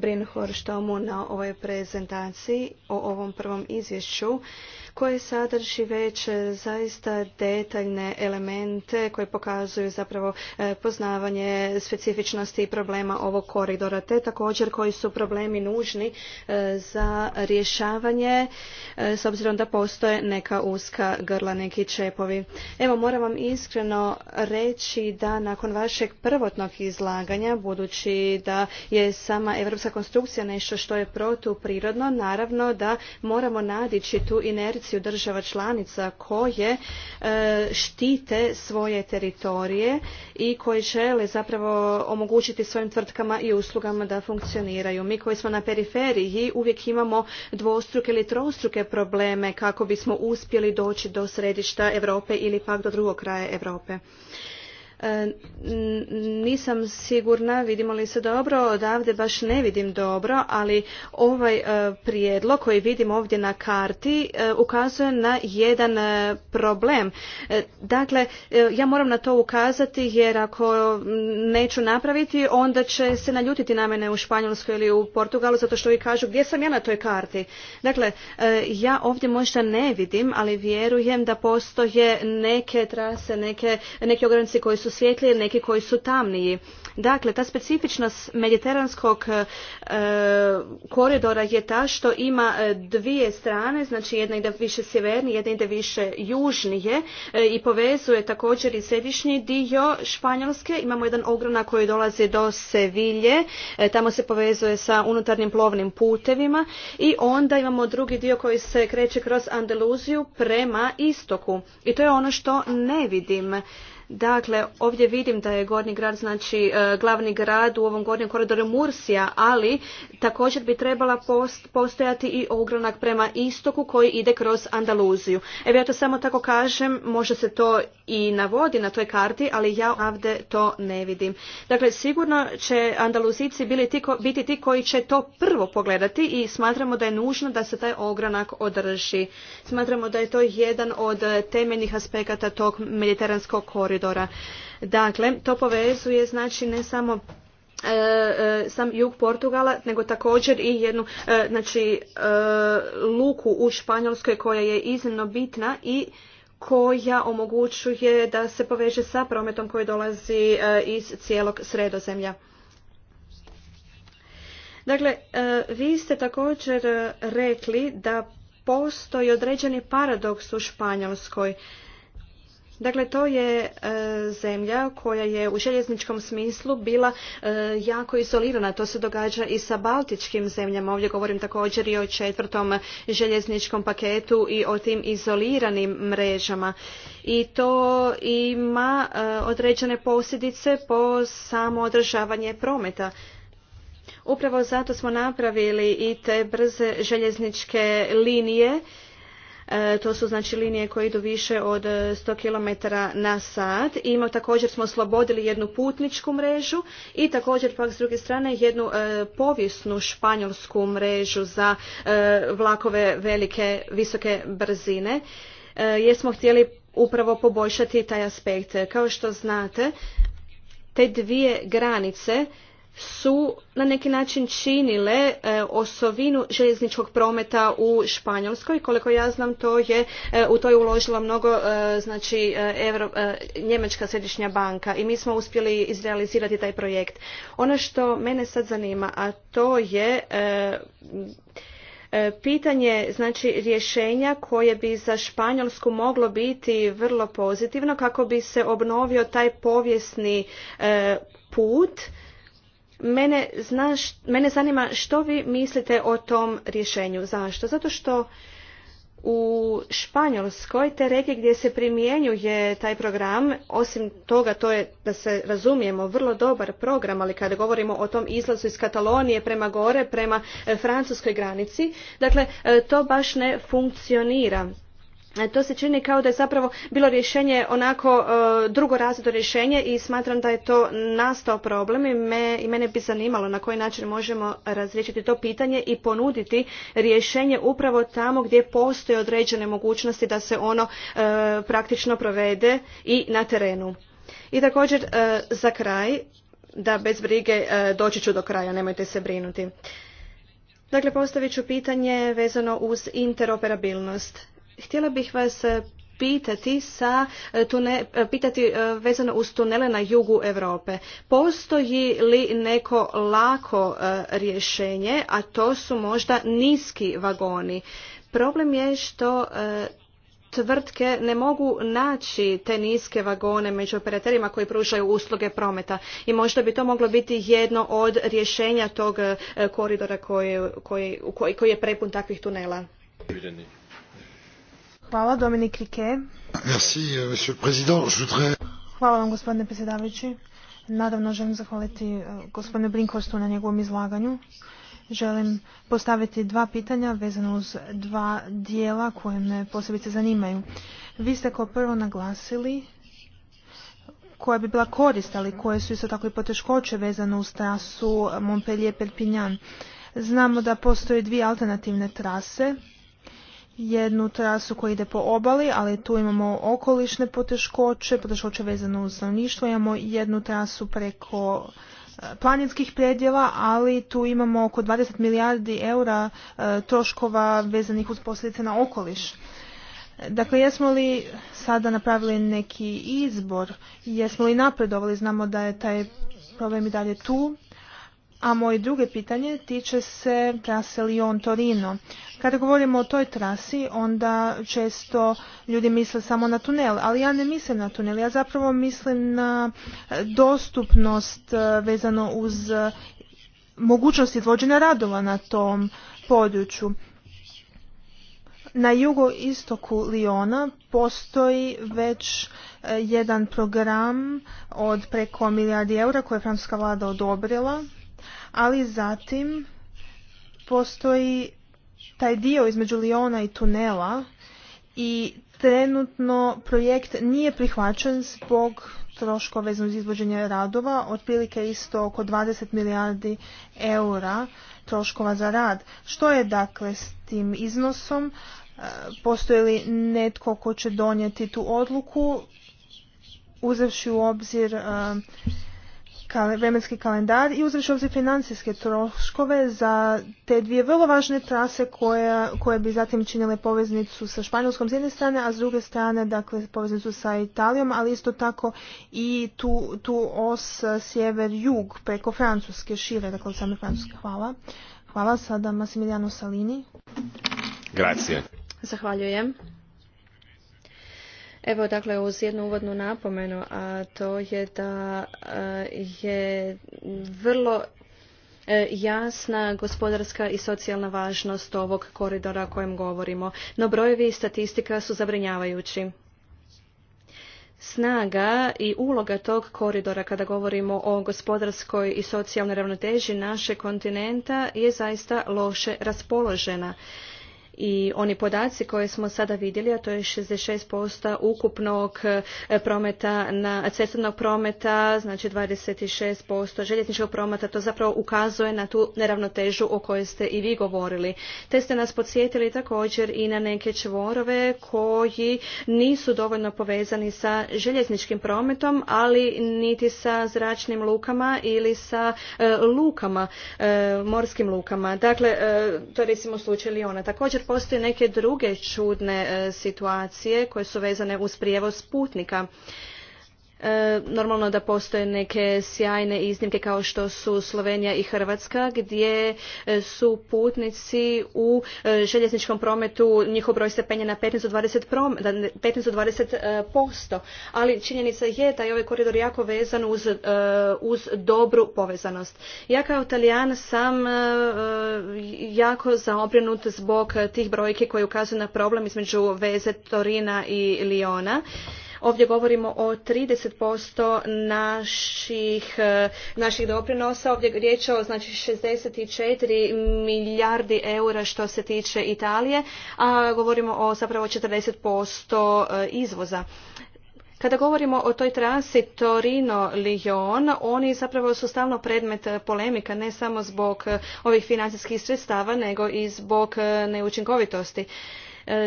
Brinhorstomu na ovoj prezentaciji o ovom prvom izvješću koje sadrži već e, zaista detaljne elemente koji pokazuju zapravo e, poznavanje specifičnosti i problema ovog koridora, te također koji su problemi nužni e, za rješavanje s obzirom da postoje neka uska grla, neki čepovi. Evo moram vam iskreno reći da nakon vašeg prvotnog izlaganja, budući da je sama europska konstrukcija nešto što je protuprirodno, naravno da moramo nadići tu inerciju poziciju država članica koje e, štite svoje teritorije i koje žele zapravo omogućiti svojim tvrtkama i uslugama da funkcioniraju. Mi koji smo na periferiji uvijek imamo dvostruke ili trostruke probleme kako bismo uspjeli doći do središta Europe ili pak do drugog kraja Europe. E, nisam sigurna vidimo li se dobro, odavde baš ne vidim dobro, ali ovaj e, prijedlog koji vidim ovdje na karti e, ukazuje na jedan problem. Dakle, ja moram na to ukazati jer ako neću napraviti, onda će se naljutiti na mene u Španjolskoj ili u Portugalu zato što vi kažu gdje sam ja na toj karti. Dakle, ja ovdje možda ne vidim, ali vjerujem da postoje neke trase, neke, neki ogranici koji su svjetliji, neki koji su tamniji. Dakle, ta specifičnost mediteranskog e, koridora je ta što ima e, dvije strane, znači jedna ide više sjevernije, jedna ide više južnije e, i povezuje također i središnji dio Španjolske. Imamo jedan ogrona koji dolazi do Sevilje, tamo se povezuje sa unutarnjim plovnim putevima i onda imamo drugi dio koji se kreće kroz Andaluziju prema istoku. I to je ono što ne vidim Dakle, ovdje vidim da je Gornji grad, znači e, glavni grad u ovom Gornjem koridoru Mursija, ali također bi trebala post, postojati i ogranak prema istoku koji ide kroz Andaluziju. Evo ja to samo tako kažem, možda se to i navodi na toj karti, ali ja ovdje to ne vidim. Dakle, sigurno će Andaluzici bili ti biti ti koji će to prvo pogledati i smatramo da je nužno da se taj ogranak održi. Smatramo da je to jedan od temeljnih aspekata tog mediteranskog koridora koridora. Dakle, to povezuje znači ne samo e, e, sam jug Portugala, nego također i jednu e, znači, luku u Španjolskoj koja je iznimno bitna i koja omogućuje da se poveže sa prometom koji dolazi iz cijelog sredozemlja. Dakle, vi ste također rekli da postoji određeni paradoks u Španjolskoj. Dakle, to je e, zemlja koja je u željezničkom smislu bila e, jako izolirana. To se događa i sa baltičkim zemljama. Ovdje govorim također i o četvrtom željezničkom paketu i o tim izoliranim mrežama. I to ima e, određene posljedice po samo održavanje prometa. Upravo zato smo napravili i te brze željezničke linije E, to su znači linije koje idu više od 100 e, km na sat. I ima, također smo oslobodili jednu putničku mrežu i također pak s druge strane jednu e, povijesnu španjolsku mrežu za vlakove velike, visoke brzine jer smo htjeli upravo poboljšati taj aspekt. Kao što znate, te dvije granice su na neki način činile e, osovinu željezničkog prometa u Španjolskoj. Koliko ja znam, to je, e, u to je uložila mnogo e, znači, Njemačka središnja banka i mi smo uspjeli izrealizirati taj projekt. Ono što mene sad zanima, a to je pitanje znači rješenja koje bi za Španjolsku moglo biti vrlo pozitivno kako bi se obnovio taj povijesni put Mene, mene zanima što vi mislite o tom rješenju. Zašto? Zato što u Španjolskoj te regije gdje se primjenjuje taj program, osim toga to je da se razumijemo vrlo dobar program, ali kada govorimo o tom izlazu iz Katalonije prema gore, prema e, francuskoj granici, dakle e, to baš ne funkcionira E, to se čini kao da je zapravo bilo rješenje onako e, drugo razredo rješenje i smatram da je to nastao problem i, mene bi zanimalo na koji način možemo razriješiti to pitanje i ponuditi rješenje upravo tamo gdje postoje određene mogućnosti da se ono e, praktično provede i na terenu. I također za kraj, da bez brige doći ću do kraja, nemojte se brinuti. Dakle, postavit ću pitanje vezano uz interoperabilnost. Htjela bih vas e, pitati sa e, tune, e, pitati vezano uz tunele na jugu Europe. Postoji li neko lako rješenje, a to su možda niski vagoni. Problem je što tvrtke ne mogu naći te niske vagone među operaterima koji pružaju usluge prometa i možda bi to moglo biti jedno od rješenja tog koridora koji, koji, koji je prepun takvih tunela. Hvala, Dominik Rike. Merci, euh, monsieur le président. Je voudrais... Hvala vam, gospodine predsjedavajući. Naravno, želim zahvaliti uh, gospodinu Brinkhorstu na njegovom izlaganju. Želim postaviti dva pitanja vezano uz dva dijela koje me posebice zanimaju. Vi ste kao prvo naglasili koja bi bila korist, ali koje su isto tako i poteškoće vezano uz trasu Montpellier-Perpignan. Znamo da postoje dvije alternativne trase jednu trasu koja ide po obali, ali tu imamo okolišne poteškoće, poteškoće vezano uz stanovništvo, imamo jednu trasu preko e, planinskih predjela, ali tu imamo oko 20 milijardi eura e, troškova vezanih uz posljedice na okoliš. Dakle, jesmo li sada napravili neki izbor, jesmo li napredovali, znamo da je taj problem i dalje tu, a moje druge pitanje tiče se trase Lyon-Torino. Kada govorimo o toj trasi, onda često ljudi misle samo na tunel, ali ja ne mislim na tunel, ja zapravo mislim na dostupnost e, vezano uz e, mogućnost izvođenja radova na tom području. Na jugoistoku Liona postoji već e, jedan program od preko milijardi eura koje je francuska vlada odobrila ali zatim postoji taj dio između Liona i tunela i trenutno projekt nije prihvaćen zbog troškova vezano uz izvođenje radova, otprilike isto oko 20 milijardi eura troškova za rad. Što je dakle s tim iznosom? E, postoji li netko ko će donijeti tu odluku uzevši u obzir e, vremenski kalendar i uzreći obzir financijske troškove za te dvije vrlo važne trase koje, bi zatim činile poveznicu sa Španjolskom s jedne strane, a s druge strane dakle poveznicu sa Italijom, ali isto tako i tu, tu os sjever-jug preko Francuske, šire, dakle od same Francuske. Hvala. Hvala sada Massimiliano Salini. Grazie. Zahvaljujem. Evo dakle uz jednu uvodnu napomenu, a to je da e, je vrlo e, jasna gospodarska i socijalna važnost ovog koridora o kojem govorimo, no brojevi i statistika su zabrinjavajući. Snaga i uloga tog koridora kada govorimo o gospodarskoj i socijalnoj ravnoteži našeg kontinenta je zaista loše raspoložena i oni podaci koje smo sada vidjeli, a to je 66% ukupnog e, prometa na cestovnog prometa, znači 26% željezničkog prometa, to zapravo ukazuje na tu neravnotežu o kojoj ste i vi govorili. Te ste nas podsjetili također i na neke čvorove koji nisu dovoljno povezani sa željezničkim prometom, ali niti sa zračnim lukama ili sa e, lukama, e, morskim lukama. Dakle, to je recimo slučaj Liona. Također postoje neke druge čudne e, situacije koje su vezane uz prijevoz putnika E, normalno da postoje neke sjajne iznimke kao što su Slovenija i Hrvatska gdje e, su putnici u e, željezničkom prometu, njihov broj se penje na 15-20%, ali činjenica je da je ovaj koridor jako vezan uz, dobru povezanost. Ja kao Talijan sam jako zaobrinut zbog tih brojki koje ukazuju na problem između veze Torina i Liona. Ovdje govorimo o 30% naših, e, naših doprinosa. Ovdje je riječ o znači, 64 milijardi eura što se tiče Italije, a govorimo o zapravo 40% e, izvoza. Kada govorimo o toj trasi Torino-Lyon, oni zapravo su stalno predmet e, polemika, ne samo zbog ovih financijskih sredstava, nego i zbog neučinkovitosti.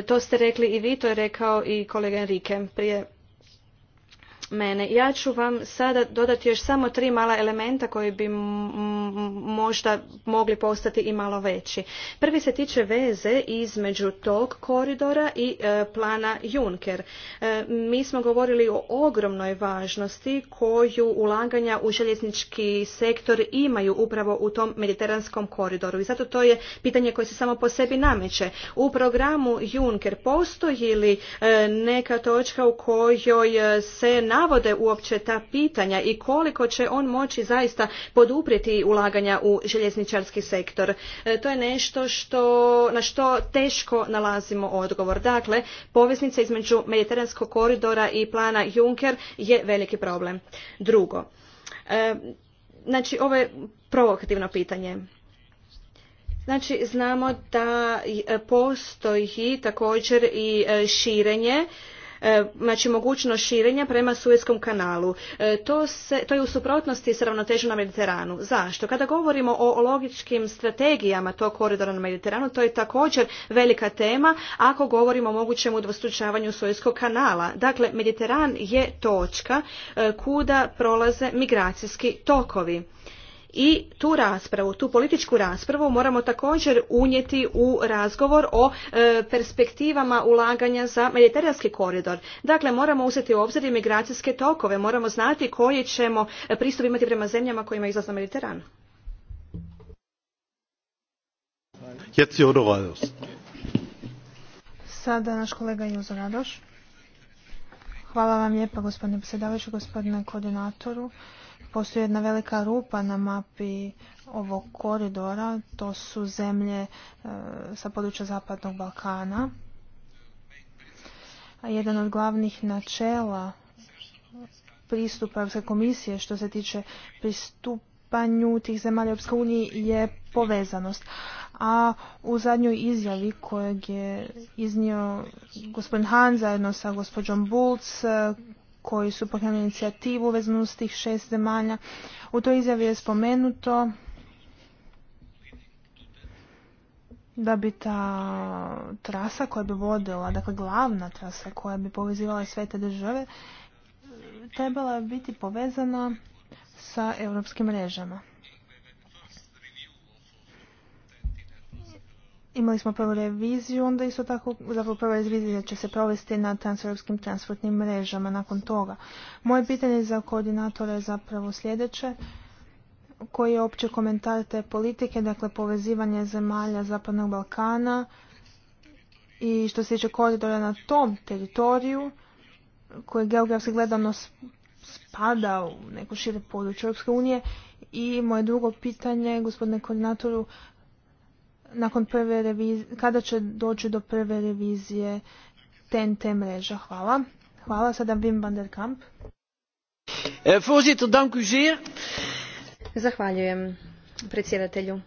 To ste rekli i vi, to je rekao i kolega Enrique prije mene. Ja ću vam sada dodati još samo tri mala elementa koji bi možda mogli postati i malo veći. Prvi se tiče veze između tog koridora i e, plana Juncker. E, mi smo govorili o ogromnoj važnosti koju ulaganja u željeznički sektor imaju upravo u tom mediteranskom koridoru i zato to je pitanje koje se samo po sebi nameće. U programu Juncker postoji li e, neka točka u kojoj se na navode uopće ta pitanja i koliko će on moći zaista poduprijeti ulaganja u željezničarski sektor. E, to je nešto što, na što teško nalazimo odgovor. Dakle, poveznica između mediteranskog koridora i plana Juncker je veliki problem. Drugo, e, znači ovo je provokativno pitanje. Znači, znamo da e, postoji također i širenje E, znači mogućnost širenja prema Suetskom kanalu. E, to, se, to je u suprotnosti s ravnotežom na Mediteranu. Zašto? Kada govorimo o logičkim strategijama tog koridora na Mediteranu, to je također velika tema ako govorimo o mogućem udvostručavanju Suetskog kanala. Dakle, Mediteran je točka e, kuda prolaze migracijski tokovi i tu raspravu, tu političku raspravu moramo također unijeti u razgovor o e, perspektivama ulaganja za mediteranski koridor. Dakle, moramo uzeti u obzir imigracijske tokove, moramo znati koji ćemo pristup imati prema zemljama kojima izlaz na Mediteran. Sada naš kolega Juzo Radoš. Hvala vam lijepa gospodine predsjedavajući, gospodine koordinatoru postoji jedna velika rupa na mapi ovog koridora, to su zemlje e, sa područja Zapadnog Balkana. A jedan od glavnih načela pristupa Europske komisije što se tiče pristupanju tih zemalja Europske unije je povezanost. A u zadnjoj izjavi kojeg je iznio gospodin Han zajedno sa gospođom Bulc, koji su pokrenuli inicijativu vezanu s tih šest zemalja. U toj izjavi je spomenuto da bi ta trasa koja bi vodila, dakle glavna trasa koja bi povezivala sve te države, trebala biti povezana sa europskim mrežama. Imali smo prvu reviziju, onda isto tako, zapravo prva revizija će se provesti na transeuropskim transportnim mrežama nakon toga. Moje pitanje za koordinatora je zapravo sljedeće. Koji je opće komentar te politike, dakle povezivanje zemalja Zapadnog Balkana i što se tiče koridora na tom teritoriju, koji geografski gledano spada u neko šire područje Europske unije. I moje drugo pitanje, gospodine koordinatoru, nakon prve revizije, kada će doći do prve revizije TNT mreža? Hvala. Hvala, sada Wim van der Kamp. Eh, voorzitter, Zahvaljujem predsjedatelju.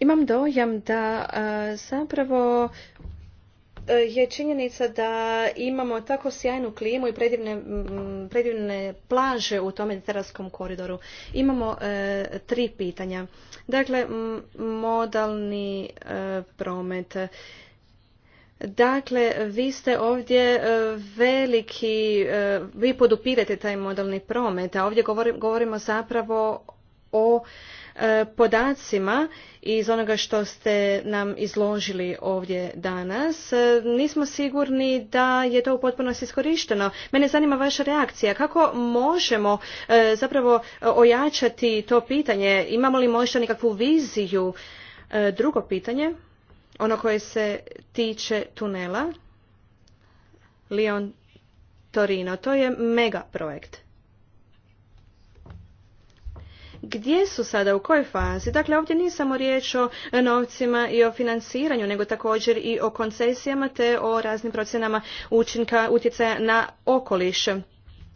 Imam dojam da eh, zapravo E, je činjenica da imamo tako sjajnu klimu i predivne, predivne plaže u tom mediteranskom koridoru. Imamo e, tri pitanja. Dakle, modalni e, promet. Dakle, vi ste ovdje veliki, vi podupirete taj modalni promet, a ovdje govorimo zapravo o E, podacima iz onoga što ste nam izložili ovdje danas. E, nismo sigurni da je to u potpunosti iskorišteno. Mene zanima vaša reakcija. Kako možemo e, zapravo ojačati to pitanje? Imamo li možda nekakvu viziju? Drugo pitanje, ono koje se tiče tunela Lion Torino, to je megaprojekt gdje su sada, u kojoj fazi. Dakle, ovdje nije samo riječ o novcima i o financiranju, nego također i o koncesijama te o raznim procjenama učinka utjecaja na okoliš.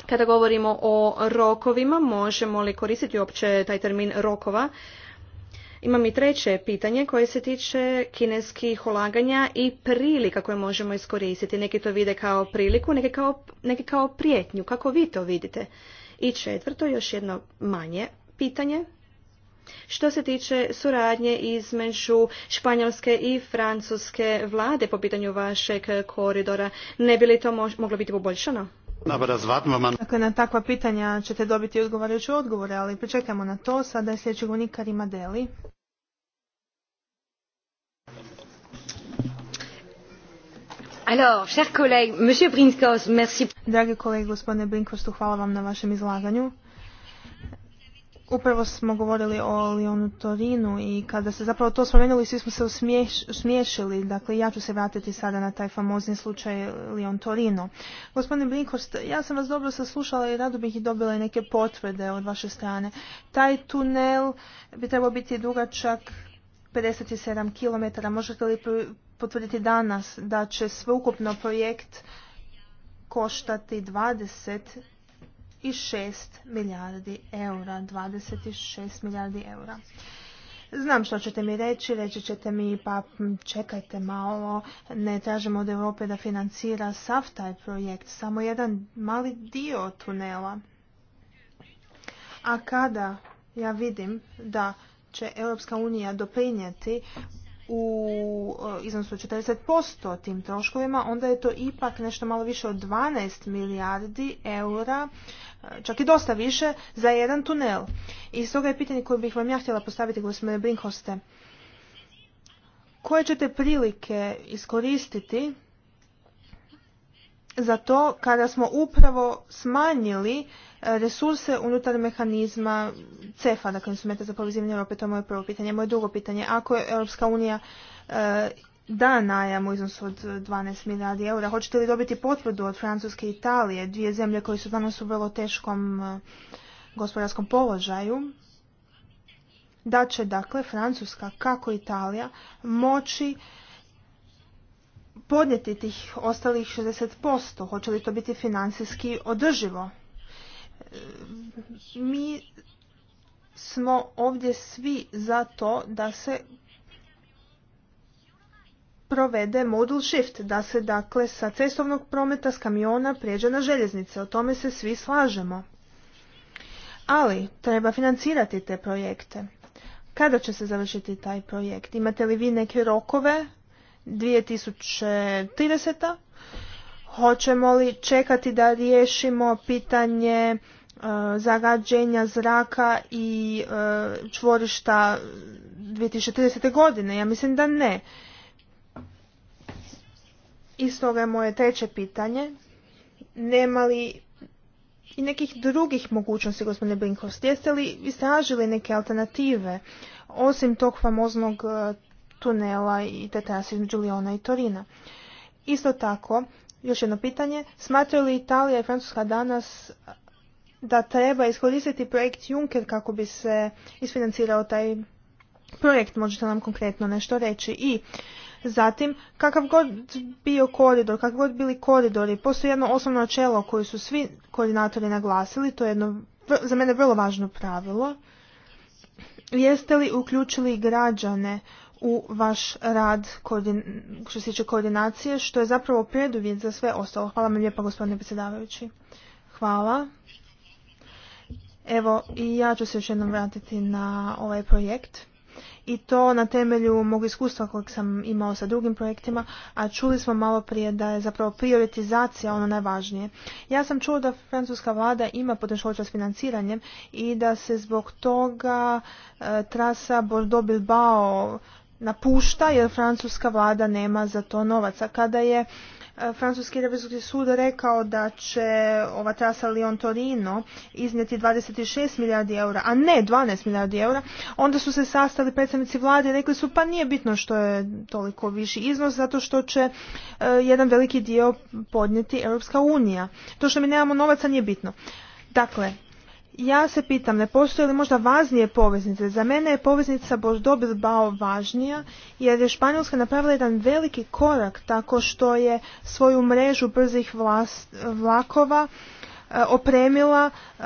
Kada govorimo o rokovima, možemo li koristiti uopće taj termin rokova? Imam i treće pitanje koje se tiče kineskih ulaganja i prilika koje možemo iskoristiti. Neki to vide kao priliku, neki kao, neki kao prijetnju. Kako vi to vidite? I četvrto, još jedno manje pitanje što se tiče suradnje između španjolske i francuske vlade po pitanju vašeg koridora, ne bi li to moglo biti poboljšano? Dakle, na takva pitanja ćete dobiti odgovarajuće odgovore, ali pričekajmo na to. Sada je sljedeći govornik Karima Deli. Alors, cher collègue, monsieur Dragi kolege, gospodine Brinkvostu, hvala vam na vašem izlaganju. Upravo smo govorili o Lion Torinu i kada se zapravo to spomenuli, svi smo se usmiješili. Dakle, ja ću se vratiti sada na taj famozni slučaj Lion Torino. Gospodine Brinkhorst, ja sam vas dobro saslušala i rado bih i dobila neke potvrde od vaše strane. Taj tunel bi trebao biti dugačak 57 km. Možete li potvrditi danas da će sveukupno projekt koštati 20 26 milijardi eura, 26 milijardi eura. Znam što ćete mi reći, reći ćete mi pa čekajte malo, ne tražimo od Europe da financira sav taj projekt, samo jedan mali dio tunela. A kada ja vidim da će Europska unija doprinijeti u e, iznosu 40% tim troškovima, onda je to ipak nešto malo više od 12 milijardi eura čak i dosta više, za jedan tunel. I stoga je pitanje koje bih vam ja htjela postaviti, gospodine Brinkhoste. Koje ćete prilike iskoristiti za to kada smo upravo smanjili e, resurse unutar mehanizma CEFA, dakle instrumenta za povezivanje Europe, to je moje prvo pitanje. Moje drugo pitanje, ako je Europska unija e, da najam u iznosu od 12 e, milijardi eura. Hoćete li dobiti potvrdu od Francuske i Italije, dvije zemlje koje su danas u vrlo teškom e, gospodarskom položaju, da će dakle Francuska kako Italija moći podnijeti tih ostalih 60%? Hoće li to biti financijski održivo? E, mi smo ovdje svi za to da se provede modal shift, da se dakle sa cestovnog prometa s kamiona prijeđe na željeznice. O tome se svi slažemo. Ali treba financirati te projekte. Kada će se završiti taj projekt? Imate li vi neke rokove? 2030. Hoćemo li čekati da riješimo pitanje e, zagađenja zraka i e, čvorišta 2030. godine? Ja mislim da ne. I stoga je moje treće pitanje, nema li i nekih drugih mogućnosti, gospodine Blinkost, jeste li istražili neke alternative, osim tog famoznog e, tunela i te između Liona i Torina? Isto tako, još jedno pitanje, smatraju li Italija i Francuska danas e, da treba iskoristiti projekt Juncker kako bi se isfinancirao taj projekt? Možete nam konkretno nešto reći? I Zatim, kakav god bio koridor, kakav god bili koridori, postoji jedno osnovno načelo koje su svi koordinatori naglasili, to je jedno za mene vrlo važno pravilo. Jeste li uključili građane u vaš rad što se tiče koordinacije, što je zapravo preduvjet za sve ostalo. Hvala vam lijepa gospodine predsjedavajući. Hvala. Evo i ja ću se još jednom vratiti na ovaj projekt i to na temelju mog iskustva kojeg sam imao sa drugim projektima, a čuli smo malo prije da je zapravo prioritizacija ono najvažnije. Ja sam čuo da francuska vlada ima poteškoća s financiranjem i da se zbog toga e, trasa Bordeaux Bilbao napušta jer francuska vlada nema za to novaca. Kada je E, francuski revizorski sud rekao da će ova trasa Lyon-Torino iznijeti 26 milijardi eura, a ne 12 milijardi eura, onda su se sastali predstavnici vlade i rekli su pa nije bitno što je toliko viši iznos zato što će e, jedan veliki dio podnijeti Europska unija. To što mi nemamo novaca nije bitno. Dakle, ja se pitam, ne postoje li možda važnije poveznice? Za mene je poveznica Bordeaux bao važnija jer je Španjolska napravila jedan veliki korak tako što je svoju mrežu brzih vlakova e, opremila e,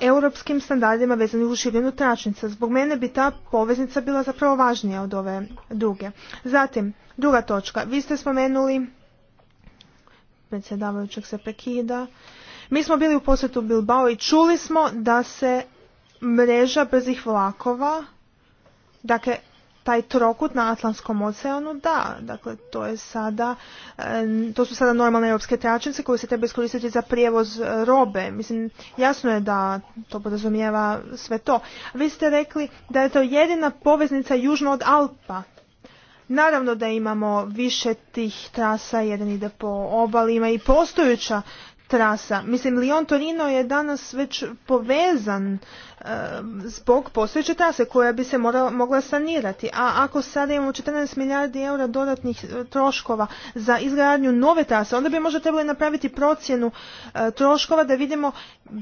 europskim standardima vezanih u širinu tračnica. Zbog mene bi ta poveznica bila zapravo važnija od ove druge. Zatim, druga točka. Vi ste spomenuli predsjedavajućeg se prekida. Mi smo bili u posjetu Bilbao i čuli smo da se mreža brzih vlakova, dakle taj trokut na Atlantskom oceanu, da, dakle to je sada, to su sada normalne europske tračnice koje se treba iskoristiti za prijevoz e, robe. Mislim, jasno je da to podrazumijeva sve to. Vi ste rekli da je to jedina poveznica južno od Alpa. Naravno da imamo više tih trasa, jedan ide po obalima i postojuća trasa. Mislim, Lyon Torino je danas već povezan e, zbog postojeće trase koja bi se mogla sanirati. A ako sada imamo 14 milijardi eura dodatnih e, troškova za izgradnju nove trase, onda bi možda trebali napraviti procjenu e, troškova da vidimo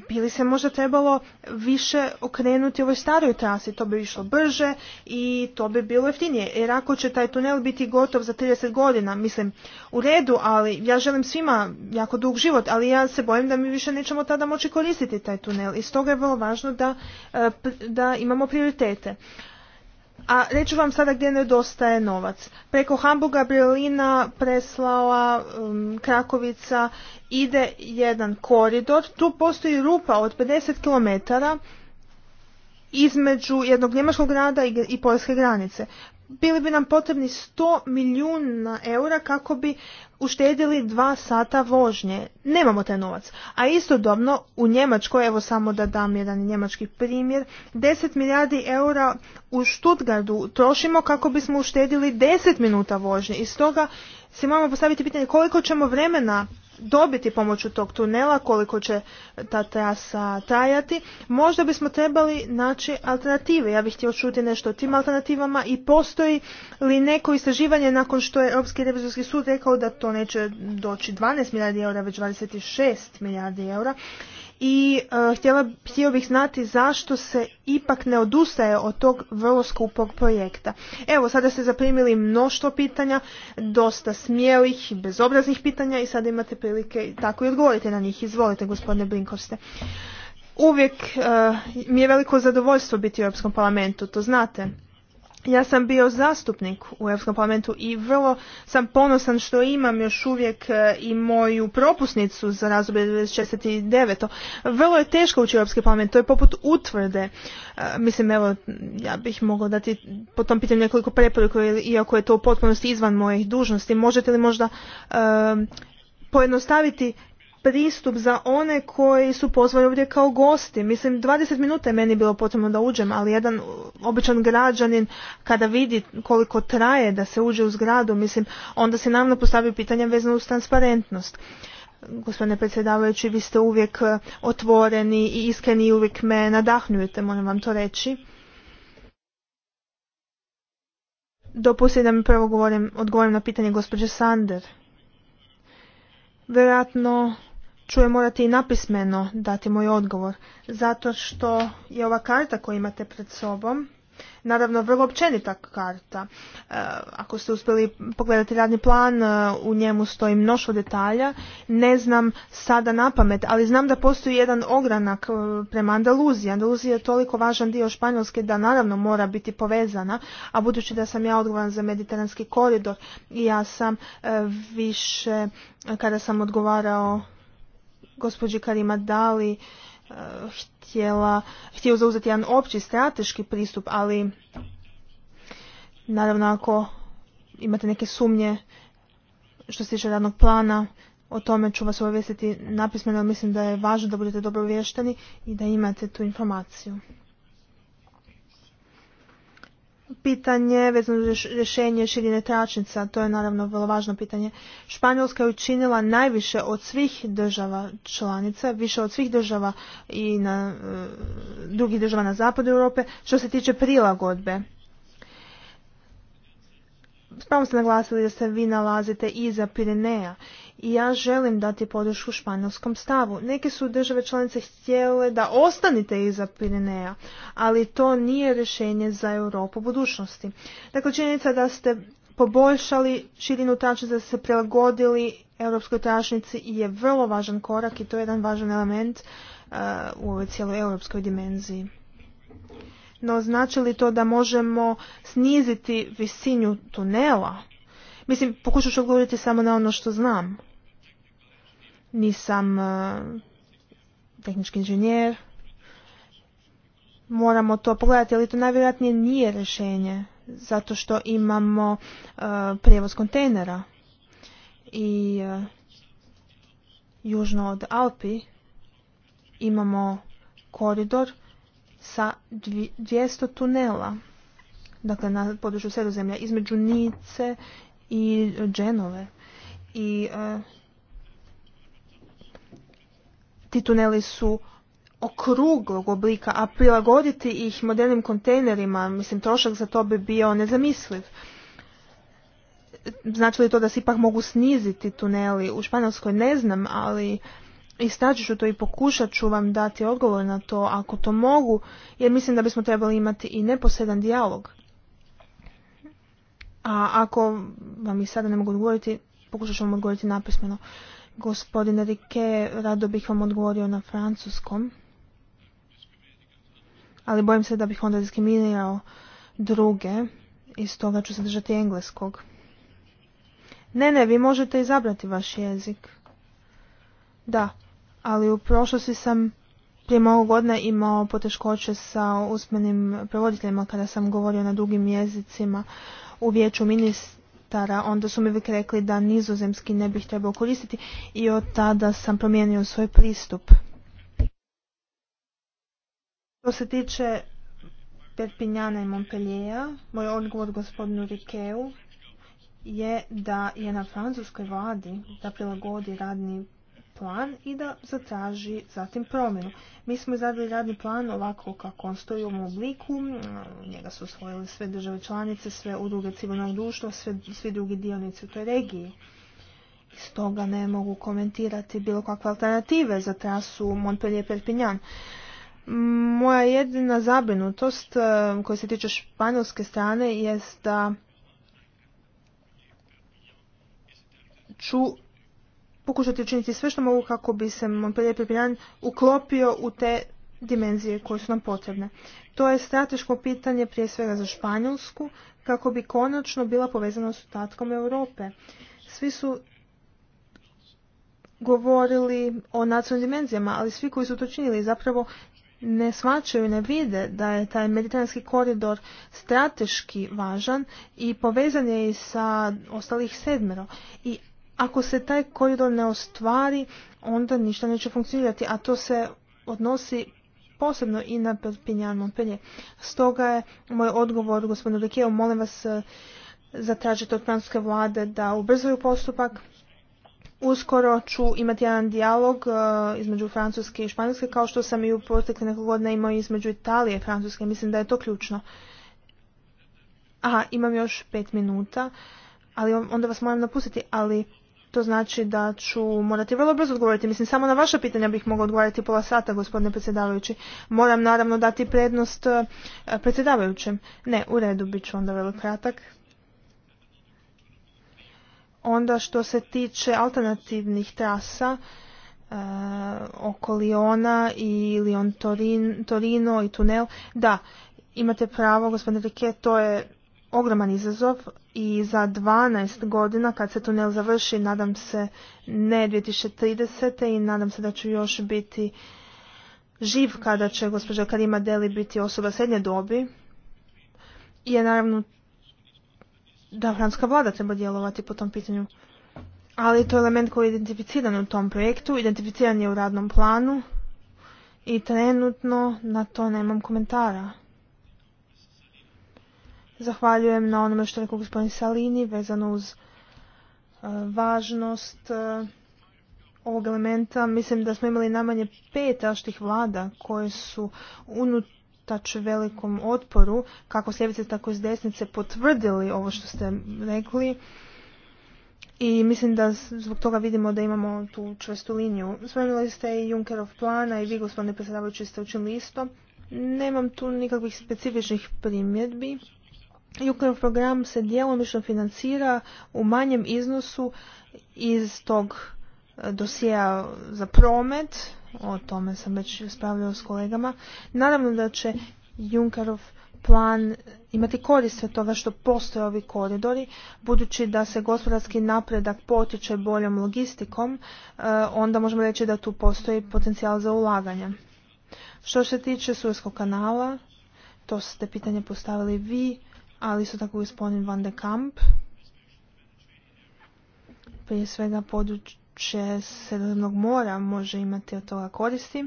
bi li se možda trebalo više okrenuti ovoj staroj trasi, to bi išlo brže i to bi bilo jeftinije. Jer ako će taj tunel biti gotov za 30 godina, mislim, u redu, ali ja želim svima jako dug život, ali ja se bojim da mi više nećemo tada moći koristiti taj tunel i stoga je vrlo važno da e, imamo prioritete. A reću vam sada gdje nedostaje novac. Preko Hamburga, Berlina, Preslava, um, Krakovica ide jedan koridor. Tu postoji rupa od 50 km između jednog njemačkog grada i poljske granice bili bi nam potrebni 100 milijuna eura kako bi uštedili dva sata vožnje. Nemamo taj novac. A istodobno u Njemačkoj, evo samo da dam jedan njemački primjer, 10 milijardi eura u Stuttgartu trošimo kako bismo uštedili 10 minuta vožnje. I stoga se moramo postaviti pitanje koliko ćemo vremena dobiti pomoću tog tunela, koliko će ta trasa trajati. Možda bismo trebali naći alternative. Ja bih htio čuti nešto o tim alternativama i postoji li neko istraživanje nakon što je Europski revizorski sud rekao da to neće doći 12 milijardi eura, već 26 milijardi eura i e, htjela, htio bih znati zašto se ipak ne odustaje od tog vrlo skupog projekta. Evo, sada ste zaprimili mnoštvo pitanja, dosta smjelih i bezobraznih pitanja i sada imate prilike tako i odgovorite na njih. Izvolite, gospodine Blinkovste. Uvijek e, mi je veliko zadovoljstvo biti u Europskom parlamentu, to znate ja sam bio zastupnik u Europskom parlamentu i vrlo sam ponosan što imam još uvijek e, i moju propusnicu za razdoblje devedeset Vrlo je teško ući u Europski parlament, to je poput utvrde. E, mislim, evo, ja bih mogla dati po tom pitanju nekoliko preporuka, iako je to u potpunosti izvan mojih dužnosti. Možete li možda e, pojednostaviti pristup za one koji su pozvali ovdje kao gosti. Mislim, 20 minuta je meni bilo potrebno da uđem, ali jedan običan građanin kada vidi koliko traje da se uđe u zgradu, mislim, onda se naravno postavio pitanje vezano uz transparentnost. Gospodine predsjedavajući, vi ste uvijek eh, otvoreni i iskreni i uvijek me nadahnjujete, moram vam to reći. Dopustite da mi prvo govorim, odgovorim na pitanje gospođe Sander. Vjerojatno ću je morati i napismeno dati moj odgovor, zato što je ova karta koju imate pred sobom, naravno vrlo općenita karta. E, ako ste uspjeli pogledati radni plan, e, u njemu stoji mnoštvo detalja. Ne znam sada na pamet, ali znam da postoji jedan ogranak e, prema Andaluziji. Andaluzija je toliko važan dio Španjolske da naravno mora biti povezana, a budući da sam ja odgovoran za mediteranski koridor i ja sam više, kada sam odgovarao gospođi Karima Dali eh, htjela, htio zauzeti jedan opći strateški pristup, ali naravno ako imate neke sumnje što se tiče radnog plana, o tome ću vas obavijestiti napismeno, mislim da je važno da budete dobro uvješteni i da imate tu informaciju pitanje vezano za rješenje širine tračnica, to je naravno vrlo važno pitanje. Španjolska je učinila najviše od svih država članica, više od svih država i na, e, drugih država na zapadu Europe što se tiče prilagodbe Spravo ste naglasili da se vi nalazite iza Pirineja i ja želim dati podršku španjolskom stavu. Neke su države članice htjele da ostanite iza Pirineja, ali to nije rješenje za Europu budućnosti. Dakle, činjenica da ste poboljšali širinu tračnice, da ste se prilagodili europskoj tračnici je vrlo važan korak i to je jedan važan element uh, u ovoj cijeloj europskoj dimenziji no znači li to da možemo sniziti visinju tunela? Mislim, pokušat ću odgovoriti samo na ono što znam. Nisam e, tehnički inženjer. Moramo to pogledati, ali to najvjerojatnije nije rješenje, zato što imamo e, prijevoz kontejnera i e, južno od Alpi imamo koridor sa 200 tunela dakle na području sredozemlja između Nice i Dženove i e, ti tuneli su okruglog oblika, a prilagoditi ih modernim kontejnerima, mislim, trošak za to bi bio nezamisliv. Znači li to da se ipak mogu sniziti tuneli? U Španjolskoj ne znam, ali istražit ću to i pokušat ću vam dati odgovor na to ako to mogu, jer mislim da bismo trebali imati i neposredan dijalog. A ako vam i sada ne mogu odgovoriti, pokušat ću vam odgovoriti napismeno. Gospodine Rike, rado bih vam odgovorio na francuskom, ali bojim se da bih onda diskriminirao druge i toga ću se engleskog. Ne, ne, vi možete izabrati vaš jezik. Da, ali u prošlosti sam prije mnogo godina imao poteškoće sa usmenim prevoditeljima kada sam govorio na drugim jezicima u vijeću ministara, onda su mi uvijek rekli da nizozemski ne bih trebao koristiti i od tada sam promijenio svoj pristup. Što se tiče Perpinjana i Montpellier, moj odgovor gospodinu Rikeu je da je na francuskoj vladi da prilagodi radni plan i da zatraži zatim promjenu. Mi smo izradili radni plan ovako kako on stoji u ovom obliku, njega su usvojile sve države članice, sve udruge civilnog društva, sve, svi drugi dionici u toj regiji. Stoga ne mogu komentirati bilo kakve alternative za trasu Montpellier-Perpignan. Moja jedina zabrinutost eh, koja se tiče španjolske strane jest da ću pokušati učiniti sve što mogu kako bi se Montpellier Perpignan uklopio u te dimenzije koje su nam potrebne. To je strateško pitanje prije svega za Španjolsku kako bi konačno bila povezana s ostatkom Europe. Svi su govorili o nacionalnim dimenzijama, ali svi koji su to činili zapravo ne svačaju, ne vide da je taj mediteranski koridor strateški važan i povezan je i sa ostalih sedmero. I ako se taj koridor ne ostvari, onda ništa neće funkcionirati, a to se odnosi posebno i na Perpignan Montpellier. Stoga je moj odgovor gospodinu Rikeu, molim vas eh, zatražite od francuske vlade da ubrzaju postupak. Uskoro ću imati jedan dijalog eh, između Francuske i Španjolske, kao što sam i u protekli nekog godina imao između Italije i Francuske. Mislim da je to ključno. Aha, imam još pet minuta, ali onda vas moram napustiti, ali to znači da ću morati vrlo brzo odgovoriti. Mislim, samo na vaša pitanja bih mogla odgovoriti pola sata, gospodine predsjedavajući. Moram naravno dati prednost eh, predsjedavajućem. Ne, u redu, bit ću onda vrlo kratak. Onda što se tiče alternativnih trasa, eh, oko Liona i Lion Torino i tunel. Da, imate pravo, gospodine Rike, to je ogroman izazov i za 12 godina kad se tunel završi, nadam se ne 2030. i nadam se da ću još biti živ kada će gospođa Karima Deli biti osoba srednje dobi, je naravno da franska vlada treba djelovati po tom pitanju. Ali to je element koji je identificiran u tom projektu, identificiran je u radnom planu i trenutno na to nemam komentara. Zahvaljujem na onome što je rekao gospodin Salini vezano uz e, važnost e, ovog elementa. Mislim da smo imali najmanje pet aštih vlada koje su unutač velikom otporu, kako s ljevice tako i s desnice, potvrdili ovo što ste rekli. I mislim da zbog toga vidimo da imamo tu čvrstu liniju. Spomenuli ste i Junkerov plana i vi, gospodine predsjedavajući, ste učinili isto. Nemam tu nikakvih specifičnih primjedbi Junckerov program se djelomično financira u manjem iznosu iz tog e, dosija za promet, o tome sam već spravljala s kolegama. Naravno da će Junkerov plan imati korist od toga što postoje ovi koridori, budući da se gospodarski napredak potiče boljom logistikom, e, onda možemo reći da tu postoji potencijal za ulaganje. Što se tiče Surskog kanala, to ste pitanje postavili vi, ali isto tako gospodin Van de Kamp, prije svega područje Sredozemnog mora može imati od toga koristi.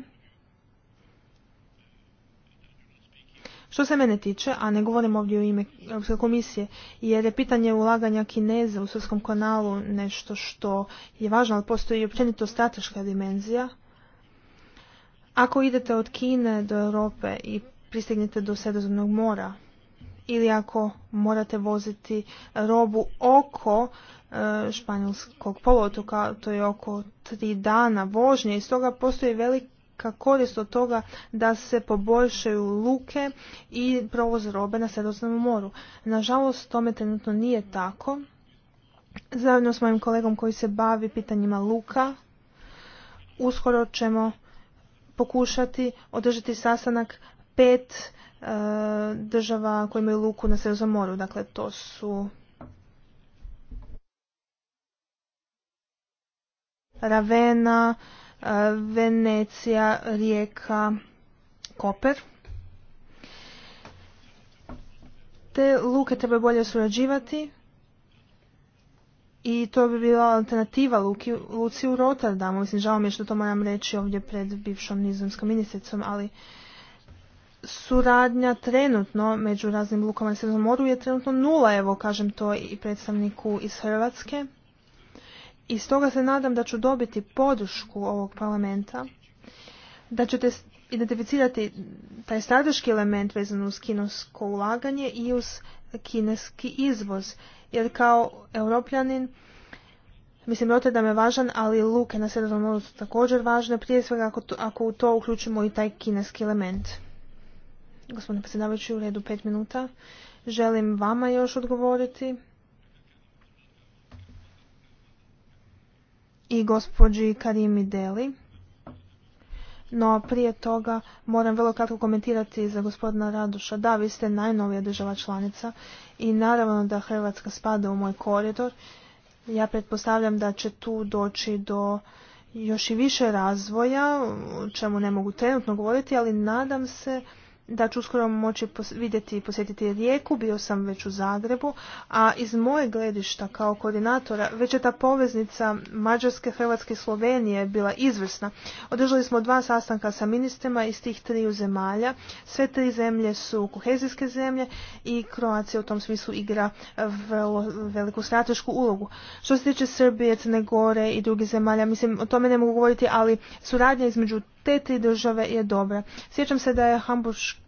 Što se mene tiče, a ne govorim ovdje u ime Europske komisije, jer je pitanje ulaganja Kineza u Srpskom kanalu nešto što je važno, ali postoji i općenito strateška dimenzija. Ako idete od Kine do Europe i pristignete do Sredozemnog mora, ili ako morate voziti robu oko e, španjolskog poluotoka, to je oko tri dana vožnje i stoga postoji velika korist od toga da se poboljšaju luke i provoz robe na Sredozemnom moru. Nažalost, tome trenutno nije tako. Zajedno s mojim kolegom koji se bavi pitanjima luka, uskoro ćemo pokušati održati sastanak pet E, država koje imaju luku na Sredozom moru. Dakle, to su Ravena, e, Venecija, Rijeka, Koper. Te luke treba bolje surađivati i to bi bila alternativa luki, luci u Rotterdamu. Mislim, žao mi je što to moram reći ovdje pred bivšom nizomskom ministricom, ali suradnja trenutno među raznim lukama na Srednom moru je trenutno nula, evo kažem to i predstavniku iz Hrvatske. I stoga se nadam da ću dobiti podršku ovog parlamenta, da ćete identificirati taj strateški element vezan uz kinesko ulaganje i uz kineski izvoz. Jer kao europljanin, mislim da je važan, ali luke na srednom moru su također važne, prije svega ako, ako u to uključimo i taj kineski element. Gospodine predsjedavajući, u redu pet minuta. Želim vama još odgovoriti. I gospođi Karimi Deli. No prije toga moram vrlo kratko komentirati za gospodina Raduša. Da, vi ste najnovija država članica i naravno da Hrvatska spada u moj koridor. Ja pretpostavljam da će tu doći do još i više razvoja, o čemu ne mogu trenutno govoriti, ali nadam se da ću uskoro moći vidjeti i posjetiti Rijeku, bio sam već u Zagrebu, a iz moje gledišta kao koordinatora već je ta poveznica Mađarske, Hrvatske i Slovenije bila izvrsna. Održali smo dva sastanka sa ministrima iz tih triju zemalja. Sve tri zemlje su kohezijske zemlje i Kroacija u tom smislu igra vrlo veliku stratešku ulogu. Što se tiče Srbije, Crne Gore i drugih zemalja, mislim o tome ne mogu govoriti, ali suradnja između te tri države je dobra. Sjećam se da je Hamburška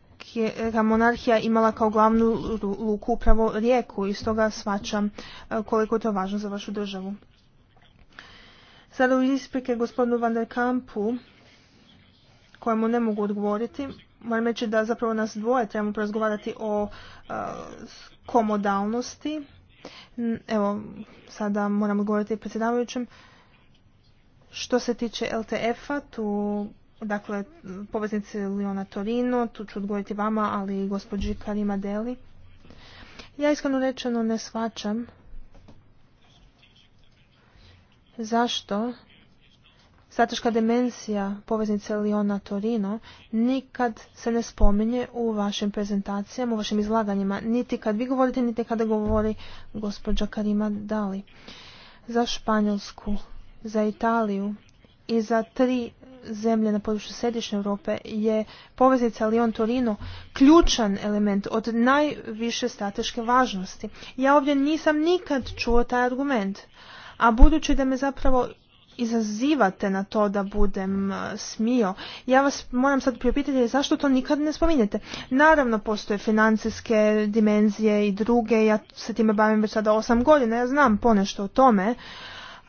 monarhija imala kao glavnu luku upravo rijeku i stoga svačam e, koliko je to važno za vašu državu. Sada u isprike gospodinu Van der Kampu, kojemu ne mogu odgovoriti, moram reći da zapravo nas dvoje trebamo porazgovarati o e, komodalnosti. Evo, sada moram odgovoriti predsjedavajućem. Što se tiče LTF-a, tu Dakle, poveznice Leona Torino, tu ću odgovoriti vama, ali i gospođi Karima Deli. Ja iskreno rečeno ne svačam zašto strateška demencija poveznice Leona Torino nikad se ne spominje u vašim prezentacijama, u vašim izlaganjima, niti kad vi govorite, niti kada govori gospođa Karima Dali. Za Španjolsku, za Italiju i za tri zemlje na području središnje Europe je poveznica Lyon-Torino ključan element od najviše strateške važnosti. Ja ovdje nisam nikad čuo taj argument, a budući da me zapravo izazivate na to da budem uh, smio. Ja vas moram sad priopitati zašto to nikad ne spominjete. Naravno postoje financijske dimenzije i druge, ja se time bavim već sada osam godina, ja znam ponešto o tome,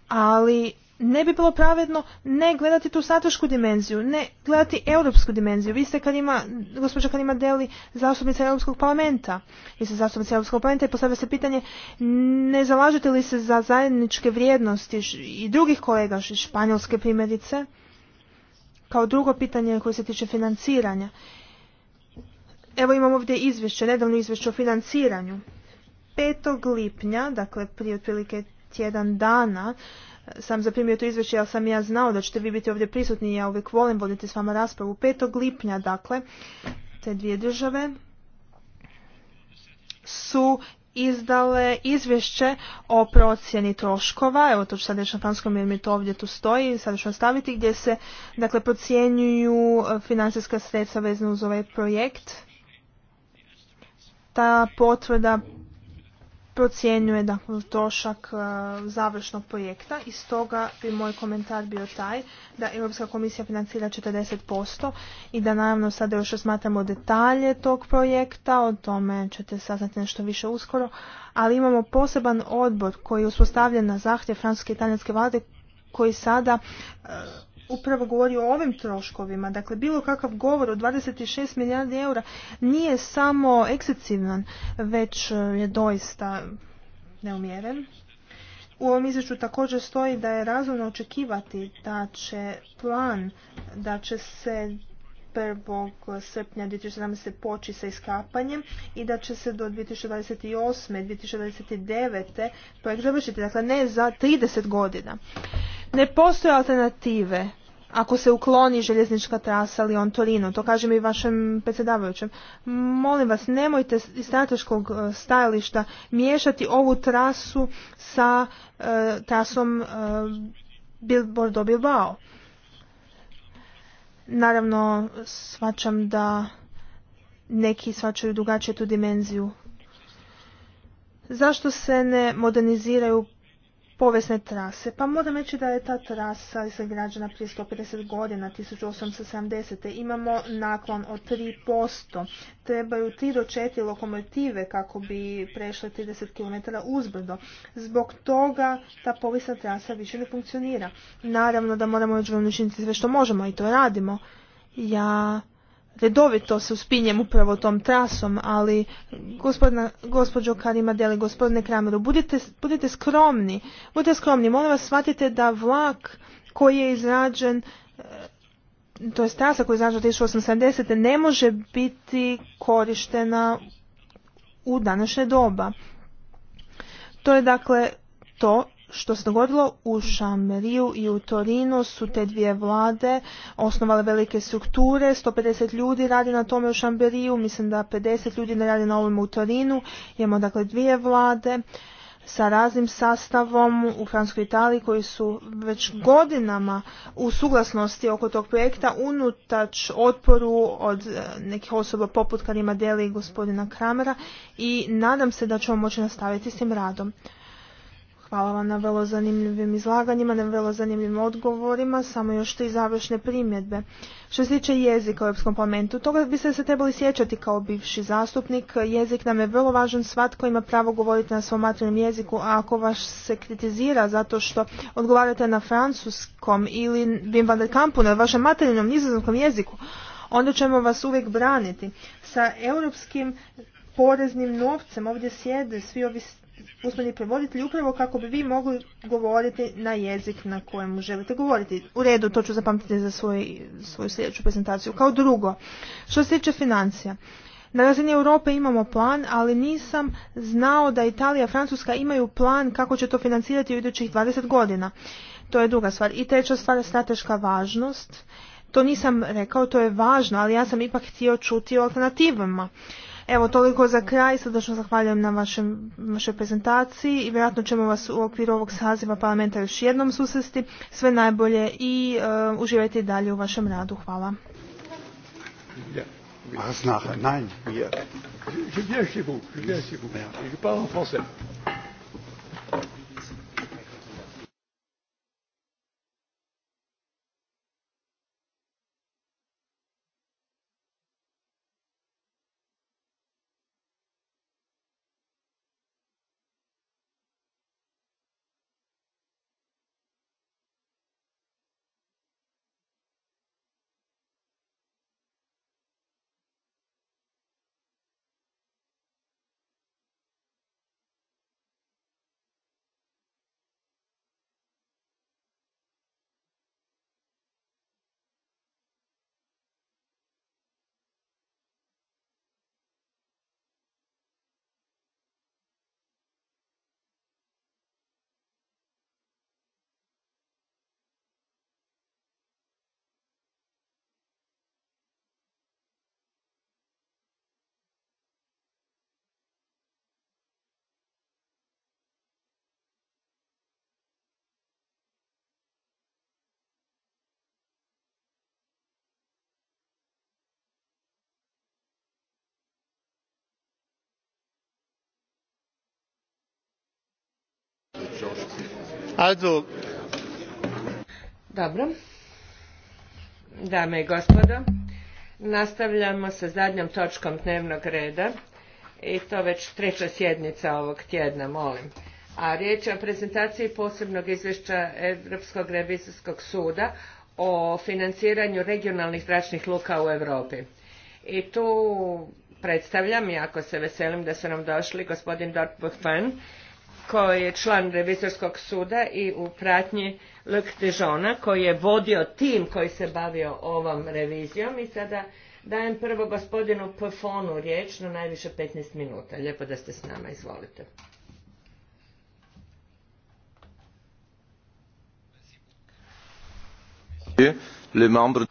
ali ne bi bilo pravedno ne gledati tu stratešku dimenziju, ne gledati europsku dimenziju. Vi ste kad ima, gospođa kad ima deli zastupnica Europskog parlamenta, vi ste zastupnica Europskog parlamenta i postavlja se pitanje ne zalažete li se za zajedničke vrijednosti i drugih kolega, španjolske primjerice, kao drugo pitanje koje se tiče financiranja. Evo imamo ovdje izvješće, nedavno izvješće o financiranju. 5. lipnja, dakle prije otprilike tjedan dana, sam zaprimio to izvješće, ali sam ja znao da ćete vi biti ovdje prisutni i ja uvijek volim voditi s vama raspravu. 5. lipnja, dakle, te dvije države su izdale izvješće o procjeni troškova, evo to ću sad reći na franskom jer mi to ovdje tu stoji, sad ću staviti gdje se dakle, procjenjuju e, financijska sredstva vezana uz ovaj projekt. Ta potvrda procjenjuje dakle, trošak e, završnog projekta i stoga bi moj komentar bio taj da Europska komisija financira 40% i da naravno sada još razmatramo detalje tog projekta, o tome ćete saznati nešto više uskoro, ali imamo poseban odbor koji je uspostavljen na zahtjev francuske i italijanske vlade koji sada e, upravo govori o ovim troškovima. Dakle, bilo kakav govor o 26 milijardi eura nije samo ekscesivan, već e, je doista neumjeren. U ovom izvješću također stoji da je razumno očekivati da će plan, da će se 1. srpnja 2017. poči sa iskapanjem i da će se do 2028. i 2029. projekt završiti, dakle ne za 30 godina. Ne postoje alternative ako se ukloni željeznička trasa Lyon Torino, to kažem i vašem predsjedavajućem, molim vas nemojte iz strateškog e, stajališta miješati ovu trasu sa e, trasom e, Bilbordo Bilbao. Naravno, svačam da neki svačaju drugačije tu dimenziju. Zašto se ne moderniziraju povijesne trase. Pa moram reći da je ta trasa izgrađena prije 150 godina, 1870. Imamo naklon od 3%. Trebaju 3 do 4 lokomotive kako bi prešle 30 km uzbrdo. Zbog toga ta povijesna trasa više ne funkcionira. Naravno da moramo učiniti sve što možemo i to radimo. Ja redovito se uspinjem upravo tom trasom, ali gospodina, gospođo Karima Deli, gospodine Krameru, budite, budite skromni, budite skromni, molim vas shvatite da vlak koji je izrađen e, to je trasa koja je izrađena 1870. ne može biti korištena u današnje doba. To je dakle to što se dogodilo u Šamberiju i u Torinu su te dvije vlade osnovale velike strukture, 150 ljudi radi na tome u Šamberiju, mislim da 50 ljudi ne radi na ovom u Torinu, imamo dakle dvije vlade sa raznim sastavom u Francuskoj Italiji koji su već godinama u suglasnosti oko tog projekta unutač otporu od e, nekih osoba poput Karima Deli i gospodina Kramera i nadam se da ćemo moći nastaviti s tim radom. Hvala vam na vrlo zanimljivim izlaganjima, na vrlo zanimljivim odgovorima, samo još tri završne primjedbe. Što se tiče jezika u Europskom parlamentu, toga bi se trebali sjećati kao bivši zastupnik. Jezik nam je vrlo važan, svatko ima pravo govoriti na svom materijalnom jeziku, a ako vas se kritizira zato što odgovarate na francuskom ili Wim van Kampu na vašem materijalnom nizozemskom jeziku, onda ćemo vas uvijek braniti. Sa europskim poreznim novcem ovdje sjede svi ovi gospodin prevoditelj upravo kako bi vi mogli govoriti na jezik na kojemu želite govoriti. U redu, to ću zapamtiti za svoj, svoju sljedeću prezentaciju. Kao drugo, što se tiče financija. Na razini Europe imamo plan, ali nisam znao da Italija i Francuska imaju plan kako će to financirati u idućih 20 godina. To je druga stvar. I treća stvar je strateška važnost. To nisam rekao, to je važno, ali ja sam ipak htio čuti o alternativama. Evo, toliko za kraj. Srdečno zahvaljujem na vašoj prezentaciji i vjerojatno ćemo vas u okviru ovog saziva parlamenta još jednom susresti. Sve najbolje i uživajte i dalje u vašem radu. Hvala. Dobro. Dame i gospodo, nastavljamo sa zadnjom točkom dnevnog reda i to već treća sjednica ovog tjedna, molim. A riječ je o prezentaciji posebnog izvješća Europskog revizijskog suda o financiranju regionalnih zračnih luka u Europi. I tu predstavljam, jako se veselim da su nam došli, gospodin Dort Buchmann, koji je član revizorskog suda i u pratnji Luc koji je vodio tim koji se bavio ovom revizijom i sada dajem prvo gospodinu pofonu riječ na najviše 15 minuta. Lijepo da ste s nama, izvolite.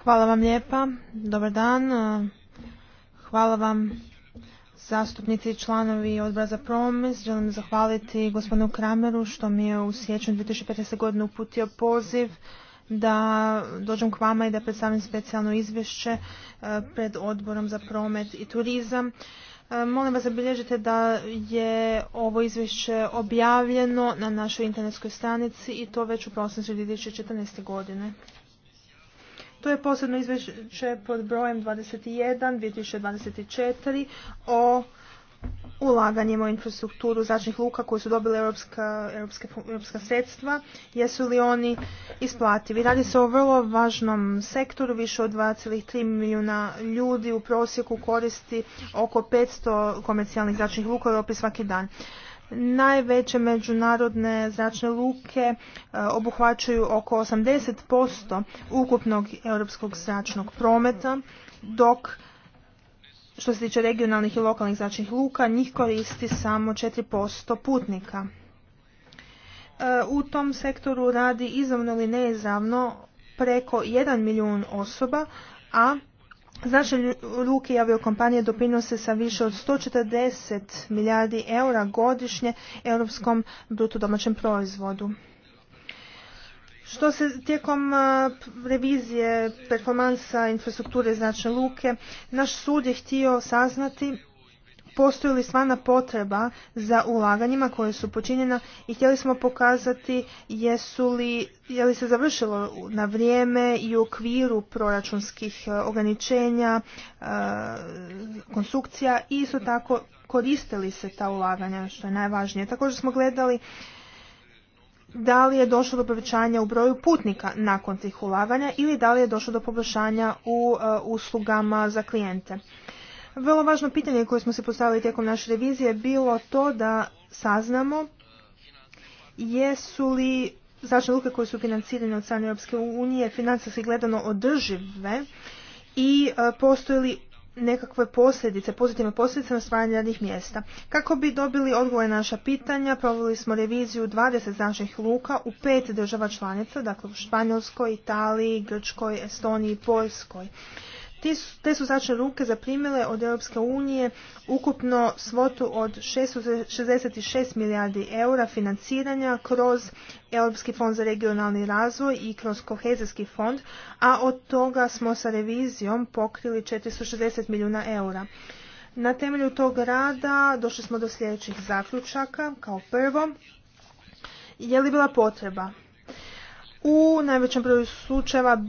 Hvala vam lijepa, dobar dan, hvala vam zastupnici i članovi odbora za promet. Želim zahvaliti gospodinu Krameru što mi je u siječnju 2015. godine uputio poziv da dođem k vama i da predstavim specijalno izvješće e, pred odborom za promet i turizam. E, molim vas zabilježite da je ovo izvješće objavljeno na našoj internetskoj stranici i to već u prosincu 2014. godine. To je posebno izvješće pod brojem 21 2024 o ulaganjem u infrastrukturu zračnih luka koje su dobile europska, europska sredstva, jesu li oni isplativi. Radi se o vrlo važnom sektoru, više od 2,3 milijuna ljudi u prosjeku koristi oko 500 komercijalnih zračnih luka u Europi svaki dan. Najveće međunarodne zračne luke e, obuhvaćaju oko 80% ukupnog europskog zračnog prometa, dok što se tiče regionalnih i lokalnih zračnih luka, njih koristi samo 4% putnika. E, u tom sektoru radi izravno ili neizravno preko 1 milijun osoba, a Znači luke i aviokompanije doprinose sa više od 140 milijardi eura godišnje europskom brutu domaćem proizvodu. Što se tijekom revizije performansa infrastrukture zračne luke, naš sud je htio saznati postoji li stvarna potreba za ulaganjima koje su počinjena i htjeli smo pokazati jesu li, je li se završilo na vrijeme i u okviru proračunskih e, ograničenja, e, konstrukcija i isto tako koristili se ta ulaganja što je najvažnije. Također smo gledali da li je došlo do povećanja u broju putnika nakon tih ulaganja ili da li je došlo do poboljšanja u e, uslugama za klijente. Vrlo važno pitanje koje smo se postavili tijekom naše revizije je bilo to da saznamo jesu li zračne luke koje su financirane od strane Europske unije financijski gledano održive i e, postoje li nekakve posljedice, pozitivne posljedice na stvaranje radnih mjesta. Kako bi dobili odgovore na naša pitanja, proveli smo reviziju 20 zračnih luka u pet država članica, dakle u Španjolskoj, Italiji, Grčkoj, Estoniji i Poljskoj. Te su zračne ruke zaprimile od Europske unije ukupno svotu od 666 milijardi eura financiranja kroz Europski fond za regionalni razvoj i kroz kohezijski fond, a od toga smo sa revizijom pokrili 460 milijuna eura. Na temelju tog rada došli smo do sljedećih zaključaka. Kao prvo, je li bila potreba u najvećem broju slučajeva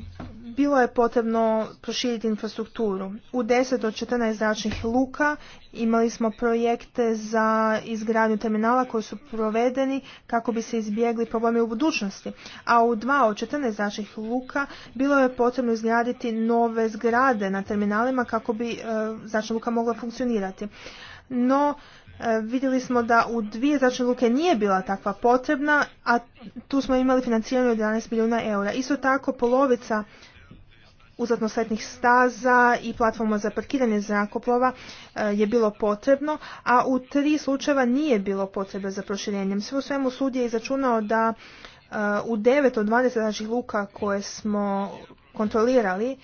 bilo je potrebno proširiti infrastrukturu. U 10 od 14 zračnih luka imali smo projekte za izgradnju terminala koji su provedeni kako bi se izbjegli problemi u budućnosti. A u 2 od 14 zračnih luka bilo je potrebno izgraditi nove zgrade na terminalima kako bi e, zračna luka mogla funkcionirati. No, E, vidjeli smo da u dvije zračne luke nije bila takva potrebna, a tu smo imali financiranje od 11 milijuna eura. Isto tako polovica uzatno staza i platforma za parkiranje zrakoplova e, je bilo potrebno, a u tri slučajeva nije bilo potrebe za proširenjem. Sve u svemu sud je izračunao da e, u 9 od 20 zračnih luka koje smo kontrolirali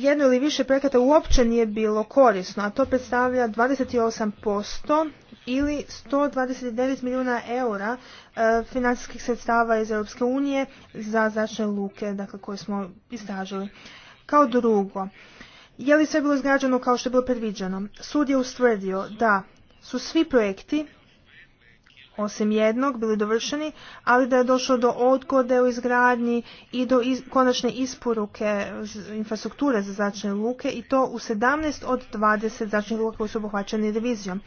jedno ili više projekata uopće nije bilo korisno, a to predstavlja 28% ili 129 milijuna eura e, financijskih sredstava iz Europske unije za zračne luke dakle, koje smo istražili. Kao drugo, je li sve bilo izgrađeno kao što je bilo predviđeno? Sud je ustvrdio da su svi projekti osim jednog bili dovršeni, ali da je došlo do odgode u izgradnji i do konačne isporuke infrastrukture za zračne luke i to u 17 od 20 zračnih luka koji su obuhvaćeni revizijom.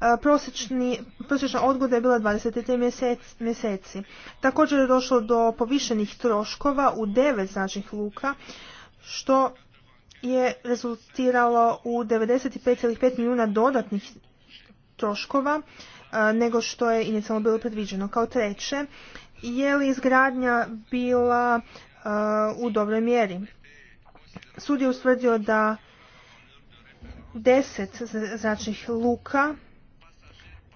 E, prosječni, prosječna odgoda je bila 23 mjeseci. Također je došlo do povišenih troškova u 9 značnih luka, što je rezultiralo u 95,5 milijuna dodatnih troškova nego što je inicijalno bilo predviđeno. Kao treće, je li izgradnja bila u dobroj mjeri? Sud je ustvrdio da deset zračnih luka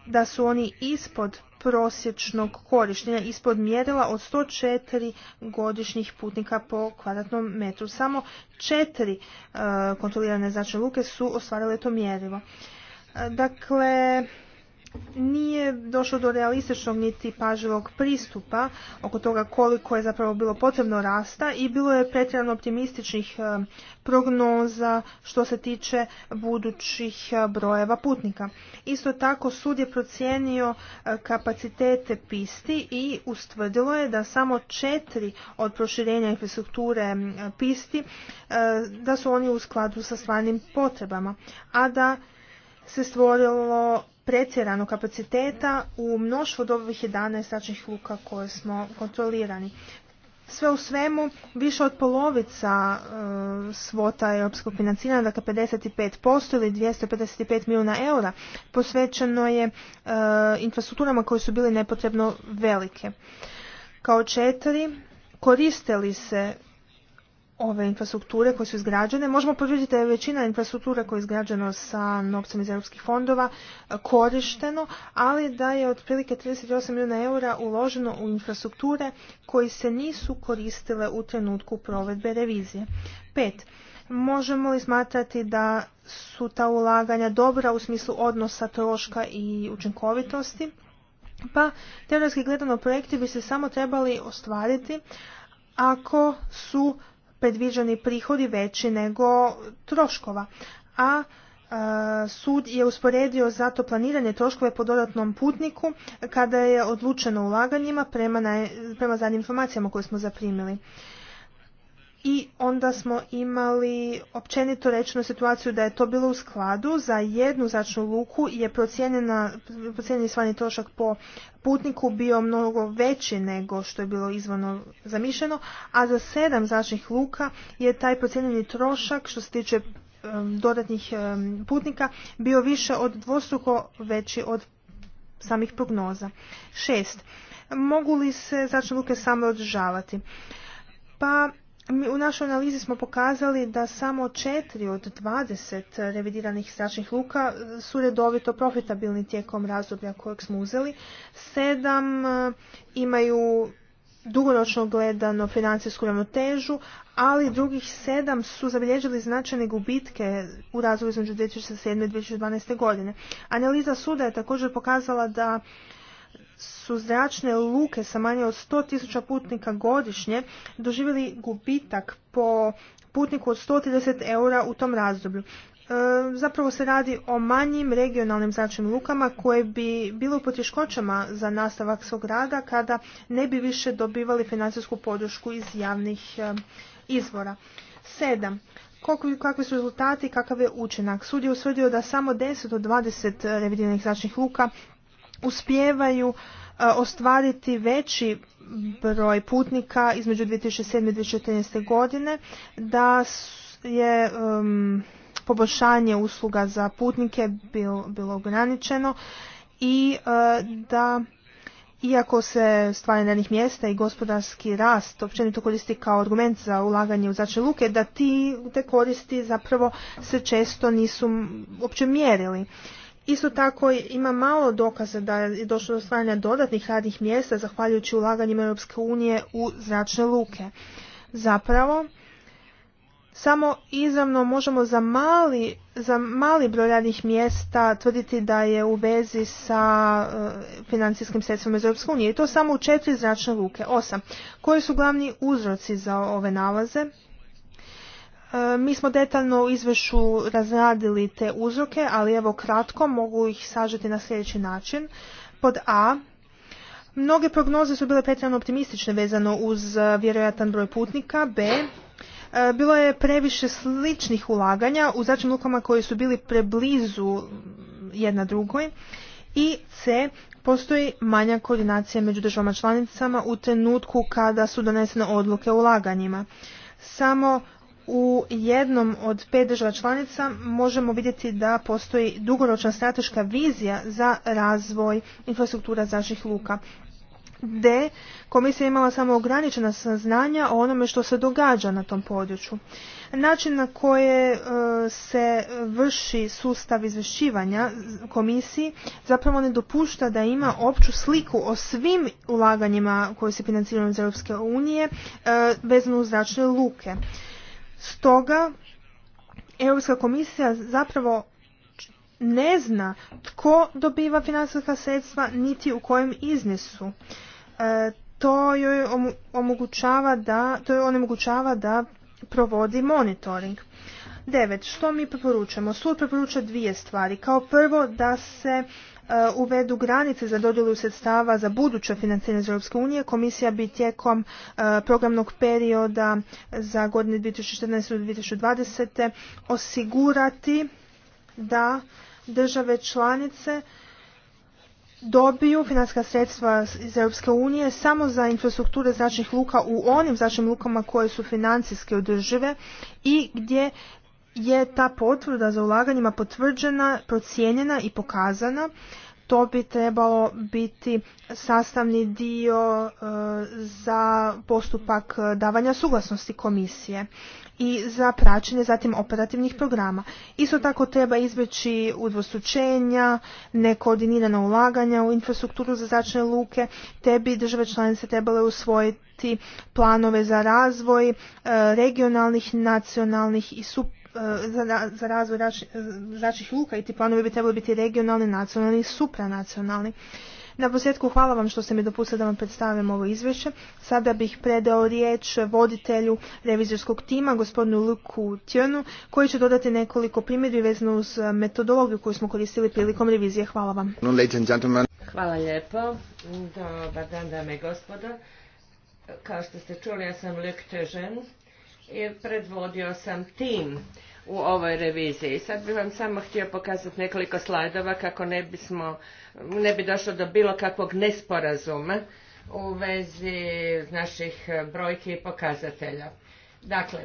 da su oni ispod prosječnog korištenja, ispod mjerila od 104 godišnjih putnika po kvadratnom metru. Samo četiri e, kontrolirane zračne luke su ostvarile to mjerivo. E, dakle, nije došlo do realističnog niti pažljivog pristupa oko toga koliko je zapravo bilo potrebno rasta i bilo je pretjerano optimističnih e, prognoza što se tiče budućih e, brojeva putnika. Isto tako sud je procijenio e, kapacitete pisti i ustvrdilo je da samo četiri od proširenja infrastrukture pisti da su oni u skladu sa stvarnim potrebama, a da se stvorilo pretjerano kapaciteta u mnoštvu od ovih 11 zračnih luka koje smo kontrolirani. Sve u svemu, više od polovica e, svota europskog financiranja, dakle 55% ili 255 milijuna eura, posvećeno je e, infrastrukturama koje su bile nepotrebno velike. Kao četiri, koristili se ove infrastrukture koje su izgrađene. Možemo potvrditi da je većina infrastrukture koja je izgrađena sa novcem iz europskih fondova e, korišteno, ali da je otprilike 38 milijuna eura uloženo u infrastrukture koji se nisu koristile u trenutku provedbe revizije. Pet. Možemo li smatrati da su ta ulaganja dobra u smislu odnosa troška i učinkovitosti? Pa, teoretski gledano projekti bi se samo trebali ostvariti ako su predviđeni prihodi veći nego troškova. A e, sud je usporedio zato planiranje troškove po dodatnom putniku kada je odlučeno ulaganjima prema, prema zadnjim informacijama koje smo zaprimili i onda smo imali općenito rečeno situaciju da je to bilo u skladu. Za jednu zračnu luku je procijenjeni svani trošak po putniku bio mnogo veći nego što je bilo izvano zamišljeno, a za sedam zračnih luka je taj procijenjeni trošak što se tiče dodatnih putnika bio više od dvostruko veći od samih prognoza. Šest. Mogu li se zračne luke same održavati? Pa mi u našoj analizi smo pokazali da samo četiri od dvadeset revidiranih zračnih luka su redovito profitabilni tijekom razdoblja kojeg smo uzeli. Sedam eh, imaju dugoročno gledano financijsku ravnotežu, ali drugih sedam su zabilježili značajne gubitke u razvoju između 2007. i 2012. godine. Analiza suda je također pokazala da su zračne luke sa manje od 100.000 putnika godišnje doživjeli gubitak po putniku od 130 eura u tom razdoblju. E, zapravo se radi o manjim regionalnim zračnim lukama koje bi bilo u poteškoćama za nastavak svog rada kada ne bi više dobivali financijsku podršku iz javnih e, izvora. Sedam. kakvi su rezultati i kakav je učinak? Sud je usvrdio da samo 10 od 20 revidiranih zračnih luka uspijevaju e, ostvariti veći broj putnika između 2007. i 2014. godine, da je poboljšanje usluga za putnike bilo, ograničeno i e, da iako se stvaranje radnih mjesta i gospodarski rast općenito koristi kao argument za ulaganje u zračne luke, da ti te koristi zapravo se često nisu uopće mjerili. Isto tako ima malo dokaza da je došlo do stvaranja dodatnih radnih mjesta zahvaljujući ulaganjima Europske unije u zračne luke. Zapravo, samo izravno možemo za mali, za mali broj radnih mjesta tvrditi da je u vezi sa e, financijskim sredstvima iz Europske unije i to samo u četiri zračne luke. Osam. Koji su glavni uzroci za ove nalaze? E, mi smo detaljno u izvešu razradili te uzroke, ali evo kratko mogu ih sažeti na sljedeći način. Pod A, mnoge prognoze su bile pretjerano optimistične vezano uz e, vjerojatan broj putnika. B, e, bilo je previše sličnih ulaganja u začnim lukama koji su bili preblizu jedna drugoj. I C, postoji manja koordinacija među državama članicama u trenutku kada su donesene odluke o ulaganjima. Samo u jednom od pet država članica možemo vidjeti da postoji dugoročna strateška vizija za razvoj infrastruktura zračnih luka. de Komisija je imala samo ograničena saznanja o onome što se događa na tom području. Način na koje e, se vrši sustav izvješćivanja komisiji zapravo ne dopušta da ima opću sliku o svim ulaganjima koje se financiraju iz Europske unije e, vezano uz zračne luke. Stoga, Europska komisija zapravo ne zna tko dobiva financijska sredstva niti u kojem iznesu. E, to joj omogućava da, to joj onemogućava da provodi monitoring. Devet, Što mi preporučujemo? Sud preporuča dvije stvari. Kao prvo da se Eh, uvedu granice za dodjelu sredstava za buduće financiranje iz Europske unije, komisija bi tijekom eh, programnog perioda za godine 2014. do 2020. osigurati da države članice dobiju financijska sredstva iz Europske unije samo za infrastrukture zračnih luka u onim značnim lukama koje su financijski održive i gdje je ta potvrda za ulaganjima potvrđena, procijenjena i pokazana, to bi trebalo biti sastavni dio e, za postupak davanja suglasnosti komisije i za praćenje zatim operativnih programa. Isto tako treba izbjeći udvostručenja, nekoordinirana ulaganja u infrastrukturu za zračne luke, te bi države članice trebale usvojiti planove za razvoj e, regionalnih, nacionalnih i super Eh, za, za razvoj eh, zračnih luka i ti planovi bi trebali biti regionalni, nacionalni i supranacionalni. Na posljedku hvala vam što ste mi dopustili da vam predstavim ovo izvješće. Sada bih predao riječ voditelju revizorskog tima, gospodinu Luku Tjernu, koji će dodati nekoliko primjedbi vezno uz metodologiju koju smo koristili prilikom revizije. Hvala vam. Hvala lijepo. Dobar dan, dame i gospoda. Kao što ste čuli, ja sam Luke Tjernu i predvodio sam tim u ovoj reviziji. Sad bih vam samo htio pokazati nekoliko slajdova kako ne, bismo, ne bi došlo do bilo kakvog nesporazuma u vezi naših brojki i pokazatelja. Dakle,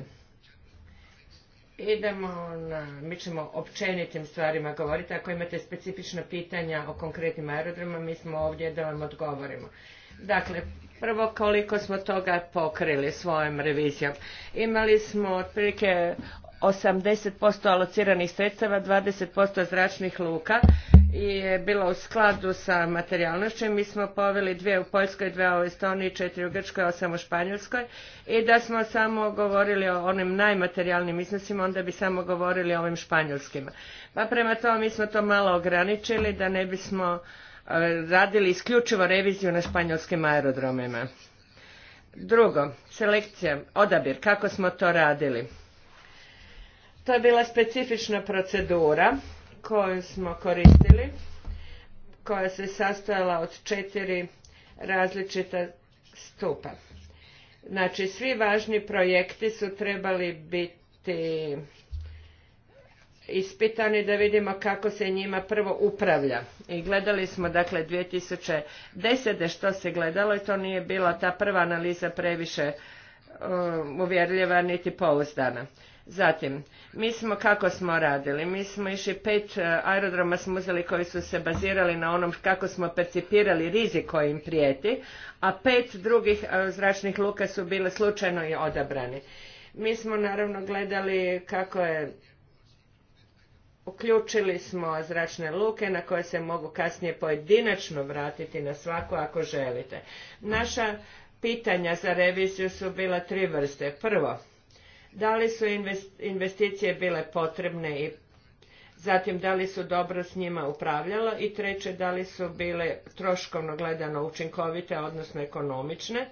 idemo na, mi ćemo općenitim stvarima govoriti. Ako imate specifična pitanja o konkretnim aerodromima, mi smo ovdje da vam odgovorimo. Dakle, Prvo koliko smo toga pokrili svojom revizijom. Imali smo otprilike 80% alociranih sredstava, 20% zračnih luka i je bilo u skladu sa materijalnošću. Mi smo poveli dvije u Poljskoj, dvije u Estoniji, četiri u Grčkoj, osam u Španjolskoj i da smo samo govorili o onim najmaterijalnijim iznosima, onda bi samo govorili o ovim španjolskima. Pa prema tome mi smo to malo ograničili da ne bismo E, radili isključivo reviziju na španjolskim aerodromima. Drugo, selekcija, odabir, kako smo to radili. To je bila specifična procedura koju smo koristili, koja se sastojala od četiri različita stupa. Znači, svi važni projekti su trebali biti ispitani da vidimo kako se njima prvo upravlja. I gledali smo dakle 2010. što se gledalo i to nije bila ta prva analiza previše e, uvjerljiva niti pouzdana. Zatim, mi smo kako smo radili? Mi smo išli pet e, aerodroma smo uzeli koji su se bazirali na onom kako smo percipirali rizik koji im prijeti, a pet drugih e, zračnih luka su bile slučajno i odabrani. Mi smo naravno gledali kako je uključili smo zračne luke na koje se mogu kasnije pojedinačno vratiti na svaku ako želite. Naša pitanja za reviziju su bila tri vrste. Prvo, da li su investicije bile potrebne i zatim da li su dobro s njima upravljalo i treće da li su bile troškovno gledano učinkovite, odnosno ekonomične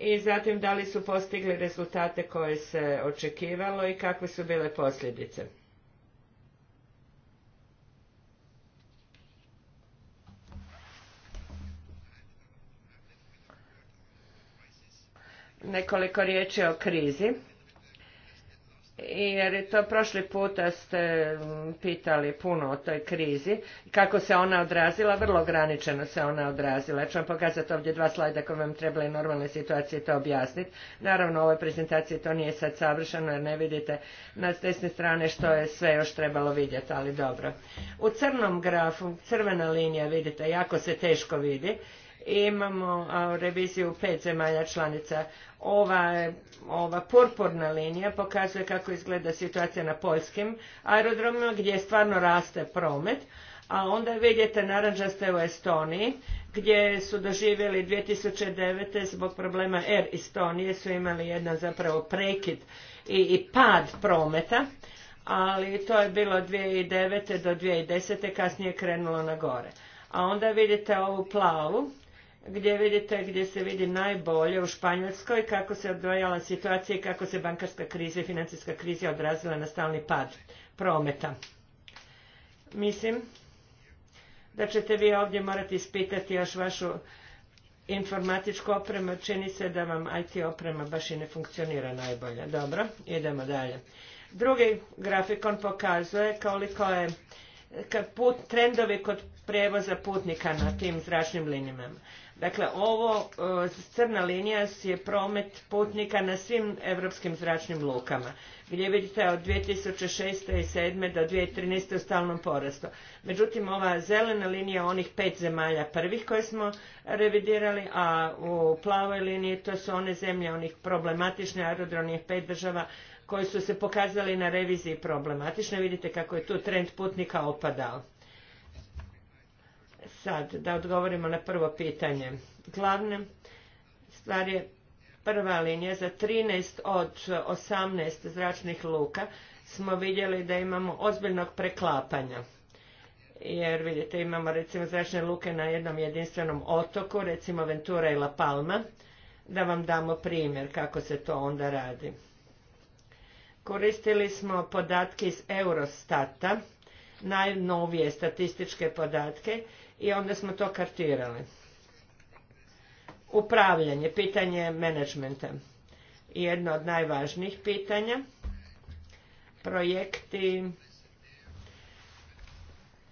i zatim da li su postigli rezultate koje se očekivalo i kakve su bile posljedice. nekoliko riječi o krizi. Jer je to prošli puta ste pitali puno o toj krizi, kako se ona odrazila, vrlo ograničeno se ona odrazila. Ja ću vam pokazati ovdje dva slajda koje vam trebali i normalne situacije to objasniti. Naravno, u ovoj prezentaciji to nije sad savršeno jer ne vidite na desne strane što je sve još trebalo vidjeti, ali dobro. U crnom grafu, crvena linija vidite, jako se teško vidi imamo reviziju pet zemalja članica. Ova, ova purpurna linija pokazuje kako izgleda situacija na poljskim aerodromima gdje stvarno raste promet, a onda vidite naranđaste u Estoniji gdje su doživjeli 2009. zbog problema Air Estonije su imali jedan zapravo prekid i, i pad prometa, ali to je bilo 2009. do 2010. kasnije krenulo na gore. A onda vidite ovu plavu gdje vidite gdje se vidi najbolje u Španjolskoj kako se odvojala situacija i kako se bankarska kriza i financijska kriza odrazila na stalni pad prometa. Mislim da ćete vi ovdje morati ispitati još vašu informatičku opremu. Čini se da vam IT oprema baš i ne funkcionira najbolje. Dobro, idemo dalje. Drugi grafikon pokazuje koliko je trendovi kod prijevoza putnika na tim zračnim linijama. Dakle, ovo e, crna linija je promet putnika na svim europskim zračnim lukama, gdje vidite od 2006. i 2007. do 2013. u stalnom porastu. Međutim, ova zelena linija onih pet zemalja prvih koje smo revidirali, a u plavoj liniji to su one zemlje, onih problematične aerodronih pet država koji su se pokazali na reviziji problematične. Vidite kako je tu trend putnika opadao. Sad, da odgovorimo na prvo pitanje. Glavne stvar je prva linija za 13 od 18 zračnih luka smo vidjeli da imamo ozbiljnog preklapanja. Jer vidite imamo recimo zračne luke na jednom jedinstvenom otoku, recimo Ventura i La Palma, da vam damo primjer kako se to onda radi. Koristili smo podatke iz Eurostata, najnovije statističke podatke i onda smo to kartirali. Upravljanje, pitanje menadžmenta i jedno od najvažnijih pitanja. Projekti,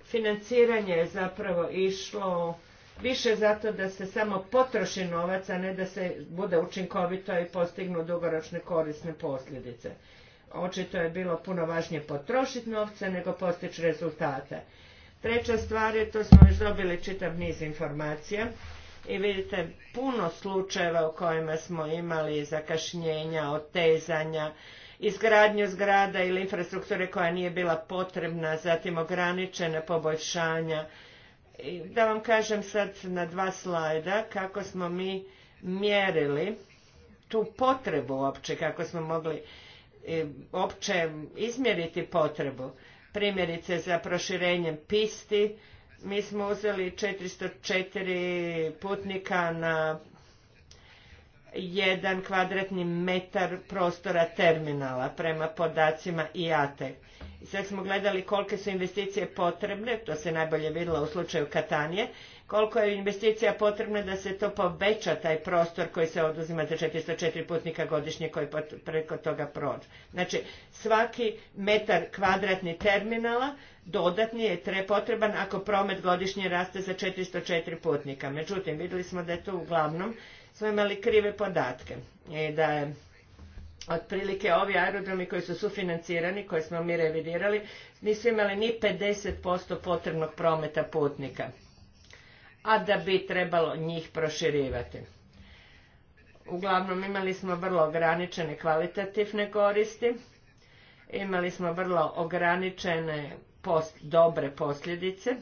financiranje je zapravo išlo više zato da se samo potroši novac, a ne da se bude učinkovito i postignu dugoročne korisne posljedice. Očito je bilo puno važnije potrošiti novce nego postići rezultate. Treća stvar je, to smo još dobili čitav niz informacija i vidite puno slučajeva u kojima smo imali zakašnjenja, otezanja, izgradnju zgrada ili infrastrukture koja nije bila potrebna, zatim ograničena poboljšanja. I da vam kažem sad na dva slajda kako smo mi mjerili tu potrebu uopće, kako smo mogli e, uopće izmjeriti potrebu primjerice za proširenjem pisti mi smo uzeli 404 putnika na jedan kvadratni metar prostora terminala prema podacima IATE. Sad smo gledali kolike su investicije potrebne, to se najbolje vidjelo u slučaju Katanije, koliko je investicija potrebna da se to poveća taj prostor koji se oduzima za 404 putnika godišnje koji preko toga prođe. Znači, svaki metar kvadratni terminala dodatni je potreban ako promet godišnje raste za 404 putnika. Međutim, vidjeli smo da je to uglavnom smo imali krive podatke i da je otprilike ovi aerodromi koji su sufinancirani koje smo mi revidirali nisu imali ni 50% potrebnog prometa putnika a da bi trebalo njih proširivati uglavnom imali smo vrlo ograničene kvalitativne koristi imali smo vrlo ograničene dobre posljedice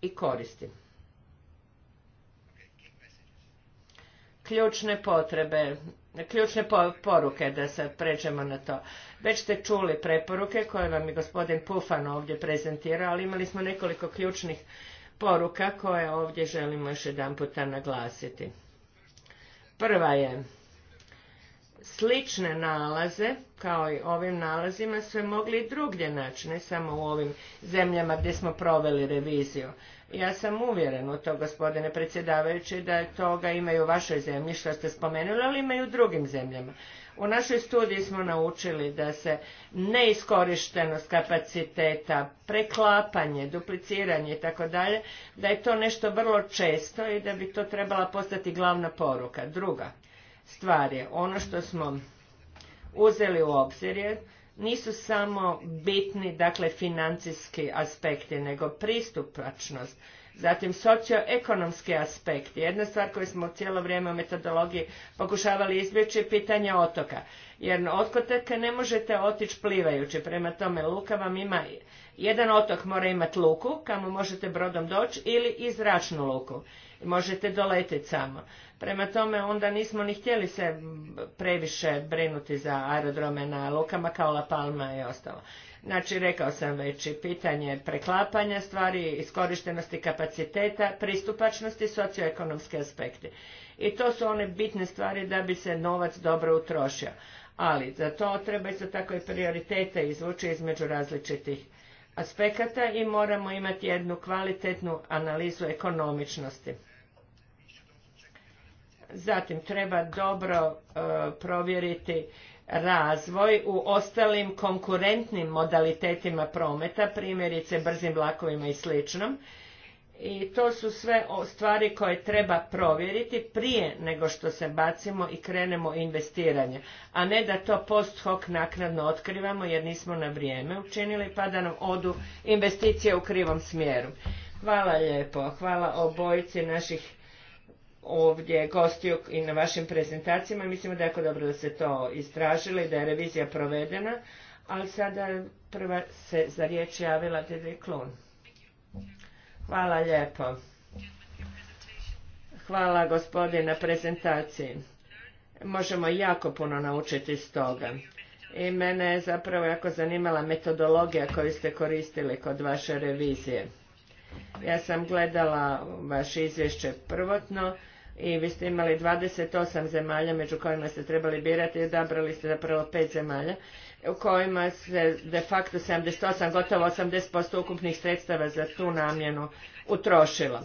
i koristi. Ključne potrebe, ključne poruke da sad pređemo na to. Već ste čuli preporuke koje vam je gospodin Pufan ovdje prezentirao, ali imali smo nekoliko ključnih poruka koje ovdje želimo još jedan puta naglasiti. Prva je slične nalaze kao i ovim nalazima sve mogli i drugdje naći, ne samo u ovim zemljama gdje smo proveli reviziju. Ja sam uvjeren u to, gospodine predsjedavajući, da toga imaju u vašoj zemlji, što ste spomenuli, ali imaju u drugim zemljama. U našoj studiji smo naučili da se neiskorištenost kapaciteta, preklapanje, dupliciranje i tako dalje, da je to nešto vrlo često i da bi to trebala postati glavna poruka. Druga, stvar je, ono što smo uzeli u obzir je, nisu samo bitni, dakle, financijski aspekti, nego pristupačnost, zatim socioekonomski aspekt. Jedna stvar koju smo cijelo vrijeme u metodologiji pokušavali izbjeći je pitanje otoka. Jer otkotaka ne možete otići plivajući. Prema tome, luka vam ima, jedan otok mora imati luku, kamo možete brodom doći, ili izračnu luku možete doletiti samo. Prema tome onda nismo ni htjeli se previše brinuti za aerodrome na lukama kao La Palma i ostalo. Znači, rekao sam već i pitanje preklapanja stvari, iskorištenosti kapaciteta, pristupačnosti, socioekonomske aspekti. I to su one bitne stvari da bi se novac dobro utrošio. Ali za to treba isto tako i prioritete izvući između različitih aspekata i moramo imati jednu kvalitetnu analizu ekonomičnosti. Zatim treba dobro e, provjeriti razvoj u ostalim konkurentnim modalitetima prometa, primjerice brzim vlakovima i sl. I to su sve stvari koje treba provjeriti prije nego što se bacimo i krenemo investiranje, a ne da to post hoc naknadno otkrivamo jer nismo na vrijeme učinili pa da nam odu investicije u krivom smjeru. Hvala lijepo, hvala obojici naših ovdje gostiju i na vašim prezentacijama. Mislimo da je jako dobro da ste to istražili, da je revizija provedena, ali sada prva se za riječ javila Dede Klun. Hvala lijepo. Hvala gospodine na prezentaciji. Možemo jako puno naučiti iz toga. I mene je zapravo jako zanimala metodologija koju ste koristili kod vaše revizije. Ja sam gledala vaše izvješće prvotno i vi ste imali 28 zemalja među kojima ste trebali birati i odabrali ste zapravo pet zemalja u kojima se de facto 78, gotovo 80% ukupnih sredstava za tu namjenu utrošilo.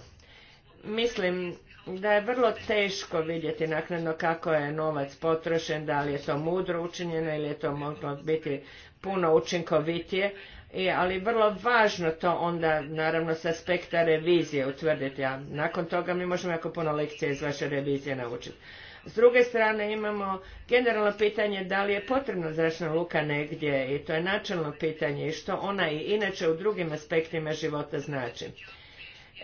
Mislim da je vrlo teško vidjeti naknadno kako je novac potrošen, da li je to mudro učinjeno ili je to moglo biti puno učinkovitije, E, ali vrlo važno to onda, naravno, s aspekta revizije utvrditi, a nakon toga mi možemo jako puno lekcija iz vaše revizije naučiti. S druge strane imamo generalno pitanje da li je potrebna zračna luka negdje i to je načelno pitanje i što ona i inače u drugim aspektima života znači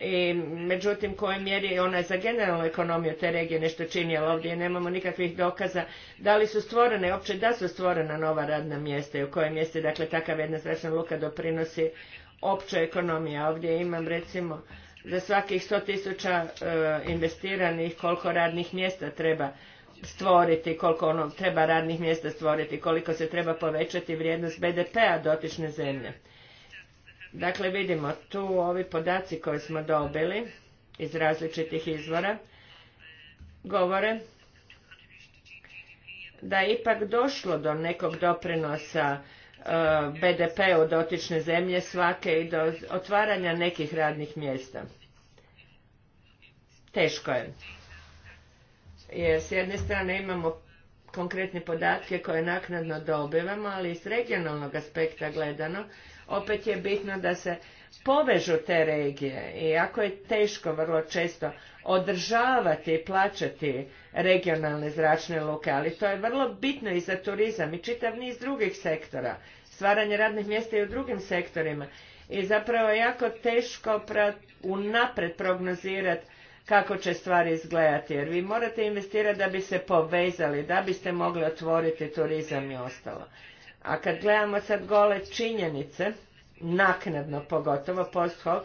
i međutim kojoj mjeri ona je za generalnu ekonomiju te regije nešto čini, ovdje nemamo nikakvih dokaza da li su stvorene i uopće da su stvorena nova radna mjesta i u kojem mjestu dakle takav jedna zračna luka doprinosi općoj ekonomiji. A ovdje imam recimo za svakih sto tisuća e, investiranih koliko radnih mjesta treba stvoriti, koliko ono treba radnih mjesta stvoriti, koliko se treba povećati vrijednost BDP-a dotične zemlje. Dakle, vidimo tu ovi podaci koje smo dobili iz različitih izvora govore da je ipak došlo do nekog doprinosa e, BDP-u dotične zemlje svake i do otvaranja nekih radnih mjesta. Teško je. Jer s jedne strane imamo konkretne podatke koje naknadno dobivamo, ali iz regionalnog aspekta gledano opet je bitno da se povežu te regije i ako je teško vrlo često održavati i plaćati regionalne zračne luke, ali to je vrlo bitno i za turizam i čitav niz drugih sektora, stvaranje radnih mjesta i u drugim sektorima i zapravo jako teško unapred prognozirati kako će stvari izgledati, jer vi morate investirati da bi se povezali, da biste mogli otvoriti turizam i ostalo. A kad gledamo sad gole činjenice, naknadno pogotovo post hoc,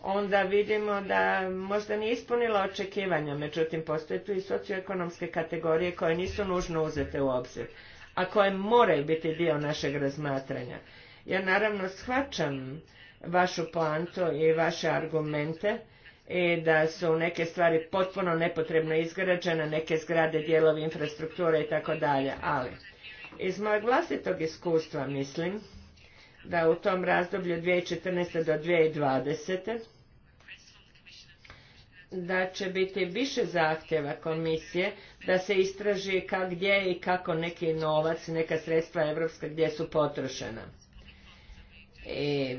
onda vidimo da možda nije ispunila očekivanja, međutim postoje tu i socioekonomske kategorije koje nisu nužno uzete u obzir, a koje moraju biti dio našeg razmatranja. Ja naravno shvaćam vašu poantu i vaše argumente i da su neke stvari potpuno nepotrebno izgrađene, neke zgrade, dijelovi infrastrukture i tako dalje, ali iz mojeg vlastitog iskustva mislim da u tom razdoblju 2014. do 2020. da će biti više zahtjeva komisije da se istraži kak gdje i kako neki novac, neka sredstva evropska gdje su potrošena. I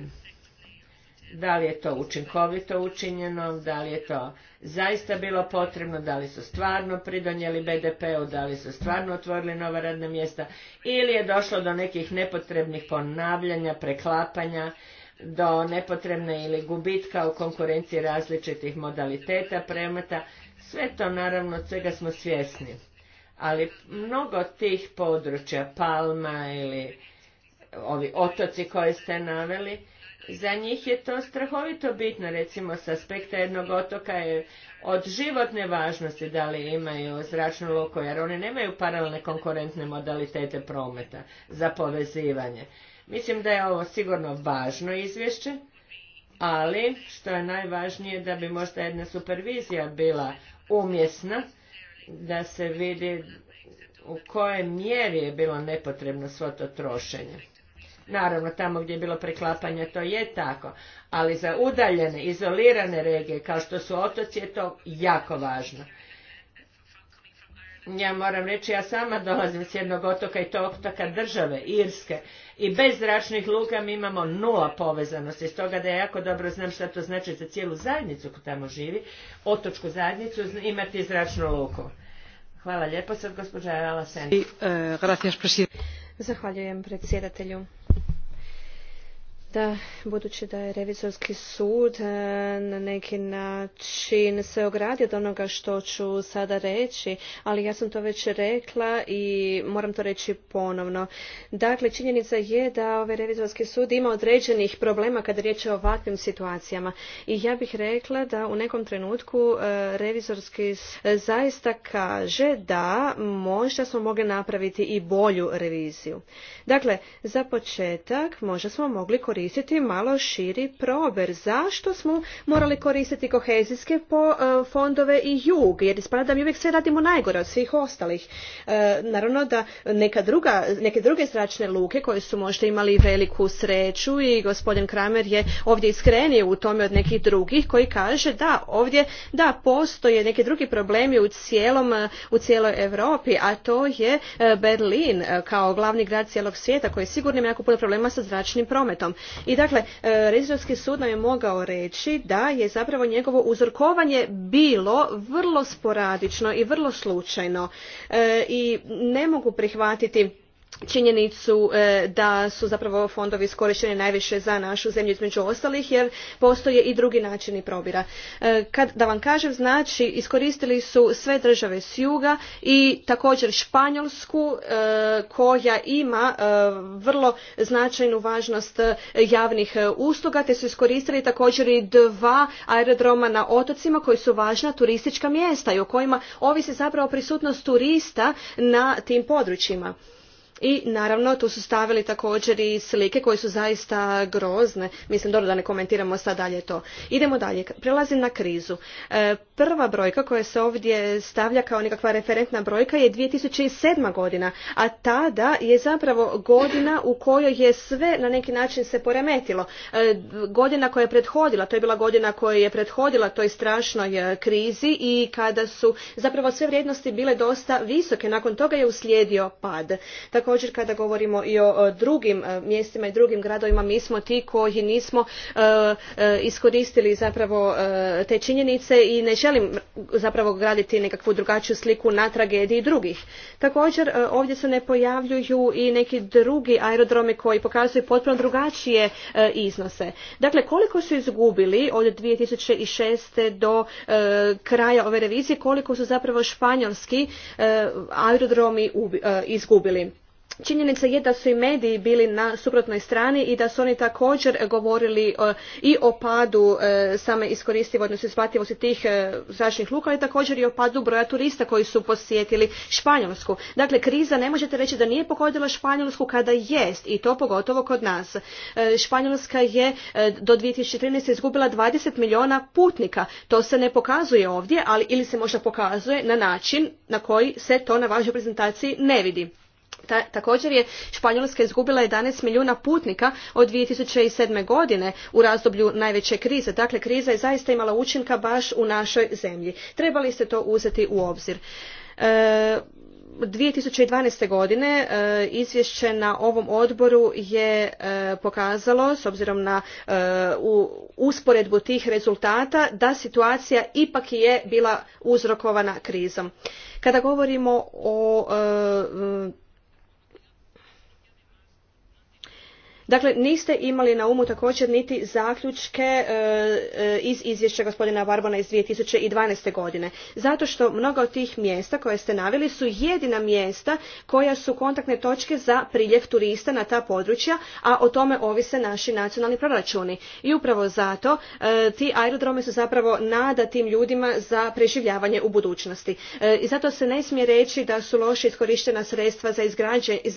da li je to učinkovito učinjeno, da li je to zaista bilo potrebno, da li su stvarno pridonijeli BDP-u, da li su stvarno otvorili nova radna mjesta ili je došlo do nekih nepotrebnih ponavljanja, preklapanja, do nepotrebne ili gubitka u konkurenciji različitih modaliteta premata. Sve to naravno od svega smo svjesni. Ali mnogo tih područja, Palma ili ovi otoci koje ste naveli, za njih je to strahovito bitno, recimo s aspekta jednog otoka je od životne važnosti da li imaju zračnu luku, jer oni nemaju paralelne konkurentne modalitete prometa za povezivanje. Mislim da je ovo sigurno važno izvješće, ali što je najvažnije da bi možda jedna supervizija bila umjesna, da se vidi u kojoj mjeri je bilo nepotrebno svo to trošenje. Naravno, tamo gdje je bilo preklapanja to je tako, ali za udaljene, izolirane regije kao što su otoci je to jako važno. Ja moram reći, ja sama dolazim s jednog otoka i to otoka države, Irske. I bez zračnih luka mi imamo nula povezanosti. Stoga da ja jako dobro znam šta to znači za cijelu zajednicu koja tamo živi, otočku zajednicu, imati zračnu luku. Hvala lijepo sad, gospođa e, Zahvaljujem predsjedatelju da budući da je revizorski sud e, na neki način se ogradio od onoga što ću sada reći, ali ja sam to već rekla i moram to reći ponovno. Dakle, činjenica je da ovaj revizorski sud ima određenih problema kada riječ o ovakvim situacijama. I ja bih rekla da u nekom trenutku e, revizorski e, zaista kaže da možda smo mogli napraviti i bolju reviziju. Dakle, za početak možda smo mogli koristiti koristiti malo širi prober. Zašto smo morali koristiti kohezijske e, fondove i jug? Jer ispada da mi uvijek sve radimo najgore od svih ostalih. E, naravno da neka druga, neke druge zračne luke koje su možda imali veliku sreću i gospodin Kramer je ovdje iskrenio u tome od nekih drugih koji kaže da ovdje da postoje neki drugi problemi u cijelom e, u cijeloj Europi, a to je Berlin kao glavni grad cijelog svijeta koji sigurno ima jako puno problema sa zračnim prometom. I dakle, e, Revizorski sud nam je mogao reći da je zapravo njegovo uzorkovanje bilo vrlo sporadično i vrlo slučajno e, i ne mogu prihvatiti činjenicu e, da su zapravo fondovi iskorišteni najviše za našu zemlju između ostalih jer postoje i drugi načini probira. E, kad, da vam kažem, znači iskoristili su sve države s juga i također Španjolsku e, koja ima vrlo značajnu važnost javnih usluga te su iskoristili također i dva aerodroma na otocima koji su važna turistička mjesta i o kojima ovisi zapravo prisutnost turista na tim područjima i naravno tu su stavili također i slike koje su zaista grozne. Mislim dobro da ne komentiramo sad dalje to. Idemo dalje. Prelazim na krizu. E, prva brojka koja se ovdje stavlja kao nekakva referentna brojka je 2007. godina, a tada je zapravo godina u kojoj je sve na neki način se poremetilo. E, godina koja je prethodila, to je bila godina koja je prethodila toj strašnoj e, krizi i kada su zapravo sve vrijednosti bile dosta visoke. Nakon toga je uslijedio pad također kada govorimo i o drugim e, mjestima i drugim gradovima mi smo ti koji nismo e, e, iskoristili zapravo te činjenice i ne želim zapravo graditi nekakvu drugačiju sliku na tragediji drugih. Također ovdje se ne pojavljuju i neki drugi aerodromi koji pokazuju potpuno drugačije iznose. Dakle, koliko su izgubili od 2006. do kraja ove revizije, koliko su zapravo španjolski aerodromi izgubili. Činjenica je da su i mediji bili na suprotnoj strani i da su oni također govorili e, i o padu e, same iskoristivosti, odnosno isplativosti tih e, zračnih luka, ali također i o padu broja turista koji su posjetili Španjolsku. Dakle, kriza ne možete reći da nije pogodila Španjolsku kada jest i to pogotovo kod nas. Španjolska je do 2013. izgubila 20 milijuna putnika. To se ne pokazuje ovdje, ali ili se možda pokazuje na način na koji se to na vašoj prezentaciji ne vidi također je Španjolska izgubila 11 milijuna putnika od 2007. godine u razdoblju najveće krize. Dakle, kriza je zaista imala učinka baš u našoj zemlji. Trebali ste to uzeti u obzir. E, 2012. godine e, izvješće na ovom odboru je e, pokazalo, s obzirom na e, usporedbu tih rezultata, da situacija ipak je bila uzrokovana krizom. Kada govorimo o Dakle, niste imali na umu također niti zaključke e, e, iz izvješća gospodina Barbona iz 2012. godine. Zato što mnoga od tih mjesta koje ste naveli su jedina mjesta koja su kontaktne točke za priljev turista na ta područja, a o tome ovise naši nacionalni proračuni. I upravo zato e, ti aerodromi su zapravo nada tim ljudima za preživljavanje u budućnosti. I zato se ne smije reći da su loše iskorištena sredstva za,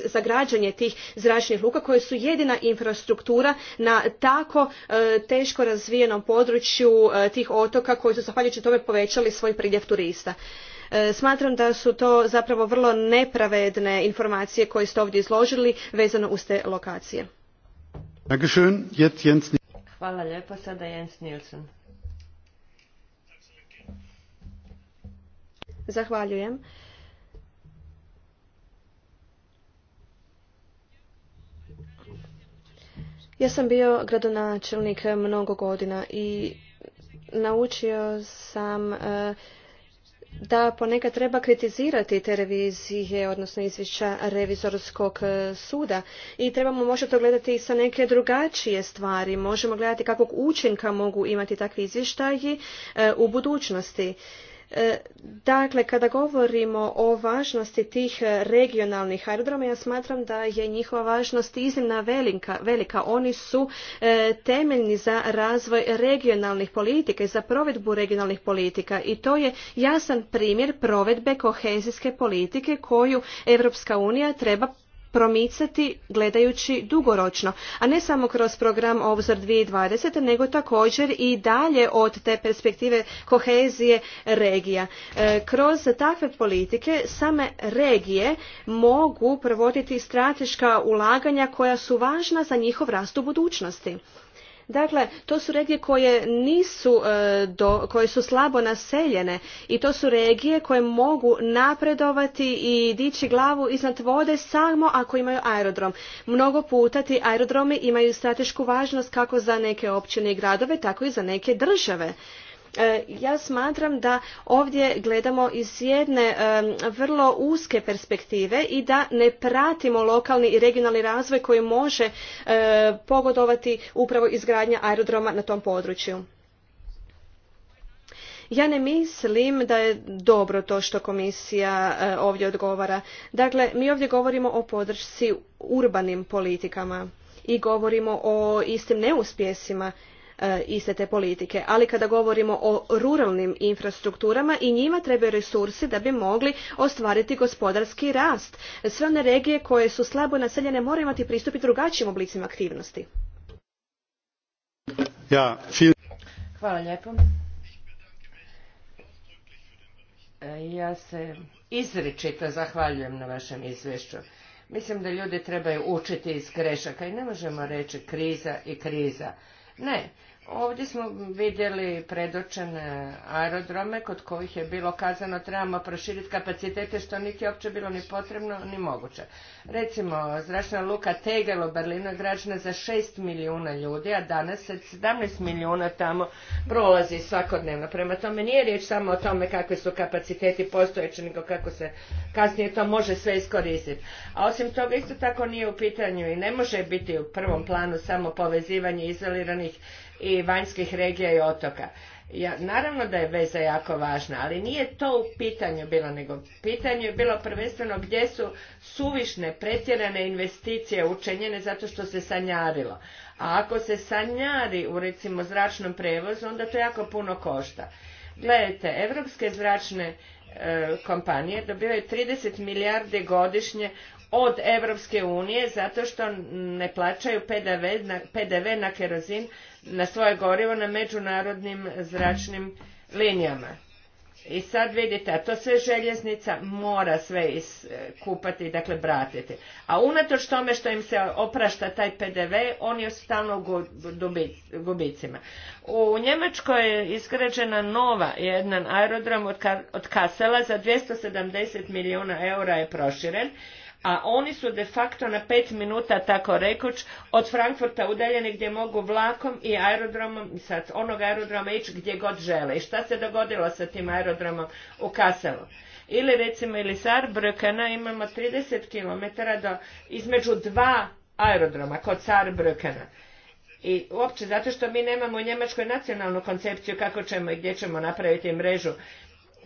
izgrađanje tih zračnih luka koje su jedina infrastruktura na tako e, teško razvijenom području e, tih otoka koji su zahvaljujući tome povećali svoj priljev turista e, smatram da su to zapravo vrlo nepravedne informacije koje ste ovdje izložili vezano uz te lokacije. Hvala lijepo, sada Jens Zahvaljujem. Ja sam bio gradonačelnik eh, mnogo godina i naučio sam eh, da ponekad treba kritizirati te revizije, odnosno izvješća revizorskog eh, suda i trebamo možda to gledati i sa neke drugačije stvari. Možemo gledati kakvog učinka mogu imati takvi izvještaji u budućnosti. E, dakle, kada govorimo o važnosti tih regionalnih aerodroma, ja smatram da je njihova važnost iznimna velika. Oni su e, temeljni za razvoj regionalnih politika i za provedbu regionalnih politika i to je jasan primjer provedbe kohezijske politike koju Europska unija treba promicati gledajući dugoročno, a ne samo kroz program Obzor 2020, nego također i dalje od te perspektive kohezije regija. E, kroz takve politike same regije mogu provoditi strateška ulaganja koja su važna za njihov rast u budućnosti. Dakle, to su regije koje nisu, e, do, koje su slabo naseljene i to su regije koje mogu napredovati i dići glavu iznad vode samo ako imaju aerodrom. Mnogo puta ti aerodromi imaju stratešku važnost kako za neke općine i gradove, tako i za neke države. E, ja smatram da ovdje gledamo iz jedne e, vrlo uske perspektive i da ne pratimo lokalni i regionalni razvoj koji može e, pogodovati upravo izgradnja aerodroma na tom području. Ja ne mislim da je dobro to što komisija ovdje odgovara. Dakle, mi ovdje govorimo o podršci urbanim politikama i govorimo o istim neuspjesima E, te politike. Ali kada govorimo o ruralnim infrastrukturama i njima trebaju resursi da bi mogli ostvariti gospodarski rast. Sve one regije koje su slabo naseljene moraju imati pristup i drugačijim oblicima aktivnosti. Hvala lijepo. E, ja se izričito zahvaljujem na vašem izvješću. Mislim da ljudi trebaju učiti iz grešaka i ne možemo reći kriza i kriza. Ne, Ovdje smo vidjeli predočene aerodrome kod kojih je bilo kazano trebamo proširiti kapacitete što niti uopće bilo ni potrebno ni moguće. Recimo, zračna luka Tegel u Berlinu za 6 milijuna ljudi, a danas se 17 milijuna tamo prolazi svakodnevno. Prema tome nije riječ samo o tome kakvi su kapaciteti postojeći, nego kako se kasnije to može sve iskoristiti. A osim toga isto tako nije u pitanju i ne može biti u prvom planu samo povezivanje izoliranih i vanjskih regija i otoka. Ja, naravno da je veza jako važna, ali nije to u pitanju bilo, nego pitanje je bilo prvenstveno gdje su suvišne, pretjerane investicije učenjene zato što se sanjarilo. A ako se sanjari u recimo zračnom prevozu, onda to jako puno košta. Gledajte, evropske zračne e, kompanije dobivaju 30 milijarde godišnje od Europske unije zato što ne plaćaju PDV na, na kerozin na svoje gorivo na međunarodnim zračnim linijama. I sad vidite, a to sve željeznica mora sve kupati, dakle bratiti. A unatoč tome što im se oprašta taj PDV, oni je stalno u gubicima. U Njemačkoj je izgrađena nova jedan aerodrom od Kasela za 270 milijuna eura je proširen a oni su de facto na pet minuta tako rekoć od Frankfurta udaljeni gdje mogu vlakom i aerodromom i sad onog aerodroma ići gdje god žele. I šta se dogodilo sa tim aerodromom u Kasselu? Ili recimo ili Sarbrkana imamo 30 km do, između dva aerodroma kod Sarbrkana. I uopće zato što mi nemamo u Njemačkoj nacionalnu koncepciju kako ćemo i gdje ćemo napraviti mrežu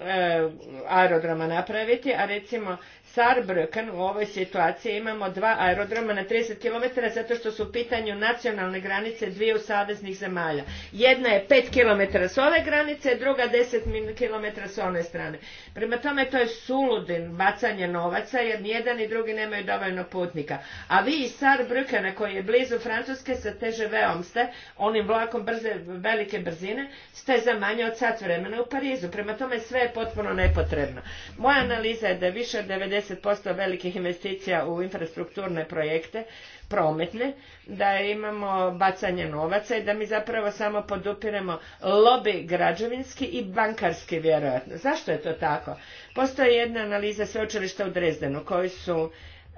e, aerodroma napraviti, a recimo Saarbrücken u ovoj situaciji imamo dva aerodroma na 30 km zato što su u pitanju nacionalne granice dviju saveznih zemalja. Jedna je 5 km s ove granice, druga 10 km s one strane. Prema tome to je suludin bacanje novaca jer nijedan jedan ni drugi nemaju dovoljno putnika. A vi iz Saarbrückena koji je blizu Francuske sa TGV-om ste, onim vlakom brze, velike brzine, ste za manje od sat vremena u Parizu. Prema tome sve je potpuno nepotrebno. Moja analiza je da je više od 90 50% velikih investicija u infrastrukturne projekte prometne, da imamo bacanje novaca i da mi zapravo samo podupiremo lobby građevinski i bankarski vjerojatno. Zašto je to tako? Postoji jedna analiza sveučilišta u Dresdenu koji su